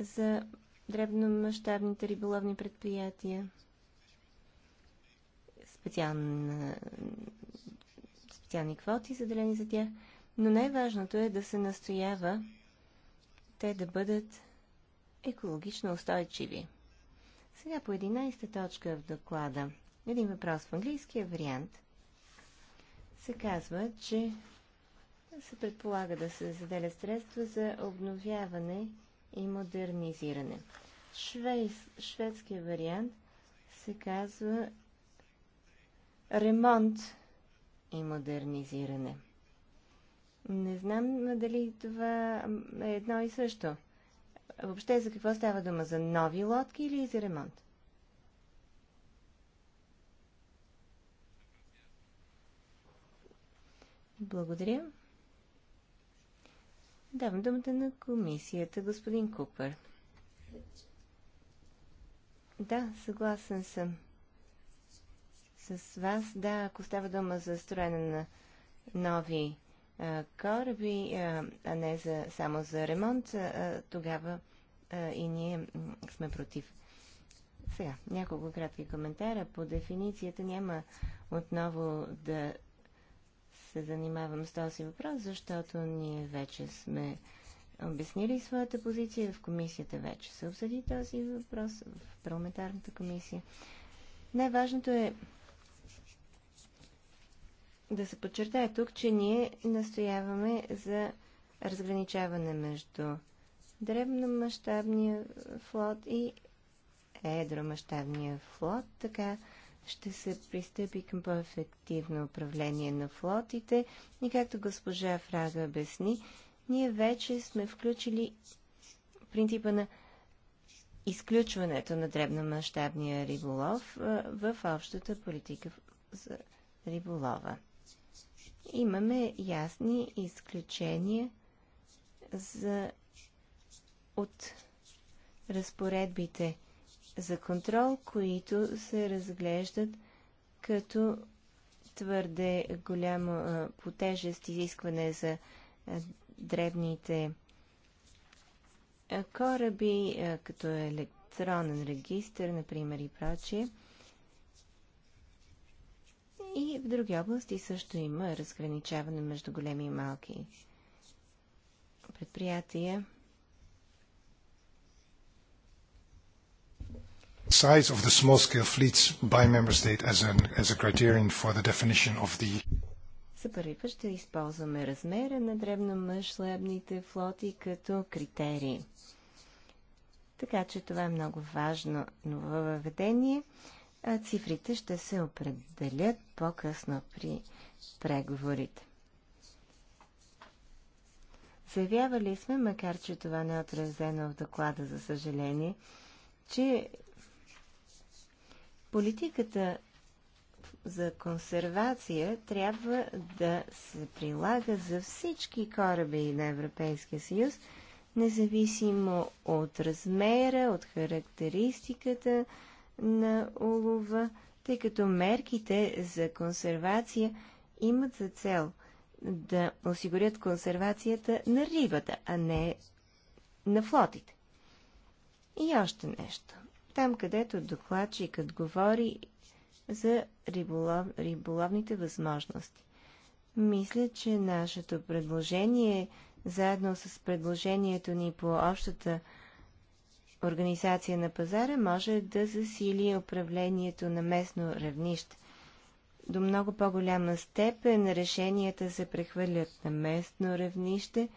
за дребномащабните риболовни предприятия – специална, специални квоти, заделени за тях. Но най-важното е да се настоява те да бъдат екологично устойчиви. Сега по 11-та точка в доклада. Един въпрос в английския вариант. Се казва, че се предполага да се заделя средства за обновяване и модернизиране. Швейс, шведския вариант се казва, ремонт и модернизиране. Не знам дали това е едно и също. Въобще за какво става дума? За нови лодки или за ремонт? Благодаря. Давам думата на комисията, господин Купър. Да, съгласен съм с вас. Да, ако става дума за строене на нови а, кораби, а, а не за, само за ремонт, а, тогава а, и ние сме против. Сега, няколко кратки коментара. По дефиницията няма отново да се занимавам с този въпрос, защото ние вече сме обяснили своята позиция. В комисията вече се обсъди този въпрос, в парламентарната комисия. Най-важното е да се подчертая тук, че ние настояваме за разграничаване между дребномащабния флот и едромащабния флот. Така ще се пристъпи към по-ефективно управление на флотите. И както госпожа Фрага обясни, ние вече сме включили принципа на изключването на дребномащабния риболов в общата политика за риболова имаме ясни изключения за, от разпоредбите за контрол, които се разглеждат като твърде голяма по тежест изискване за дребните кораби, като електронен регистр, например и прочие – и в други области също има разграничаване между големи и малки предприятия. size of the small-scale fleets by member state as an as a criterion for the definition of the... За първи път ще използваме размера на дребно мъжлебните флоти като критерии. Така че това е много важно ново въведение а цифрите ще се определят по-късно при преговорите. Заявявали сме, макар че това не е отразено в доклада, за съжаление, че политиката за консервация трябва да се прилага за всички кораби на Европейския съюз, независимо от размера, от характеристиката, на улова, тъй като мерките за консервация имат за цел да осигурят консервацията на рибата, а не на флотите. И още нещо. Там, където докладчикът говори за риболов, риболовните възможности. Мисля, че нашето предложение, заедно с предложението ни по общата организация на пазара може да засили управлението на местно равнище. До много по-голяма степен решенията се прехвърлят на местно равнище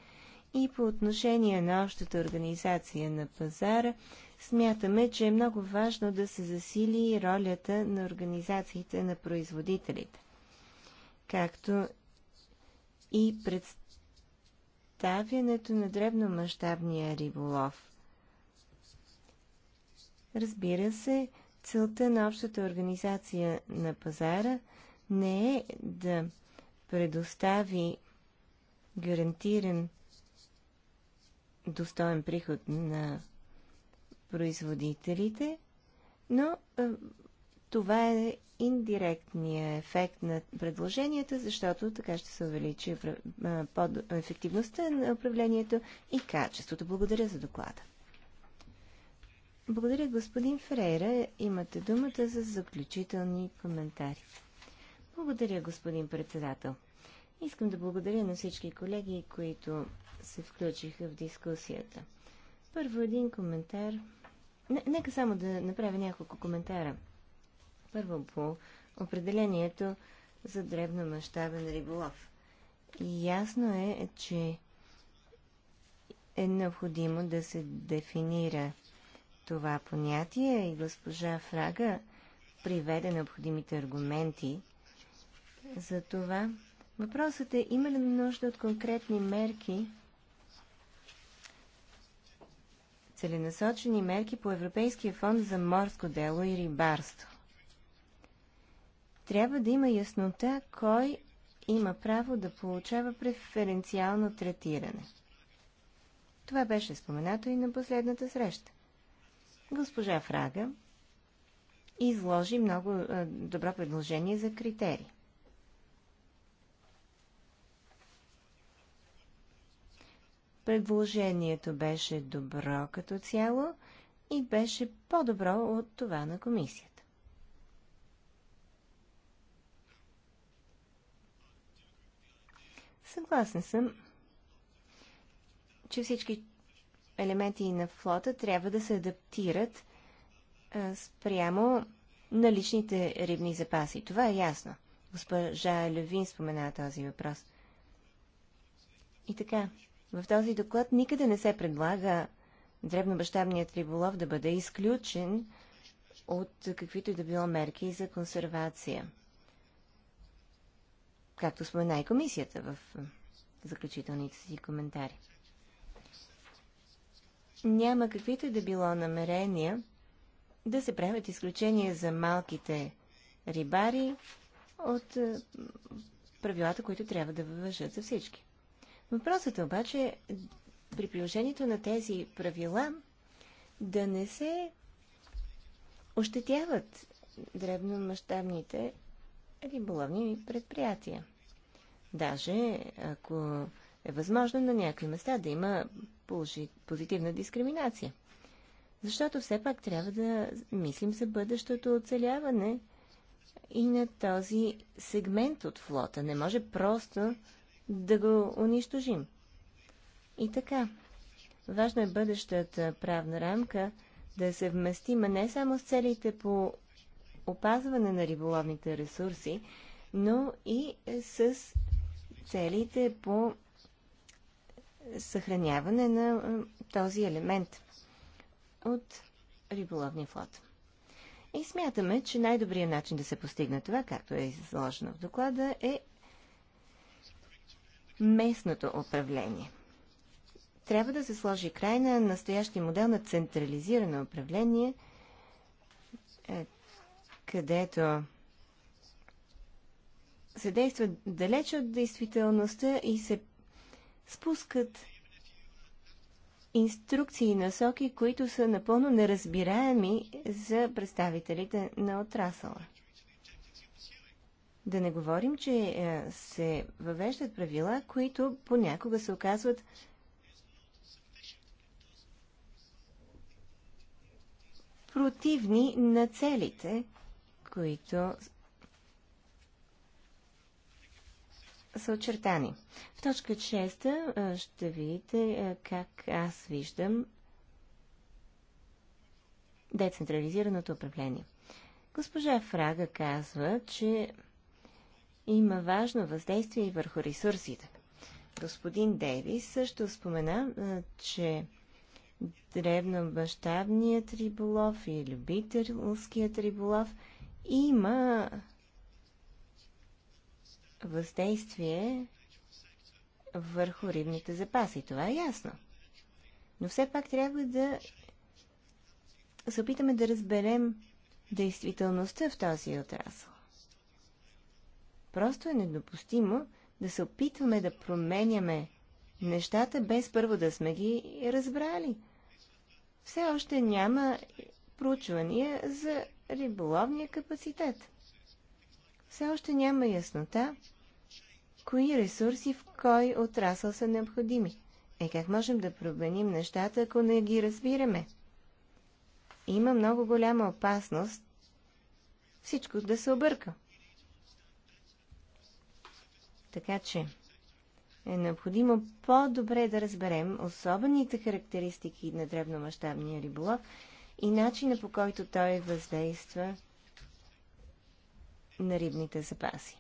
и по отношение на общата организация на пазара смятаме, че е много важно да се засили ролята на организациите на производителите, както и представянето на дребномащабния риболов – Разбира се, целта на общата организация на пазара не е да предостави гарантиран достоен приход на производителите, но това е индиректния ефект на предложенията, защото така ще се увеличи ефективността на управлението и качеството. Благодаря за доклада. Благодаря, господин Фрейра. Имате думата за заключителни коментари. Благодаря, господин председател. Искам да благодаря на всички колеги, които се включиха в дискусията. Първо един коментар. нека само да направя няколко коментара. Първо по определението за дребномащабен риболов. Ясно е, че е необходимо да се дефинира това понятие и госпожа Фрага приведе необходимите аргументи за това. Въпросът е, има ли нужда от конкретни мерки, целенасочени мерки по Европейския фонд за морско дело и рибарство? Трябва да има яснота кой има право да получава преференциално третиране. Това беше споменато и на последната среща. Госпожа Фрага изложи много е, добро предложение за критерии. Предложението беше добро като цяло и беше по-добро от това на комисията. Съгласен съм, че всички елементи на флота трябва да се адаптират спрямо наличните рибни запаси. Това е ясно. Госпожа Левин спомена този въпрос. И така, в този доклад никъде не се предлага дребнобащабният риболов да бъде изключен от каквито и да било мерки за консервация. Както спомена и комисията в заключителните си коментари няма каквито да било намерения да се правят изключения за малките рибари от е, правилата, които трябва да въвържат за всички. Въпросът е обаче при приложението на тези правила да не се ощетяват дребномащабните риболовни предприятия. Даже ако е възможно на някои места да има позитивна дискриминация. Защото все пак трябва да мислим за бъдещото оцеляване и на този сегмент от флота. Не може просто да го унищожим. И така, важно е бъдещата правна рамка да се вместима не само с целите по опазване на риболовните ресурси, но и с целите по съхраняване на този елемент от риболовния флот. И смятаме, че най-добрият начин да се постигне това, както е изложено в доклада, е местното управление. Трябва да се сложи край на настоящия модел на централизирано управление, е, където се действа далеч от действителността и се спускат инструкции и насоки, които са напълно неразбираеми за представителите на отрасъла. Да не говорим, че е, се въвеждат правила, които понякога се оказват противни на целите, които са очертани. В точка 6 ще видите как аз виждам децентрализираното управление. Госпожа Фрага казва, че има важно въздействие и върху ресурсите. Господин Дейвис също спомена, че древномащабният риболов и любителският риболов има въздействие върху рибните запаси. Това е ясно. Но все пак трябва да се опитаме да разберем действителността в този отрасъл. Просто е недопустимо да се опитваме да променяме нещата, без първо да сме ги разбрали. Все още няма проучвания за риболовния капацитет все още няма яснота кои ресурси в кой отрасъл са необходими. Е, как можем да променим нещата, ако не ги разбираме? Има много голяма опасност всичко да се обърка. Така че е необходимо по-добре да разберем особените характеристики на дребномащабния риболов и начина по който той въздейства на рибните запаси.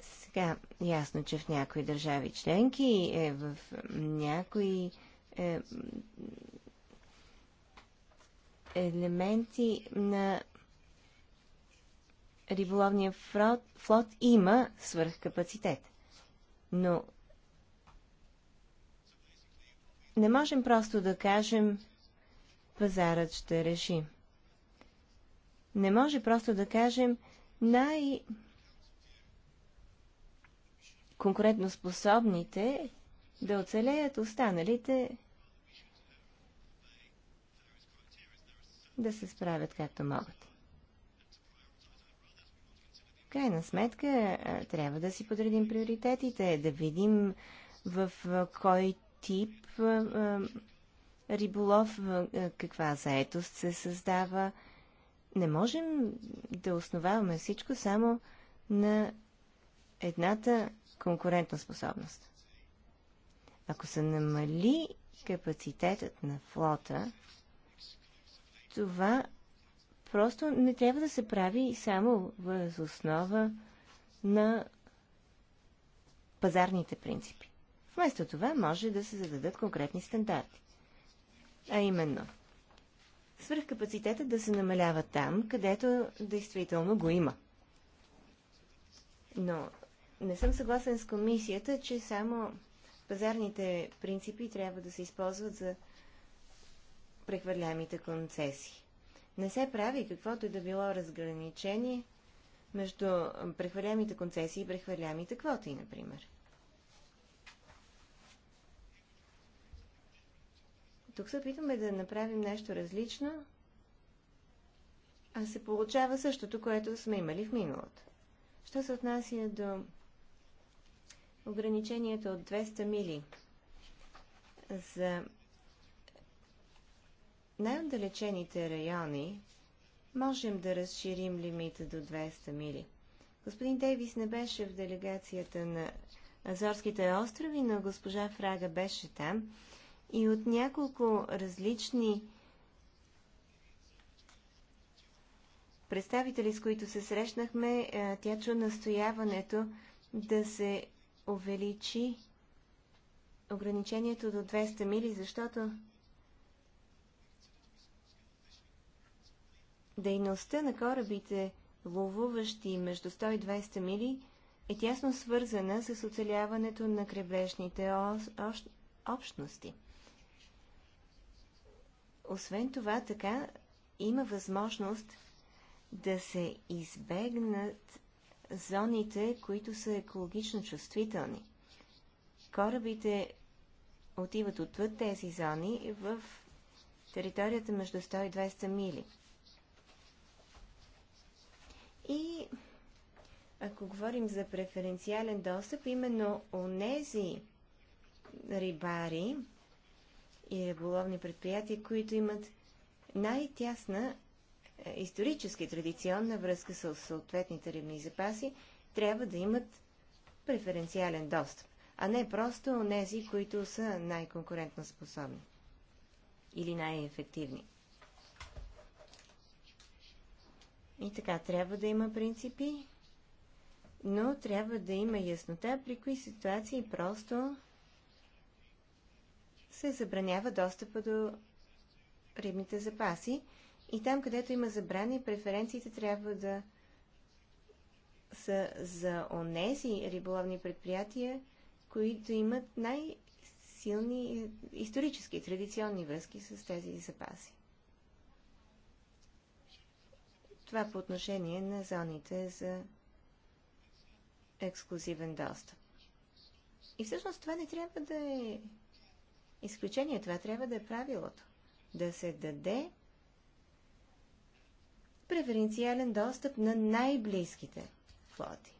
Сега, ясно, че в някои държави членки, е, в някои е, елементи на риболовния флот, флот има свърхкапацитет. Но не можем просто да кажем пазарът ще реши. Не може просто да кажем най- способните да оцелеят останалите да се справят както могат. В Крайна сметка, трябва да си подредим приоритетите, да видим в кой тип риболов, каква заетост се създава, не можем да основаваме всичко само на едната конкурентна способност. Ако се намали капацитетът на флота, това просто не трябва да се прави само въз основа на пазарните принципи. Вместо това може да се зададат конкретни стандарти. А именно, свръхкапацитета да се намалява там, където действително го има. Но не съм съгласен с комисията, че само пазарните принципи трябва да се използват за прехвърлямите концесии. Не се прави каквото и е да било разграничение между прехвърлямите концесии и прехвърлямите квоти, например. Тук се опитваме да направим нещо различно, а се получава същото, което сме имали в миналото. Що се отнася до ограничението от 200 мили за най-отдалечените райони, можем да разширим лимита до 200 мили. Господин Дейвис не беше в делегацията на Азорските острови, но госпожа Фрага беше там и от няколко различни представители, с които се срещнахме, е, тя чу настояването да се увеличи ограничението до 200 мили, защото дейността на корабите, ловуващи между 100 и 200 мили, е тясно свързана с оцеляването на крайбрежните общности. Освен това, така има възможност да се избегнат зоните, които са екологично чувствителни. Корабите отиват отвъд тези зони в територията между 100 и 200 мили. И ако говорим за преференциален достъп, именно онези рибари, и риболовни предприятия, които имат най-тясна е, исторически традиционна връзка с съответните рибни запаси, трябва да имат преференциален достъп, а не просто онези, които са най-конкурентно способни или най-ефективни. И така, трябва да има принципи, но трябва да има яснота при кои ситуации просто се забранява достъпа до рибните запаси и там, където има забрани, преференциите трябва да са за онези риболовни предприятия, които имат най-силни исторически, традиционни връзки с тези запаси. Това по отношение на зоните за ексклюзивен достъп. И всъщност това не трябва да е изключение. Това трябва да е правилото. Да се даде преференциален достъп на най-близките флоти.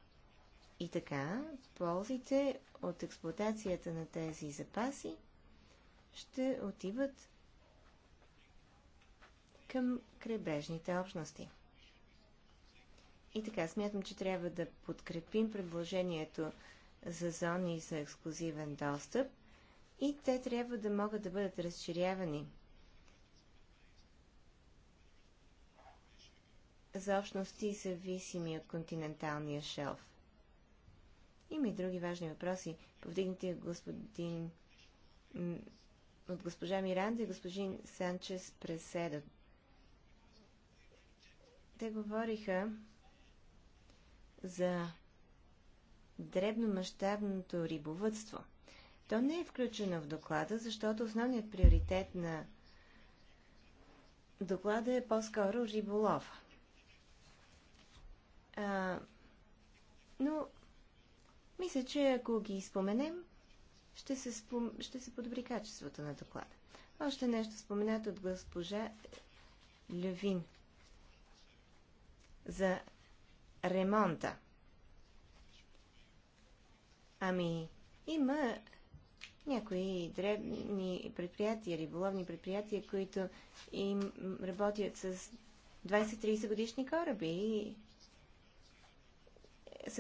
И така, ползите от експлуатацията на тези запаси ще отиват към крайбрежните общности. И така, смятам, че трябва да подкрепим предложението за зони за ексклюзивен достъп – и те трябва да могат да бъдат разширявани за общности, зависими от континенталния шелф. Има и други важни въпроси, повдигнати от господин от госпожа Миранда и господин Санчес Преседа. Те говориха за дребномащабното рибовътство – то не е включено в доклада, защото основният приоритет на доклада е по-скоро риболова. А, но мисля, че ако ги споменем, ще се, спом... ще се подобри качеството на доклада. Още нещо споменат от госпожа Левин за ремонта. Ами, има някои дребни предприятия, риболовни предприятия, които им работят с 20-30 годишни кораби и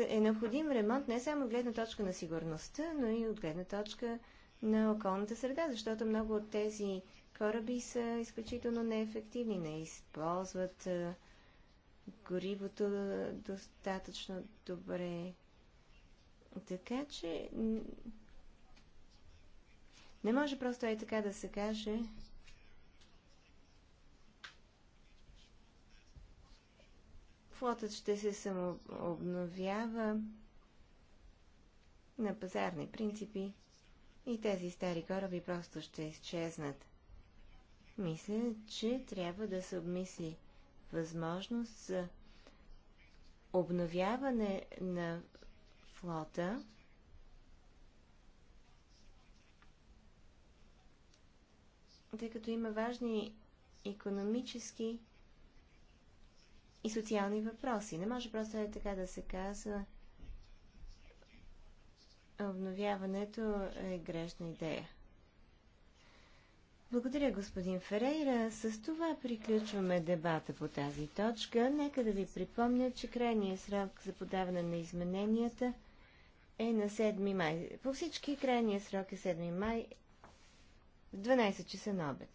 е необходим ремонт не само от гледна точка на сигурността, но и от гледна точка на околната среда, защото много от тези кораби са изключително неефективни, не използват горивото достатъчно добре. Така че не може просто и така да се каже, флотът ще се самообновява на пазарни принципи и тези стари кораби просто ще изчезнат. Мисля, че трябва да се обмисли възможност за обновяване на флота тъй като има важни економически и социални въпроси. Не може просто е така да се казва обновяването е грешна идея. Благодаря, господин Ферейра. С това приключваме дебата по тази точка. Нека да ви припомня, че крайният срок за подаване на измененията е на 7 май. По всички крайният срок е 7 май в 12 часа на обед.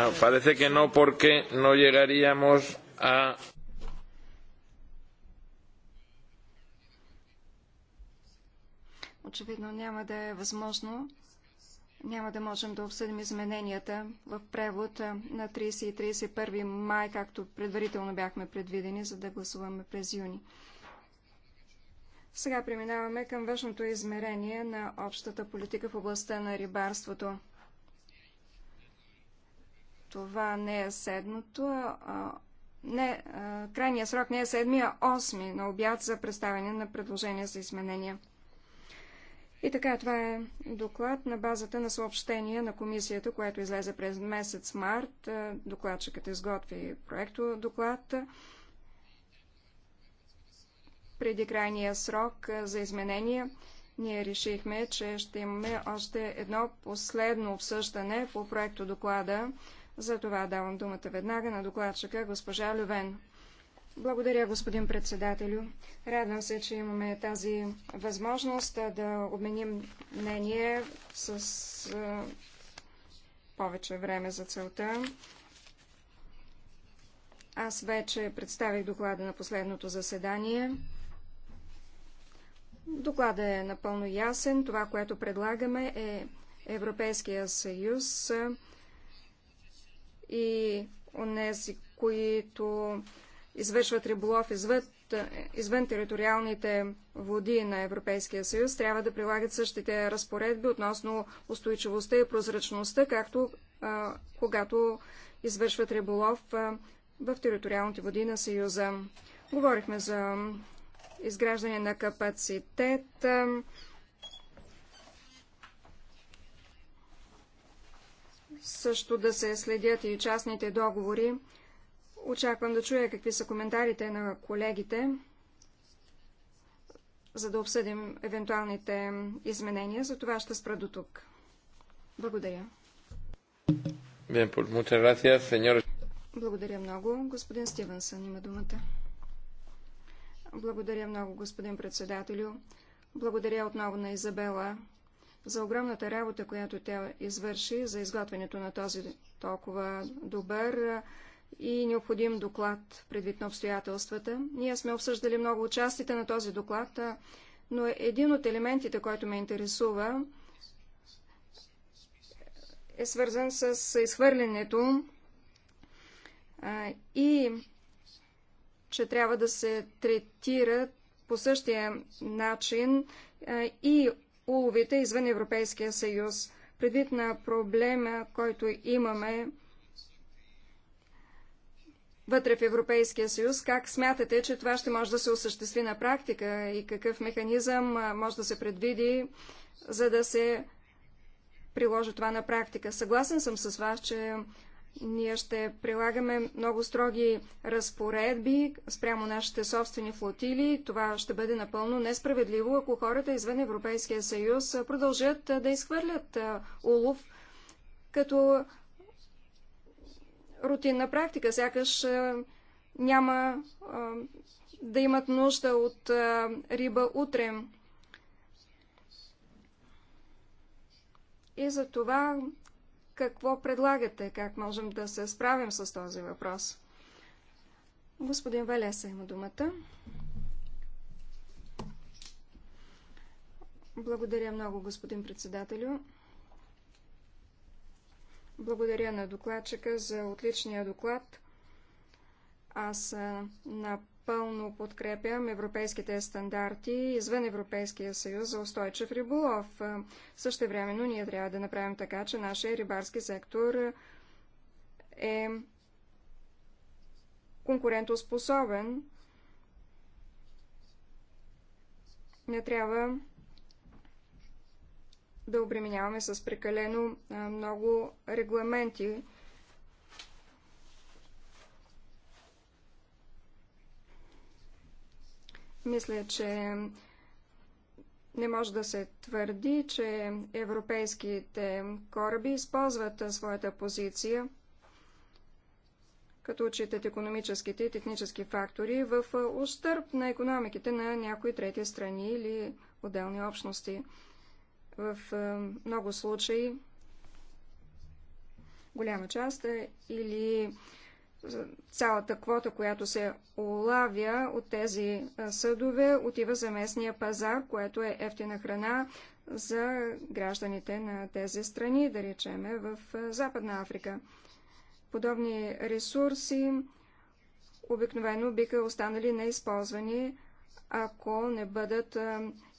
Ah, parece que no porque no llegaríamos a Очевидно няма да е възможно. Няма да можем да обсъдим измененията в превод на 30 и 31 май, както предварително бяхме предвидени, за да гласуваме през юни. Сега преминаваме към външното измерение на общата политика в областта на рибарството. Това не е седмото, а, не, а, крайния срок не е седмия, осми на обяд за представяне на предложения за изменения. И така, това е доклад на базата на съобщение на комисията, което излезе през месец март. Докладчикът изготви проекто доклад преди крайния срок за изменения, ние решихме, че ще имаме още едно последно обсъждане по проекто доклада. За това давам думата веднага на докладчика госпожа Лювен. Благодаря, господин председателю. Радвам се, че имаме тази възможност да обменим мнение с повече време за целта. Аз вече представих доклада на последното заседание. Докладът е напълно ясен. Това, което предлагаме е Европейския съюз и онези, които извършват риболов извън, извън териториалните води на Европейския съюз, трябва да прилагат същите разпоредби относно устойчивостта и прозрачността, както а, когато извършват риболов а, в териториалните води на Съюза. Говорихме за изграждане на капацитет, също да се следят и частните договори. Очаквам да чуя какви са коментарите на колегите, за да обсъдим евентуалните изменения. За това ще спра до тук. Благодаря. Благодаря много. Господин Стивенсън има думата. Благодаря много, господин председателю. Благодаря отново на Изабела за огромната работа, която тя извърши за изготвянето на този толкова добър и необходим доклад предвид на обстоятелствата. Ние сме обсъждали много участите на този доклад, но един от елементите, който ме интересува, е свързан с изхвърлянето и че трябва да се третират по същия начин е, и уловите извън Европейския съюз. Предвид на проблема, който имаме вътре в Европейския съюз, как смятате, че това ще може да се осъществи на практика и какъв механизъм е, може да се предвиди, за да се приложи това на практика? Съгласен съм с вас, че ние ще прилагаме много строги разпоредби спрямо нашите собствени флотили. Това ще бъде напълно несправедливо, ако хората извън Европейския съюз продължат да изхвърлят улов като рутинна практика. Сякаш няма да имат нужда от риба утре. И за това какво предлагате, как можем да се справим с този въпрос. Господин Валеса има думата. Благодаря много, господин председателю. Благодаря на докладчика за отличния доклад. Аз на Пълно подкрепям европейските стандарти извън Европейския съюз за устойчив риболов. времено ние трябва да направим така, че нашия рибарски сектор е конкурентоспособен. Не трябва да обременяваме с прекалено много регламенти, Мисля, че не може да се твърди, че европейските кораби използват своята позиция, като отчитат економическите и технически фактори в устърп на економиките на някои трети страни или отделни общности. В много случаи голяма част или цялата квота, която се улавя от тези съдове, отива за местния пазар, което е ефтина храна за гражданите на тези страни, да речеме в Западна Африка. Подобни ресурси обикновено биха останали неизползвани, ако не бъдат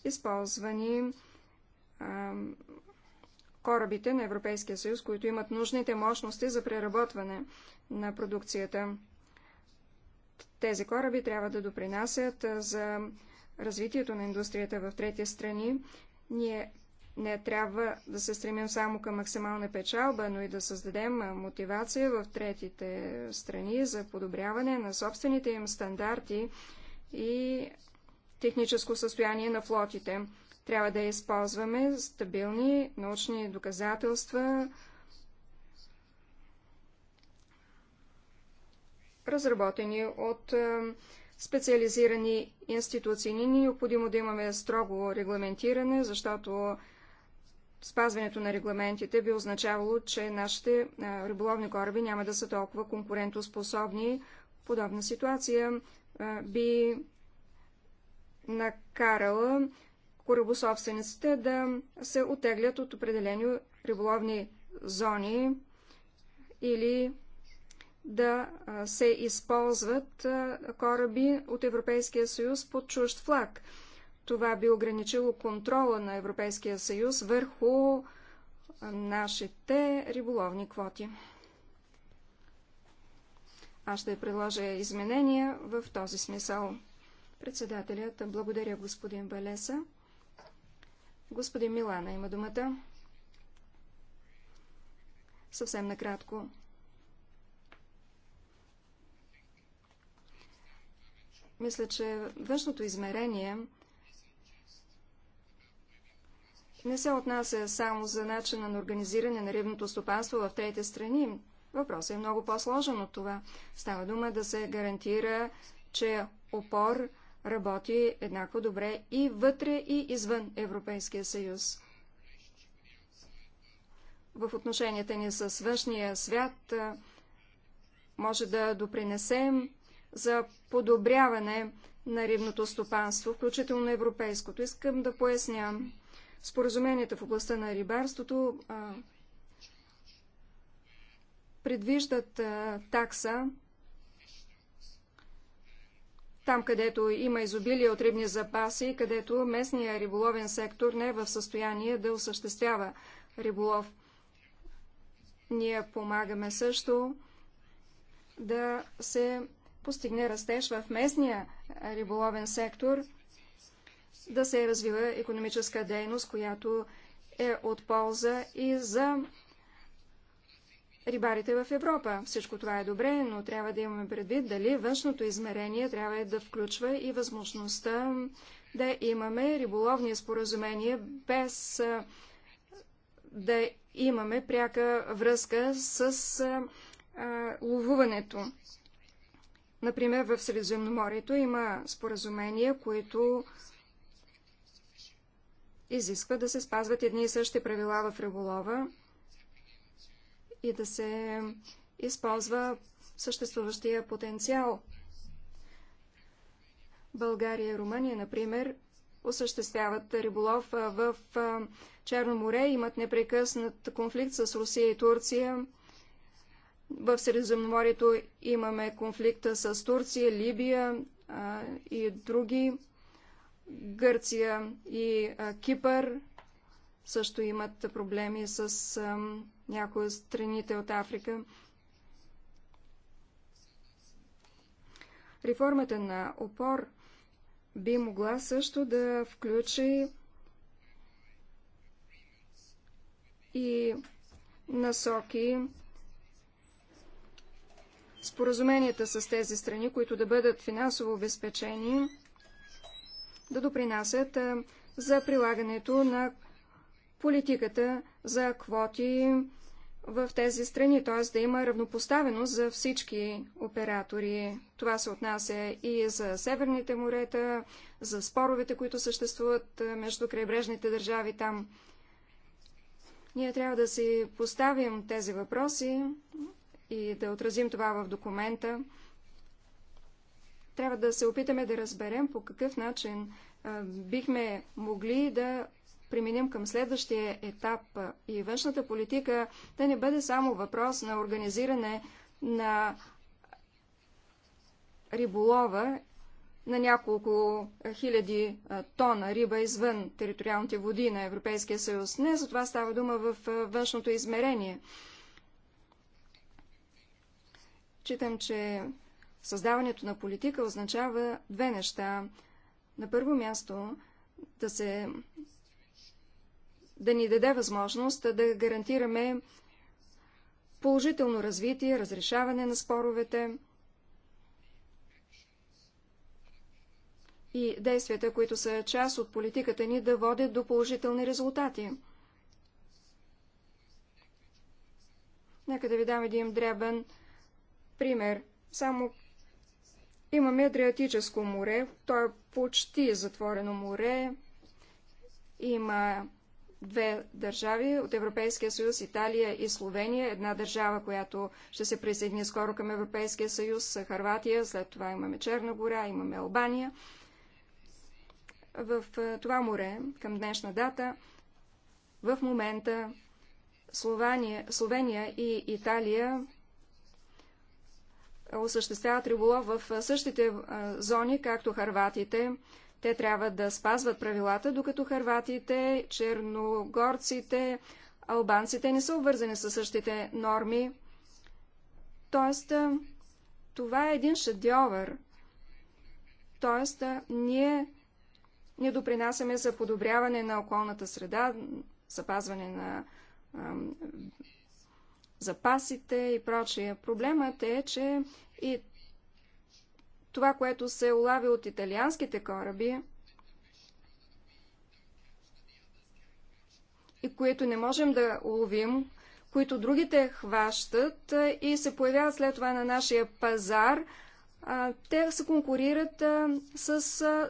използвани корабите на Европейския съюз, които имат нужните мощности за преработване на продукцията. Тези кораби трябва да допринасят за развитието на индустрията в трети страни. Ние не трябва да се стремим само към максимална печалба, но и да създадем мотивация в третите страни за подобряване на собствените им стандарти и техническо състояние на флотите. Трябва да използваме стабилни научни доказателства, разработени от е, специализирани институции. Ни е необходимо да имаме строго регламентиране, защото спазването на регламентите би означавало, че нашите е, риболовни кораби няма да са толкова конкурентоспособни. Подобна ситуация би накарала корабособствениците да се отеглят от определени риболовни зони или да се използват кораби от Европейския съюз под чужд флаг. Това би ограничило контрола на Европейския съюз върху нашите риболовни квоти. Аз ще предложа изменения в този смисъл. Председателят, благодаря господин Балеса. Господин Милана има думата. Съвсем накратко. Мисля, че външното измерение не се отнася само за начина на организиране на рибното стопанство в трети страни. Въпросът е много по-сложен от това. Става дума да се гарантира, че опор работи еднакво добре и вътре, и извън Европейския съюз. В отношенията ни с външния свят може да допринесем за подобряване на рибното стопанство, включително на европейското. Искам да поясня. Споразуменията в областта на рибарството а, предвиждат а, такса там, където има изобилие от рибни запаси, където местния риболовен сектор не е в състояние да осъществява риболов. Ние помагаме също да се постигне растеж в местния риболовен сектор, да се развива економическа дейност, която е от полза и за рибарите в Европа. Всичко това е добре, но трябва да имаме предвид дали външното измерение трябва да включва и възможността да имаме риболовни споразумения без да имаме пряка връзка с ловуването Например, в Средиземноморието има споразумения, които изискват да се спазват едни и същи правила в риболова и да се използва съществуващия потенциал. България и Румъния, например, осъществяват риболов в Черно море, имат непрекъснат конфликт с Русия и Турция. В Средиземноморието имаме конфликта с Турция, Либия а, и други. Гърция и а, Кипър също имат проблеми с а, някои от страните от Африка. Реформата на опор би могла също да включи и насоки споразуменията с тези страни, които да бъдат финансово обезпечени, да допринасят за прилагането на политиката за квоти в тези страни, т.е. да има равнопоставеност за всички оператори. Това се отнася и за Северните морета, за споровете, които съществуват между крайбрежните държави там. Ние трябва да си поставим тези въпроси и да отразим това в документа. Трябва да се опитаме да разберем по какъв начин бихме могли да преминем към следващия етап и външната политика да не бъде само въпрос на организиране на риболова на няколко хиляди тона риба извън териториалните води на Европейския съюз. Не за това става дума в външното измерение. Читам, че създаването на политика означава две неща. На първо място да се да ни даде възможност да гарантираме положително развитие, разрешаване на споровете и действията, които са част от политиката ни, да водят до положителни резултати. Нека да ви дам един дребен Пример, само имаме Адриатическо море, то е почти затворено море, има две държави от Европейския съюз, Италия и Словения, една държава, която ще се присъедини скоро към Европейския съюз, Харватия, след това имаме Черна гора, имаме Албания. В това море, към днешна дата, в момента Словения, Словения и Италия осъществяват риболов в същите зони, както харватите. Те трябва да спазват правилата, докато харватите, черногорците, албанците не са обвързани със същите норми. Тоест, това е един шедьовър. Тоест, ние не допринасяме за подобряване на околната среда, запазване на запасите и прочие. Проблемът е, че и това, което се улави от италианските кораби, и които не можем да уловим, които другите хващат и се появяват след това на нашия пазар, те се конкурират с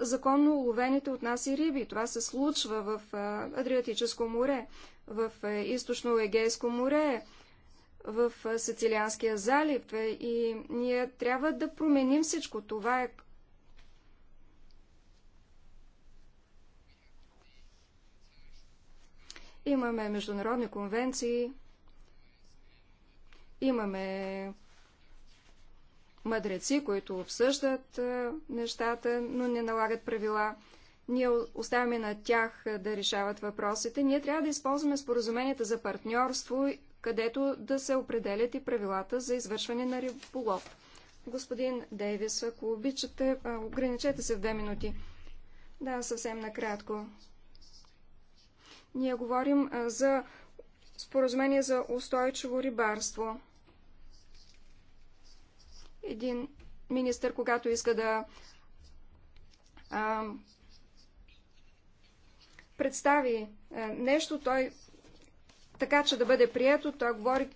законно уловените от нас и риби. Това се случва в Адриатическо море, в Източно-Егейско море, в Сицилианския залив е, и ние трябва да променим всичко. Това е Имаме международни конвенции, имаме мъдреци, които обсъждат нещата, но не налагат правила. Ние оставяме на тях да решават въпросите. Ние трябва да използваме споразуменията за партньорство където да се определят и правилата за извършване на риболов. Господин Дейвис, ако обичате, ограничете се в две минути. Да, съвсем накратко. Ние говорим за споразумение за устойчиво рибарство. Един министр, когато иска да а, представи а, нещо, той така че да бъде прието. Той говори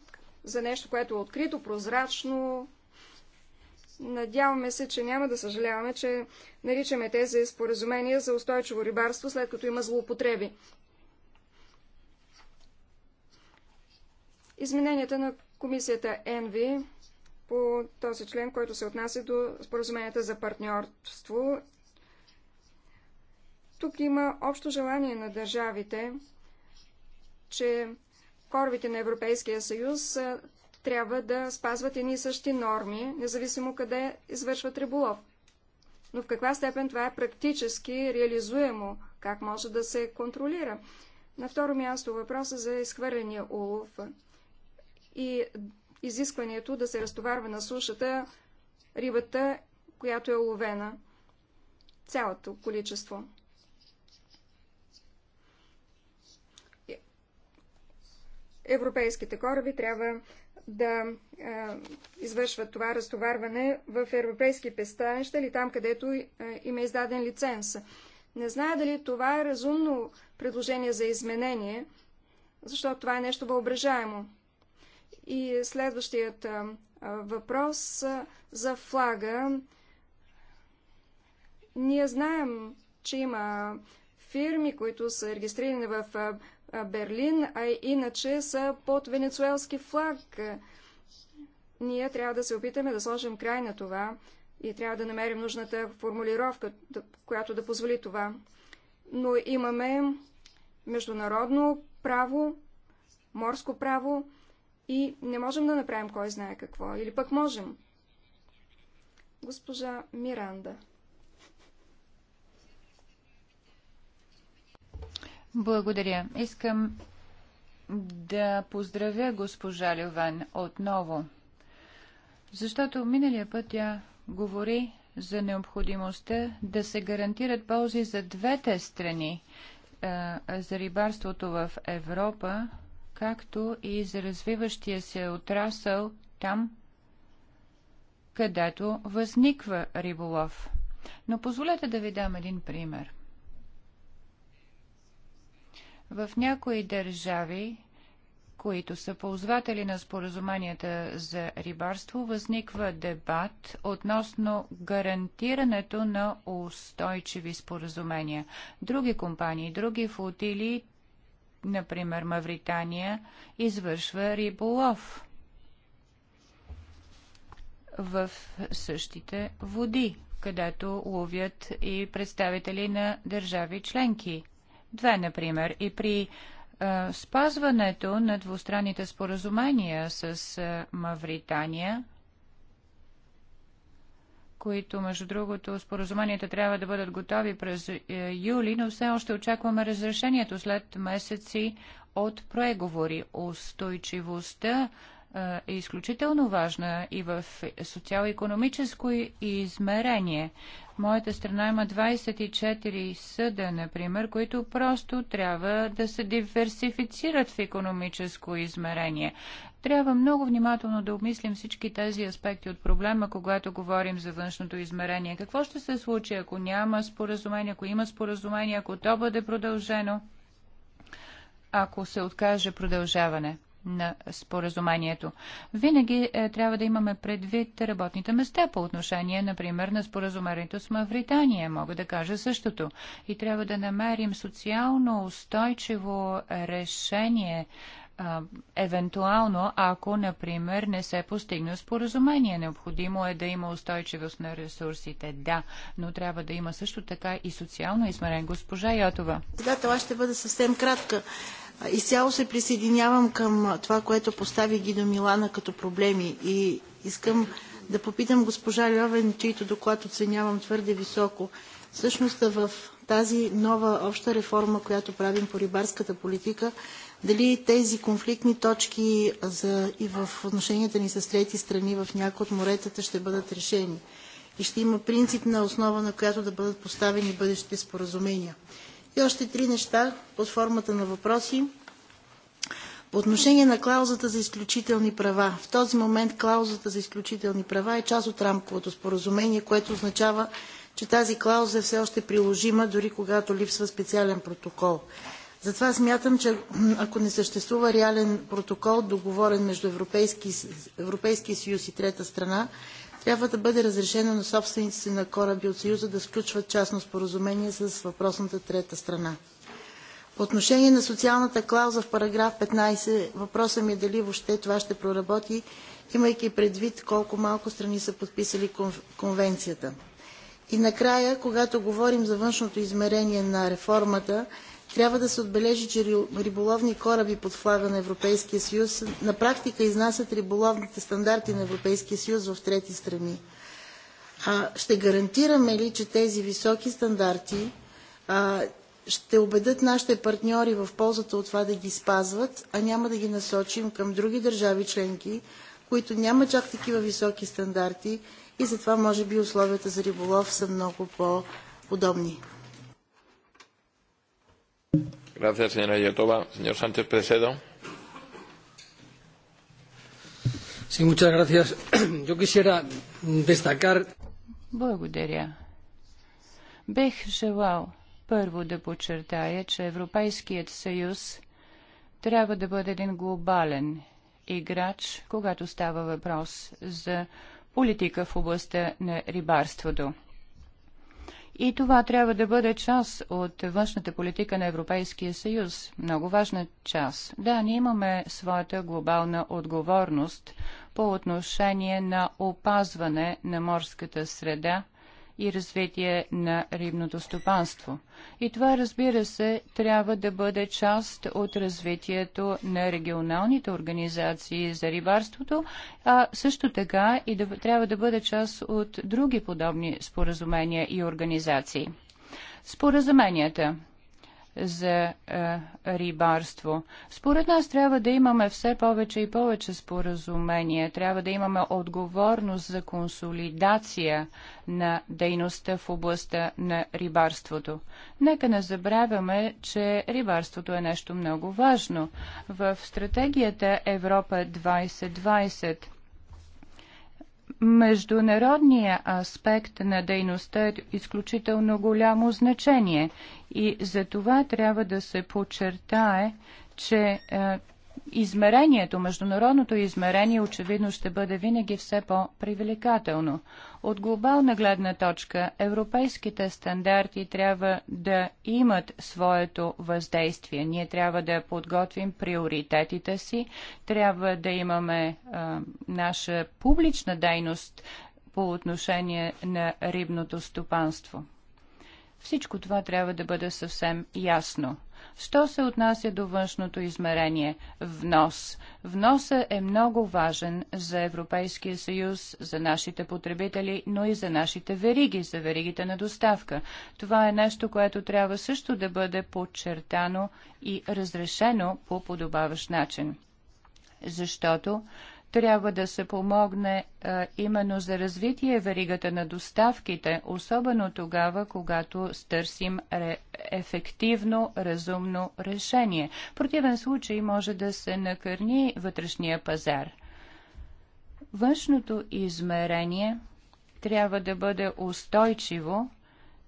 за нещо, което е открито, прозрачно. Надяваме се, че няма да съжаляваме, че наричаме тези споразумения за устойчиво рибарство, след като има злоупотреби. Измененията на комисията ЕНВИ по този член, който се отнася до споразуменията за партньорство. Тук има общо желание на държавите, че корабите на Европейския съюз трябва да спазват едни и същи норми, независимо къде извършват риболов. Но в каква степен това е практически реализуемо? Как може да се контролира? На второ място въпроса за изхвърления улов и изискването да се разтоварва на сушата рибата, която е уловена. Цялото количество. европейските кораби трябва да а, извършват това разтоварване в европейски пестанища или там, където а, им е издаден лиценз. Не зная дали това е разумно предложение за изменение, защото това е нещо въображаемо. И следващият а, въпрос а, за флага. Ние знаем, че има фирми, които са регистрирани в Берлин, а иначе са под венецуелски флаг. Ние трябва да се опитаме да сложим край на това и трябва да намерим нужната формулировка, която да позволи това. Но имаме международно право, морско право и не можем да направим кой знае какво. Или пък можем. Госпожа Миранда. Благодаря. Искам да поздравя госпожа Льовен отново, защото миналия път тя говори за необходимостта да се гарантират ползи за двете страни за рибарството в Европа, както и за развиващия се отрасъл там, където възниква риболов. Но позволете да ви дам един пример. В някои държави, които са ползватели на споразуменията за рибарство, възниква дебат относно гарантирането на устойчиви споразумения. Други компании, други флотили, например Мавритания, извършва риболов в същите води, където ловят и представители на държави членки – две, например. И при е, спазването на двустранните споразумения с е, Мавритания, които, между другото, споразуменията трябва да бъдат готови през е, юли, но все още очакваме разрешението след месеци от преговори. Устойчивостта е изключително важна и в социално-економическо измерение моята страна има 24 съда, например, които просто трябва да се диверсифицират в економическо измерение. Трябва много внимателно да обмислим всички тези аспекти от проблема, когато говорим за външното измерение. Какво ще се случи, ако няма споразумение, ако има споразумение, ако то бъде продължено, ако се откаже продължаване? на споразумението. Винаги е, трябва да имаме предвид работните места по отношение, например, на споразумението с Мавритания. Мога да кажа същото. И трябва да намерим социално устойчиво решение евентуално, ако, например, не се постигне споразумение. Необходимо е да има устойчивост на ресурсите, да, но трябва да има също така и социално измерен. Госпожа Йотова. Председател, аз ще бъда съвсем кратка. Изцяло се присъединявам към това, което постави Гидо Милана като проблеми и искам да попитам госпожа Льовен, чийто доклад оценявам твърде високо. Всъщност в тази нова обща реформа, която правим по рибарската политика, дали тези конфликтни точки за, и в отношенията ни с трети страни в някои от моретата ще бъдат решени и ще има принципна основа, на която да бъдат поставени бъдещите споразумения. И още три неща под формата на въпроси. По отношение на клаузата за изключителни права. В този момент клаузата за изключителни права е част от рамковото споразумение, което означава, че тази клауза е все още приложима, дори когато липсва специален протокол. Затова смятам, че ако не съществува реален протокол, договорен между Европейски, Европейския съюз и трета страна, трябва да бъде разрешено на собствениците на кораби от Съюза да сключват частно споразумение с въпросната трета страна. По отношение на социалната клауза в параграф 15, въпросът ми е дали въобще това ще проработи, имайки предвид колко малко страни са подписали конвенцията. И накрая, когато говорим за външното измерение на реформата, трябва да се отбележи, че риболовни кораби под флага на Европейския съюз на практика изнасят риболовните стандарти на Европейския съюз в трети страни. А ще гарантираме ли, че тези високи стандарти а, ще убедат нашите партньори в ползата от това да ги спазват, а няма да ги насочим към други държави членки, които няма чак такива високи стандарти и затова може би условията за риболов са много по удобни Gracias, señora Yotova. Señor Sánchez Presedo. Sí, muchas gracias. (clears throat) Yo quisiera destacar. Благодаря. Бех желал първо да подчертая, че Европейският съюз трябва да бъде един глобален играч, когато става въпрос за политика в областта на рибарството. И това трябва да бъде част от външната политика на Европейския съюз. Много важна част. Да, ние имаме своята глобална отговорност по отношение на опазване на морската среда и развитие на рибното стопанство. И това, разбира се, трябва да бъде част от развитието на регионалните организации за рибарството, а също така и да, трябва да бъде част от други подобни споразумения и организации. Споразуменията – за е, рибарство. Според нас трябва да имаме все повече и повече споразумения, трябва да имаме отговорност за консолидация на дейността в областта на рибарството. Нека не забравяме, че рибарството е нещо много важно. В стратегията Европа 2020 Международният аспект на дейността е изключително голямо значение и за това трябва да се подчертае, че е, измерението, международното измерение очевидно ще бъде винаги все по-привлекателно. От глобална гледна точка, европейските стандарти трябва да имат своето въздействие. Ние трябва да подготвим приоритетите си, трябва да имаме а, наша публична дейност по отношение на рибното стопанство. Всичко това трябва да бъде съвсем ясно. Що се отнася до външното измерение? Внос. Вноса е много важен за Европейския съюз, за нашите потребители, но и за нашите вериги, за веригите на доставка. Това е нещо, което трябва също да бъде подчертано и разрешено по подобаващ начин. Защото трябва да се помогне а, именно за развитие веригата на доставките, особено тогава, когато търсим ре, ефективно, разумно решение. В противен случай може да се накърни вътрешния пазар. Външното измерение трябва да бъде устойчиво,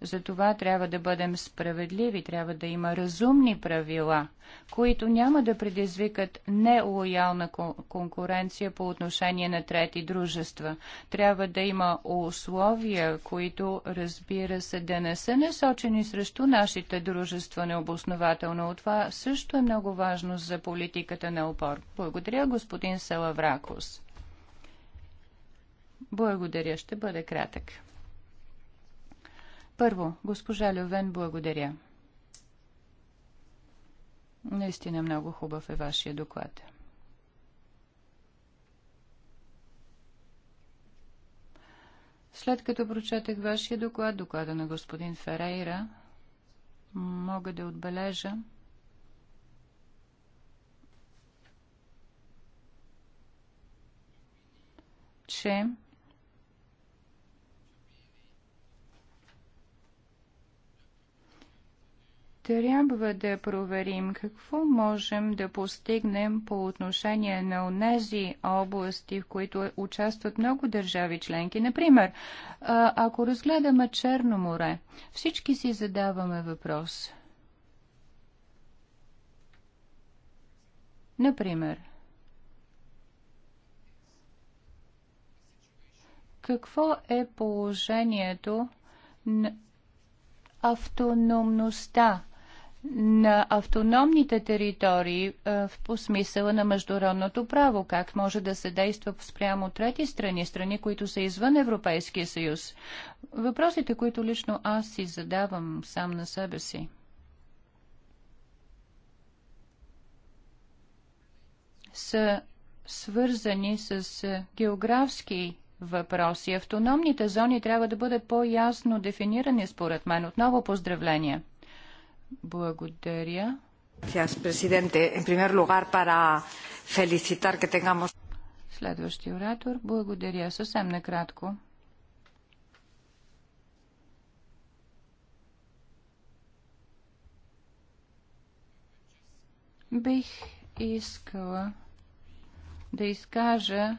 затова трябва да бъдем справедливи, трябва да има разумни правила, които няма да предизвикат нелоялна конкуренция по отношение на трети дружества. Трябва да има условия, които, разбира се, да не са насочени срещу нашите дружества необоснователно. Това също е много важно за политиката на опор. Благодаря, господин Салавракус. Благодаря, ще бъде кратък. Първо, госпожа Льовен, благодаря. Наистина много хубав е вашия доклад. След като прочетах вашия доклад, доклада на господин Ферейра, мога да отбележа, че трябва да проверим какво можем да постигнем по отношение на онези области, в които участват много държави членки. Например, ако разгледаме Черно море, всички си задаваме въпрос. Например, какво е положението на автономността на автономните територии е, по смисъла на международното право? Как може да се действа спрямо трети страни, страни, които са извън Европейския съюз? Въпросите, които лично аз си задавам сам на себе си. са свързани с географски въпроси. Автономните зони трябва да бъдат по-ясно дефинирани, според мен. Отново поздравления. Благодаря. Gracias, presidente. En primer lugar, para felicitar que tengamos... Следващия оратор. Благодаря. Съвсем накратко. Бих искала да изкажа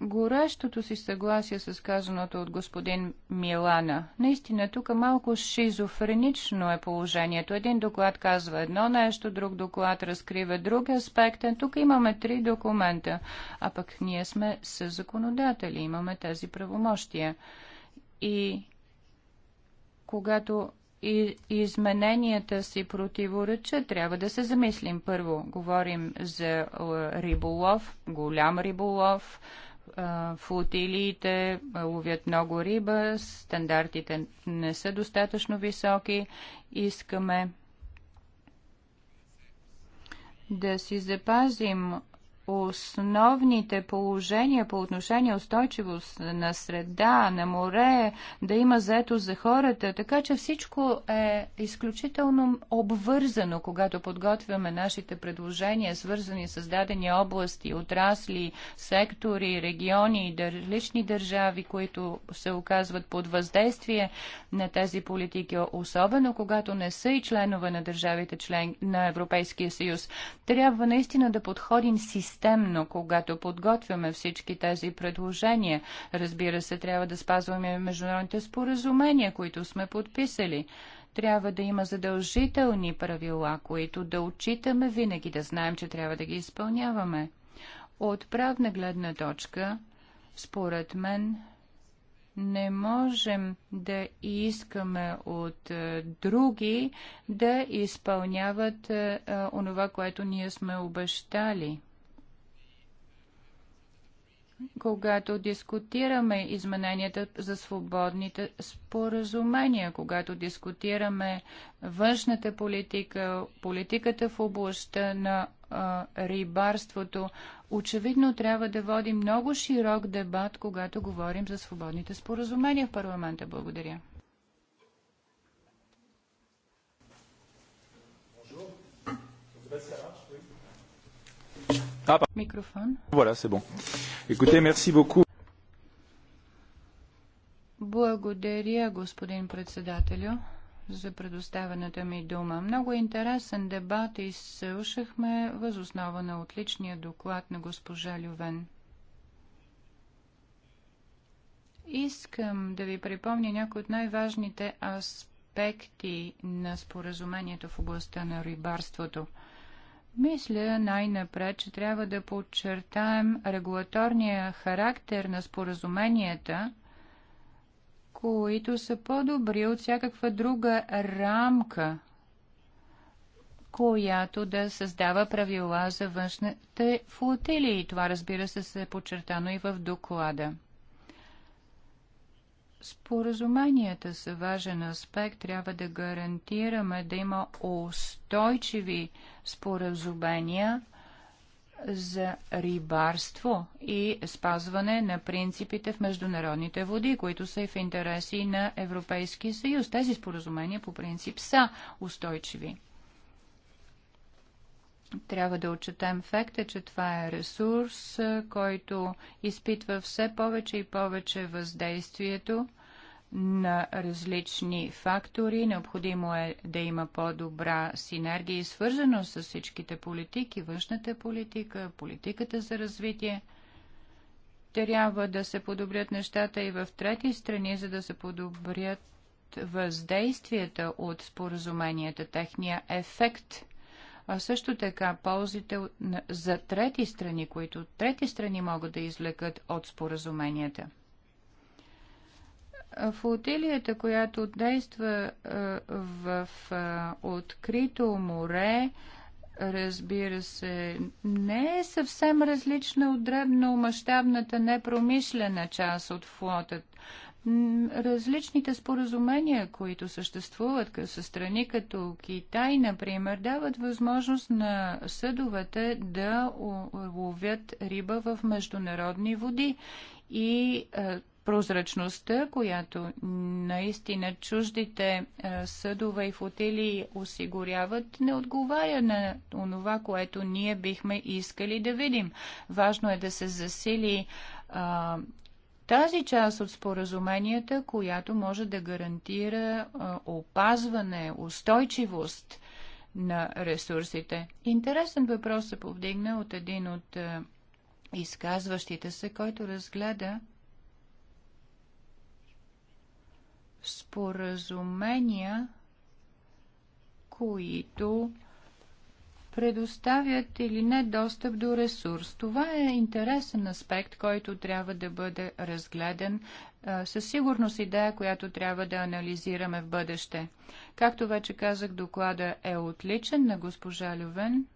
горещото си съгласие с казаното от господин Милана. Наистина, тук малко шизофренично е положението. Един доклад казва едно нещо, друг доклад разкрива друг аспект. Е, тук имаме три документа, а пък ние сме с законодатели, имаме тези правомощия. И когато и измененията си противоречат, трябва да се замислим. Първо, говорим за риболов, голям риболов, флотилиите ловят много риба, стандартите не са достатъчно високи. Искаме да си запазим основните положения по отношение устойчивост на среда, на море, да има заето за хората. Така че всичко е изключително обвързано, когато подготвяме нашите предложения, свързани с дадени области, отрасли, сектори, региони и различни държави, които се оказват под въздействие на тези политики, особено когато не са и членове на държавите член на Европейския съюз. Трябва наистина да подходим системно системно, когато подготвяме всички тези предложения. Разбира се, трябва да спазваме международните споразумения, които сме подписали трябва да има задължителни правила, които да отчитаме винаги, да знаем, че трябва да ги изпълняваме. От правна гледна точка, според мен, не можем да искаме от е, други да изпълняват е, е онова, което ние сме обещали когато дискутираме измененията за свободните споразумения, когато дискутираме външната политика, политиката в областта на а, рибарството, очевидно трябва да водим много широк дебат, когато говорим за свободните споразумения в парламента. Благодаря. Ah, voilà, c'est bon. Écoutez, merci beaucoup. Благодаря, господин председателю, за предоставената ми дума. Много интересен дебат и слушахме възоснова на отличния доклад на госпожа Лювен. Искам да ви припомня някои от най-важните аспекти на споразумението в областта на рибарството – мисля най-напред, че трябва да подчертаем регулаторния характер на споразуменията, които са по-добри от всякаква друга рамка, която да създава правила за външните флотилии. Това, разбира се, се е подчертано и в доклада. Споразуменията са важен аспект. Трябва да гарантираме да има устойчиви споразумения за рибарство и спазване на принципите в международните води, които са и в интереси на Европейския съюз. Тези споразумения по принцип са устойчиви трябва да отчетем факта, че това е ресурс, който изпитва все повече и повече въздействието на различни фактори. Необходимо е да има по-добра синергия и свързано с всичките политики, външната политика, политиката за развитие. Трябва да се подобрят нещата и в трети страни, за да се подобрят въздействията от споразуменията, техния ефект – а също така ползите за трети страни, които трети страни могат да излекат от споразуменията. Флотилията, която действа в открито море, разбира се, не е съвсем различна от мащабната непромишлена част от флотът. Различните споразумения, които съществуват с страни като Китай, например, дават възможност на съдовете да ловят риба в международни води и е, прозрачността, която наистина чуждите е, съдове и флотилии осигуряват, не отговаря на това, което ние бихме искали да видим. Важно е да се засили а, тази част от споразуменията, която може да гарантира опазване, устойчивост на ресурсите. Интересен въпрос се повдигна от един от изказващите се, който разгледа споразумения, които предоставят или не достъп до ресурс. Това е интересен аспект, който трябва да бъде разгледан. Със сигурност идея, която трябва да анализираме в бъдеще. Както вече казах, доклада е отличен на госпожа Лювен.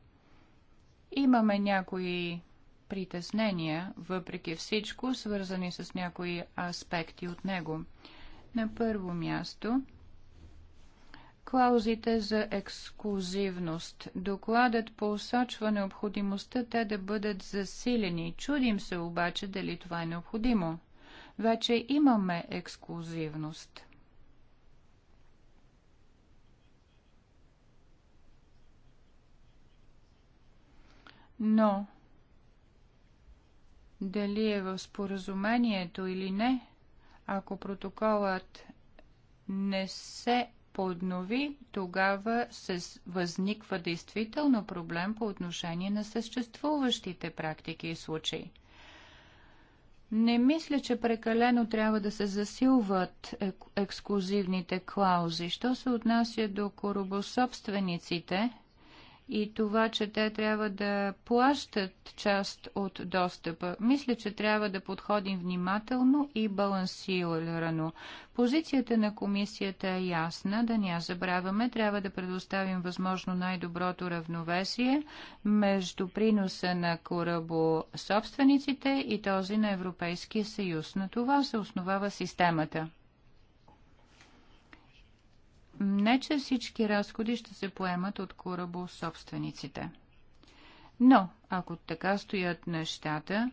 Имаме някои притеснения, въпреки всичко, свързани с някои аспекти от него. На първо място клаузите за ексклюзивност. Докладът посочва необходимостта те да бъдат засилени. Чудим се обаче дали това е необходимо. Вече имаме ексклюзивност. Но дали е в споразумението или не, ако протоколът не се поднови, тогава се възниква действително проблем по отношение на съществуващите практики и случаи. Не мисля, че прекалено трябва да се засилват ексклюзивните клаузи. Що се отнася до корабособствениците, и това, че те трябва да плащат част от достъпа. Мисля, че трябва да подходим внимателно и балансирано. Позицията на комисията е ясна, да не забравяме, трябва да предоставим възможно най-доброто равновесие между приноса на корабособствениците и този на Европейския съюз. На това се основава системата. Не, че всички разходи ще се поемат от корабособствениците. Но, ако така стоят нещата,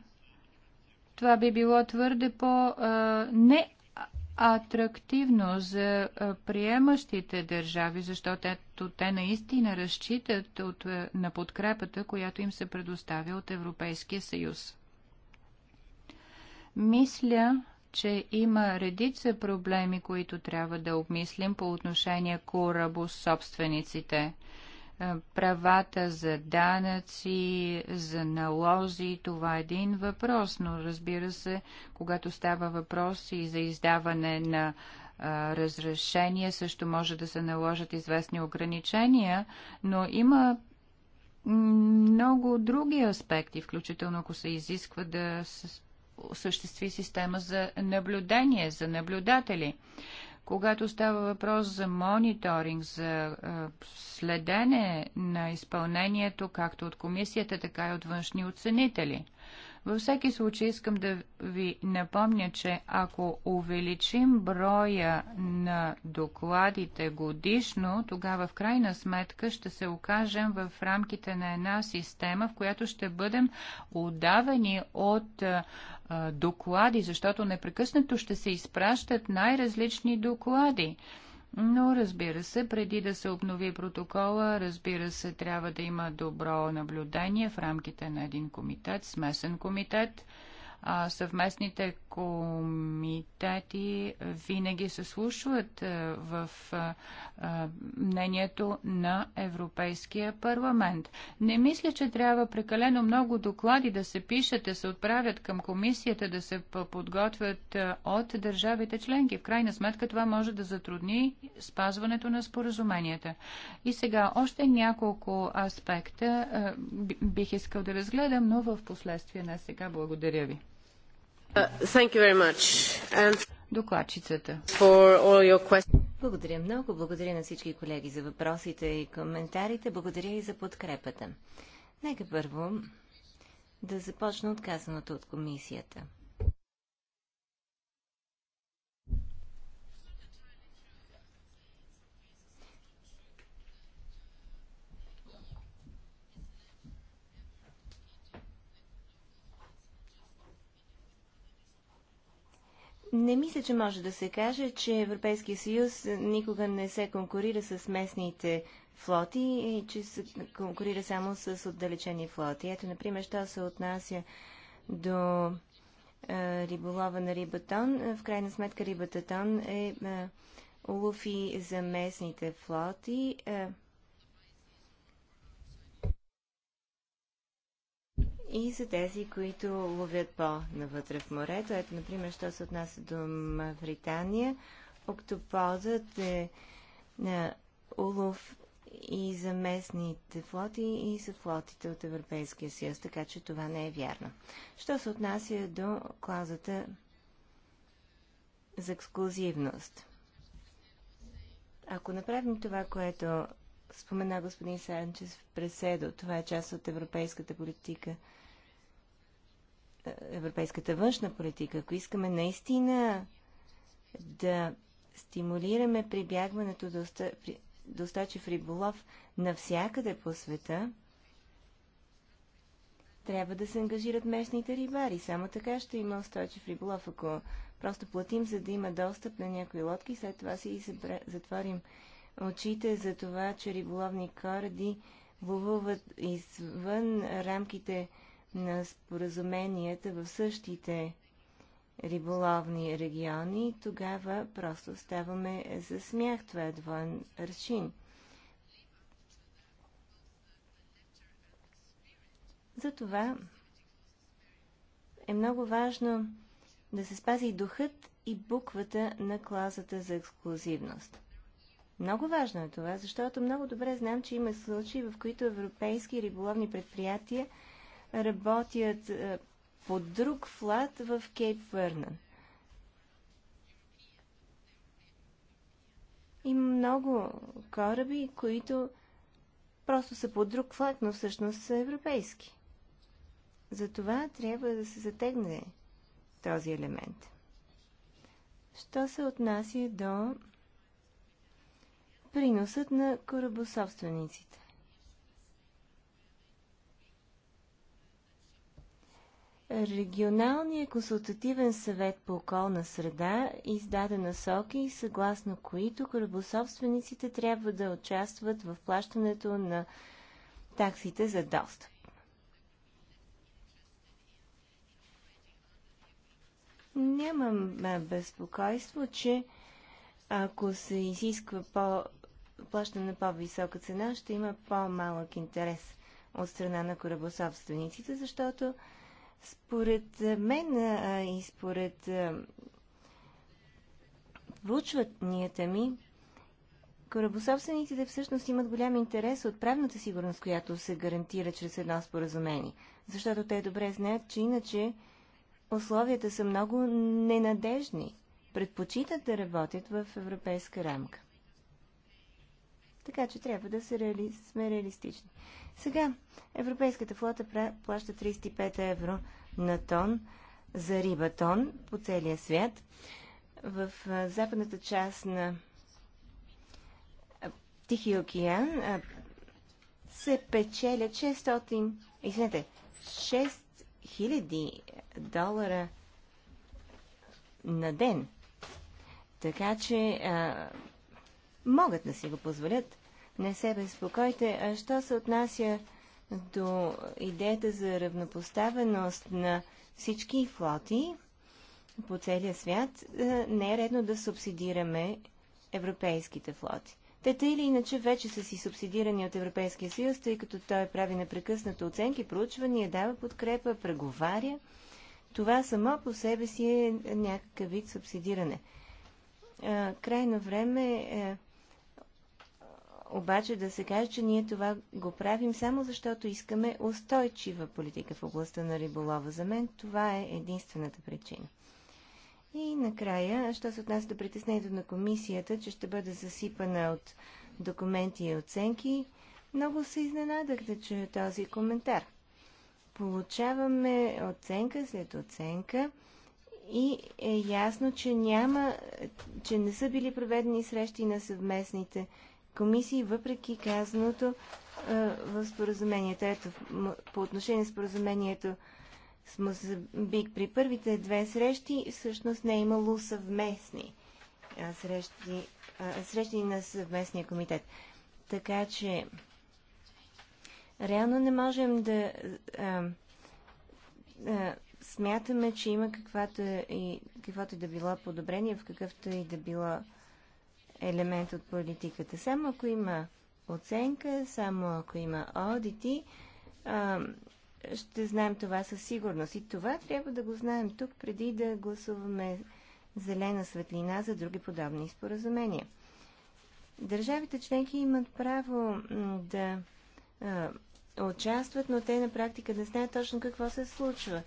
това би било твърде по-не атрактивно за приемащите държави, защото те наистина разчитат от, на подкрепата, която им се предоставя от Европейския съюз. Мисля, че има редица проблеми, които трябва да обмислим по отношение корабособствениците. Е, правата за данъци, за налози, това е един въпрос, но разбира се, когато става въпрос и за издаване на е, разрешение, също може да се наложат известни ограничения, но има много други аспекти, включително ако се изисква да осъществи система за наблюдение, за наблюдатели. Когато става въпрос за мониторинг, за е, следене на изпълнението, както от комисията, така и от външни оценители – във всеки случай искам да ви напомня, че ако увеличим броя на докладите годишно, тогава в крайна сметка ще се окажем в рамките на една система, в която ще бъдем отдавани от доклади, защото непрекъснато ще се изпращат най-различни доклади. Но разбира се, преди да се обнови протокола, разбира се, трябва да има добро наблюдение в рамките на един комитет, смесен комитет. А съвместните комитети винаги се слушват е, в е, е, мнението на Европейския парламент. Не мисля, че трябва прекалено много доклади да се пишат, да се отправят към комисията, да се подготвят от държавите членки. В крайна сметка това може да затрудни спазването на споразуменията. И сега още няколко аспекта бих искал да разгледам, но в последствие не сега. Благодаря ви. Uh, Докладчицата. Благодаря много. Благодаря на всички колеги за въпросите и коментарите. Благодаря и за подкрепата. Нека първо да започна от казаното от комисията. Не мисля, че може да се каже, че Европейския съюз никога не се конкурира с местните флоти и че се конкурира само с отдалечени флоти. Ето, например, що се отнася до е, риболова на рибатон. В крайна сметка рибататон е, е улов и за местните флоти. Е, и за тези, които ловят по-навътре в морето. Ето, например, що се отнася до Мавритания, октоподът е на е, улов и за местните флоти и за флотите от Европейския съюз, така че това не е вярно. Що се отнася до клаузата за ексклюзивност? Ако направим това, което спомена господин Санчес в преседо, това е част от европейската политика – европейската външна политика, ако искаме наистина да стимулираме прибягването до, устойчив риболов навсякъде по света, трябва да се ангажират местните рибари. Само така ще има устойчив риболов. Ако просто платим, за да има достъп на някои лодки, след това си затворим очите за това, че риболовни кораби ловуват извън рамките на споразуменията в същите риболовни региони, тогава просто ставаме за смях. Това е двоен ръчин. Затова е много важно да се спази и духът и буквата на класата за ексклюзивност. Много важно е това, защото много добре знам, че има случаи, в които европейски риболовни предприятия – работят е, по друг флат в Кейп Върнан. Има много кораби, които просто са по друг флаг, но всъщност са европейски. Затова трябва да се затегне този елемент. Що се отнася до приносът на корабособствениците? Регионалният консултативен съвет по околна среда издаде насоки, съгласно които корабособствениците трябва да участват в плащането на таксите за достъп. Нямам безпокойство, че ако се изисква по, плащане на по-висока цена, ще има по-малък интерес от страна на корабособствениците, защото според мен а и според проучванията ми, корабособствениците всъщност имат голям интерес от правната сигурност, която се гарантира чрез едно споразумение. Защото те добре знаят, че иначе условията са много ненадежни. Предпочитат да работят в европейска рамка. Така че трябва да се реали... сме реалистични. Сега европейската флота плаща 35 евро на тон за риба тон по целия свят. В западната част на Тихия океан се печелят 600, извинете, 6000 долара на ден. Така че а, могат да си го позволят не се безпокойте. А що се отнася до идеята за равнопоставеност на всички флоти по целия свят, е, не е редно да субсидираме европейските флоти. Те тъй или иначе вече са си субсидирани от Европейския съюз, тъй като той прави непрекъснато оценки, проучвания, дава подкрепа, преговаря. Това само по себе си е някакъв вид субсидиране. Е, крайно време е обаче да се каже, че ние това го правим само защото искаме устойчива политика в областта на риболова. За мен това е единствената причина. И накрая, що се отнася до притеснението на комисията, че ще бъде засипана от документи и оценки, много се изненадах да чуя е този коментар. Получаваме оценка след оценка и е ясно, че няма, че не са били проведени срещи на съвместните комисии, въпреки казаното е, в споразумението. Ето, по отношение на споразумението с Мозамбик при първите две срещи всъщност не е имало съвместни срещи, срещи на съвместния комитет. Така че реално не можем да а, а, смятаме, че има каквато е и, каквото и да било подобрение в какъвто и да било елемент от политиката. Само ако има оценка, само ако има одити, ще знаем това със сигурност. И това трябва да го знаем тук, преди да гласуваме зелена светлина за други подобни споразумения. Държавите членки имат право да а, участват, но те на практика не знаят точно какво се случва.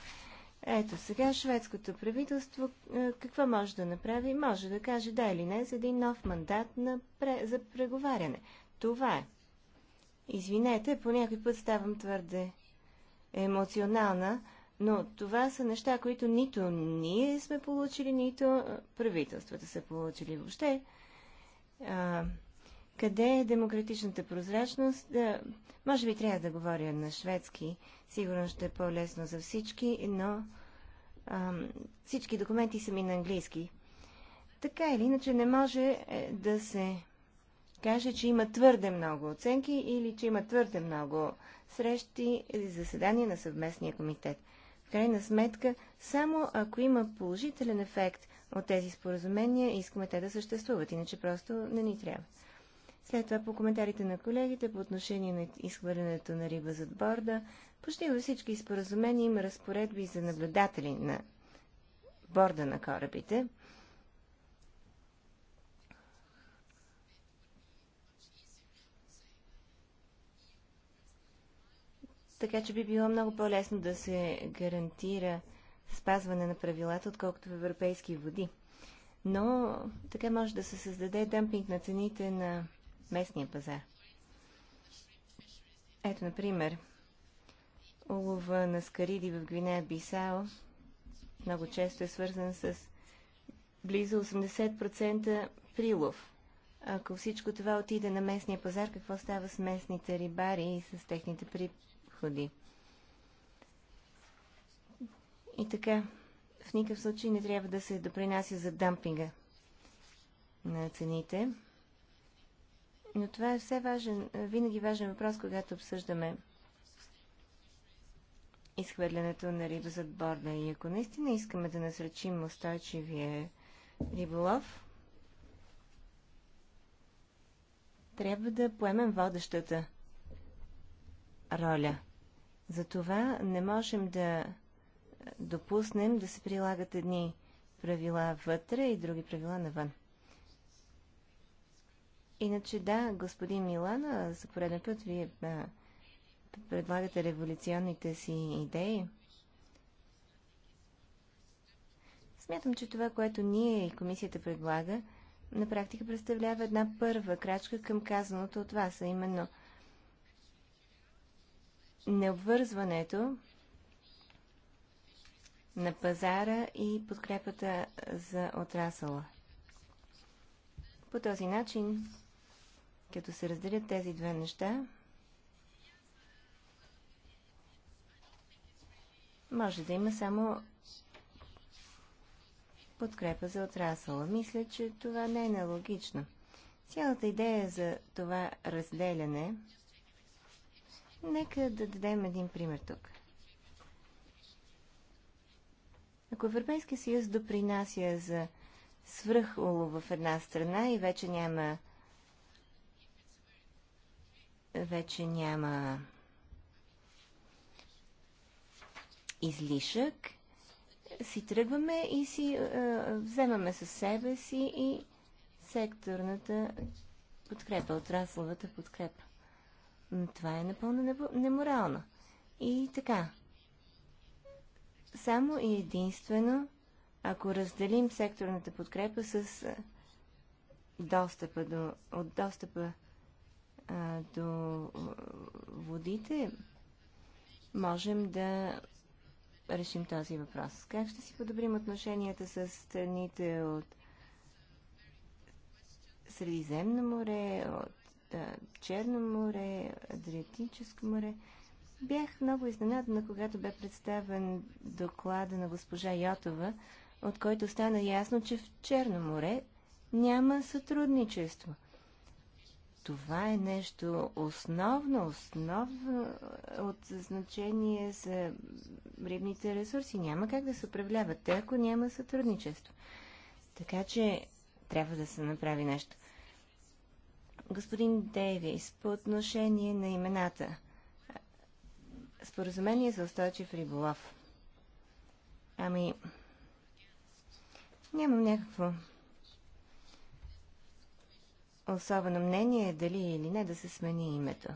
Ето сега шведското правителство е, какво може да направи? Може да каже да или не за един нов мандат на, за преговаряне. Това е. Извинете, по някой път ставам твърде емоционална, но това са неща, които нито ние сме получили, нито е, правителствата са получили въобще. А, къде е демократичната прозрачност? Да, може би трябва да говоря на шведски. Сигурно ще е по-лесно за всички, но ам, всички документи са ми на английски. Така или иначе не може е, да се каже, че има твърде много оценки или че има твърде много срещи или заседания на съвместния комитет. В крайна сметка, само ако има положителен ефект от тези споразумения, искаме те да съществуват, иначе просто не ни трябва. След това по коментарите на колегите по отношение на изхвърлянето на риба зад борда, почти във всички споразумения има разпоредби за наблюдатели на борда на корабите. Така че би било много по-лесно да се гарантира спазване на правилата, отколкото в европейски води. Но така може да се създаде дампинг на цените на местния пазар. Ето, например, улова на скариди в Гвинея Бисао много често е свързан с близо 80% прилов. Ако всичко това отиде на местния пазар, какво става с местните рибари и с техните приходи? И така, в никакъв случай не трябва да се допринася за дампинга на цените. Но това е все важен, винаги важен въпрос, когато обсъждаме изхвърлянето на риба зад борда. И ако наистина искаме да насречим устойчивия риболов, трябва да поемем водещата роля. Затова не можем да допуснем да се прилагат едни правила вътре и други правила навън. Иначе да, господин Милана, за пореден път вие а, предлагате революционните си идеи. Смятам, че това, което ние и комисията предлага, на практика представлява една първа крачка към казаното от вас, а именно необвързването на пазара и подкрепата за отрасъла. По този начин като се разделят тези две неща, може да има само подкрепа за отрасъла. Мисля, че това не е нелогично. Цялата идея за това разделяне, нека да дадем един пример тук. Ако Европейския съюз допринася за свръхулов в една страна и вече няма вече няма излишък, си тръгваме и си е, вземаме със себе си и секторната подкрепа, отрасловата подкрепа. Но това е напълно неморално. И така. Само и единствено, ако разделим секторната подкрепа с достъпа до, от достъпа а, до водите, можем да решим този въпрос. Как ще си подобрим отношенията с страните от Средиземно море, от Черно море, Адриатическо море? Бях много изненадана, когато бе представен доклада на госпожа Йотова, от който стана ясно, че в Черно море няма сътрудничество. Това е нещо основно, основно от значение за рибните ресурси. Няма как да се управляват те, ако няма сътрудничество. Така че трябва да се направи нещо. Господин Дейвис, по отношение на имената. Споразумение за устойчив риболов. Ами, нямам някакво особено мнение е дали или не да се смени името.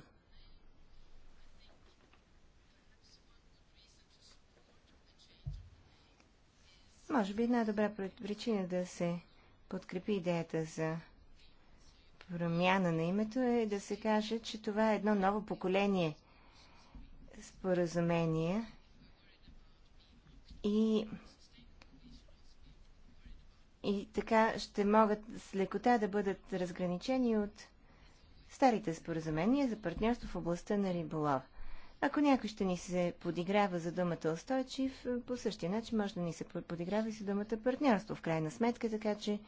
Може би една добра причина да се подкрепи идеята за промяна на името е да се каже, че това е едно ново поколение споразумение. и и така ще могат с лекота да бъдат разграничени от старите споразумения за партньорство в областта на риболов. Ако някой ще ни се подиграва за думата устойчив, по същия начин може да ни се подиграва и за думата партньорство, в крайна сметка, така че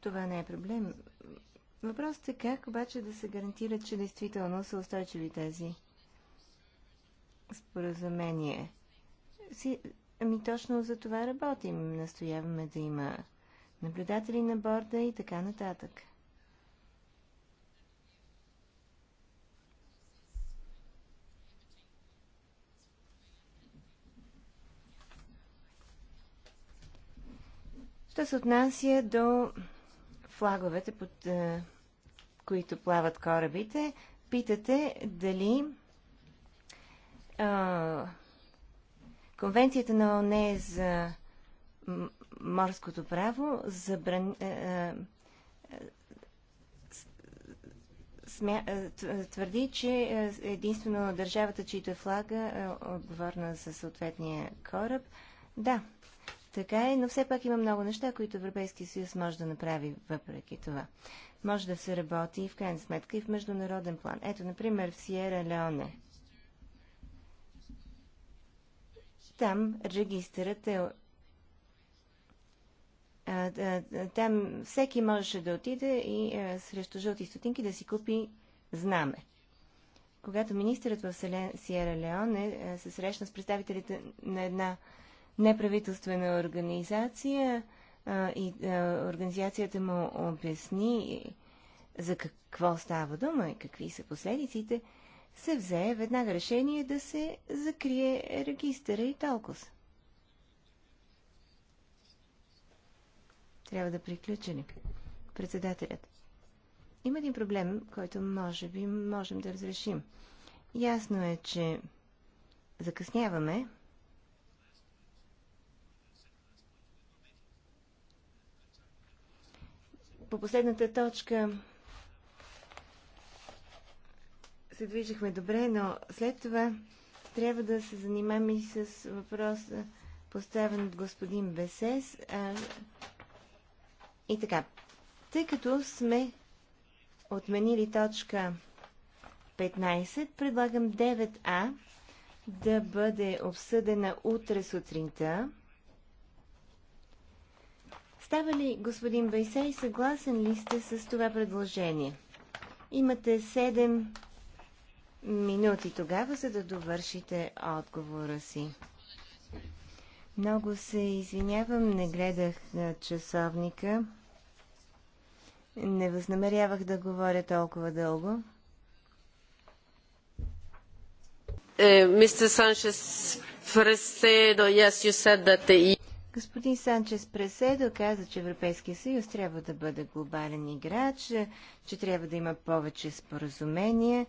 това не е проблем. Въпросът е как обаче да се гарантира, че действително са устойчиви тези споразумения. Ами точно за това работим. Настояваме да има наблюдатели на борда и така нататък. Що се отнася до флаговете, под е, които плават корабите, питате дали Конвенцията на ОНЕ за морското право забран... Е, е, смя... Е, твърди, че единствено държавата, чието флага е отговорна за съответния кораб. Да, така е, но все пак има много неща, които Европейския съюз може да направи въпреки това. Може да се работи и в крайна сметка и в международен план. Ето, например, в Сиера Леоне. Там регистърът е там всеки можеше да отиде и срещу жълти стотинки да си купи знаме. Когато министърът в Сиера е, е, се срещна с представителите на една неправителствена организация а, и а, организацията му обясни за какво става дума и какви са последиците, се взе веднага решение да се закрие регистъра и толкова. Трябва да приключим. Председателят. Има един проблем, който може би можем да разрешим. Ясно е, че закъсняваме. По последната точка се движихме добре, но след това трябва да се занимаваме и с въпроса, поставен от господин Бесес. А... И така, тъй като сме отменили точка 15, предлагам 9А да бъде обсъдена утре сутринта. Става ли, господин Байсей, съгласен ли сте с това предложение? Имате 7 минути тогава, за да довършите отговора си. Много се извинявам, не гледах часовника. Не възнамерявах да говоря толкова дълго. Е, мистер Санчес Фреседо, yes, you said that the... E- Господин Санчес Преседо каза, че Европейския съюз трябва да бъде глобален играч, че трябва да има повече споразумения.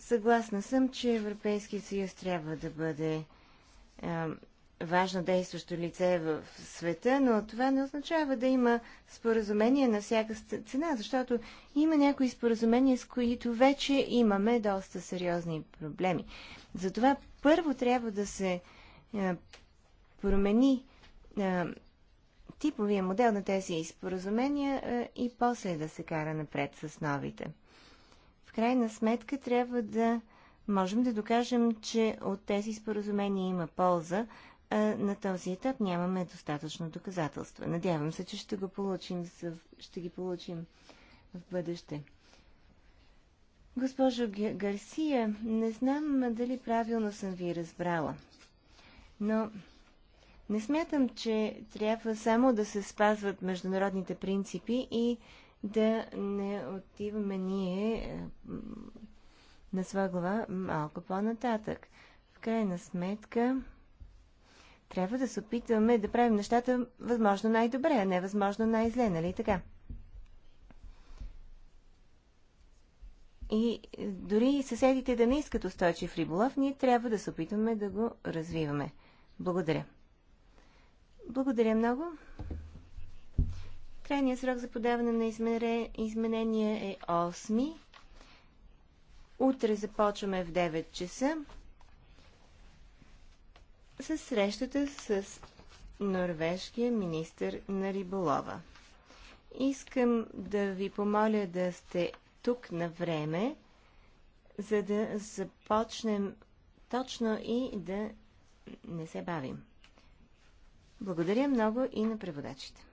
Съгласна съм, че Европейския съюз трябва да бъде а, важно действащо лице в света, но това не означава да има споразумение на всяка цена, защото има някои споразумения, с които вече имаме доста сериозни проблеми. Затова първо трябва да се а, промени а, типовия модел на тези споразумения а, и после да се кара напред с новите. В крайна сметка трябва да можем да докажем, че от тези споразумения има полза, а на този етап нямаме достатъчно доказателства. Надявам се, че ще, го получим, ще ги получим в бъдеще. Госпожо Гарсия, не знам дали правилно съм ви разбрала, но не смятам, че трябва само да се спазват международните принципи и да не отиваме ние е, на своя глава малко по-нататък. В крайна сметка, трябва да се опитваме да правим нещата възможно най-добре, а не възможно най-зле, нали така? И е, дори съседите да не искат устойчив риболов, ние трябва да се опитваме да го развиваме. Благодаря. Благодаря много. Крайният срок за подаване на изменения е 8. Утре започваме в 9 часа с срещата с норвежкия министр на риболова. Искам да ви помоля да сте тук на време, за да започнем точно и да не се бавим. Благодаря много и на преводачите.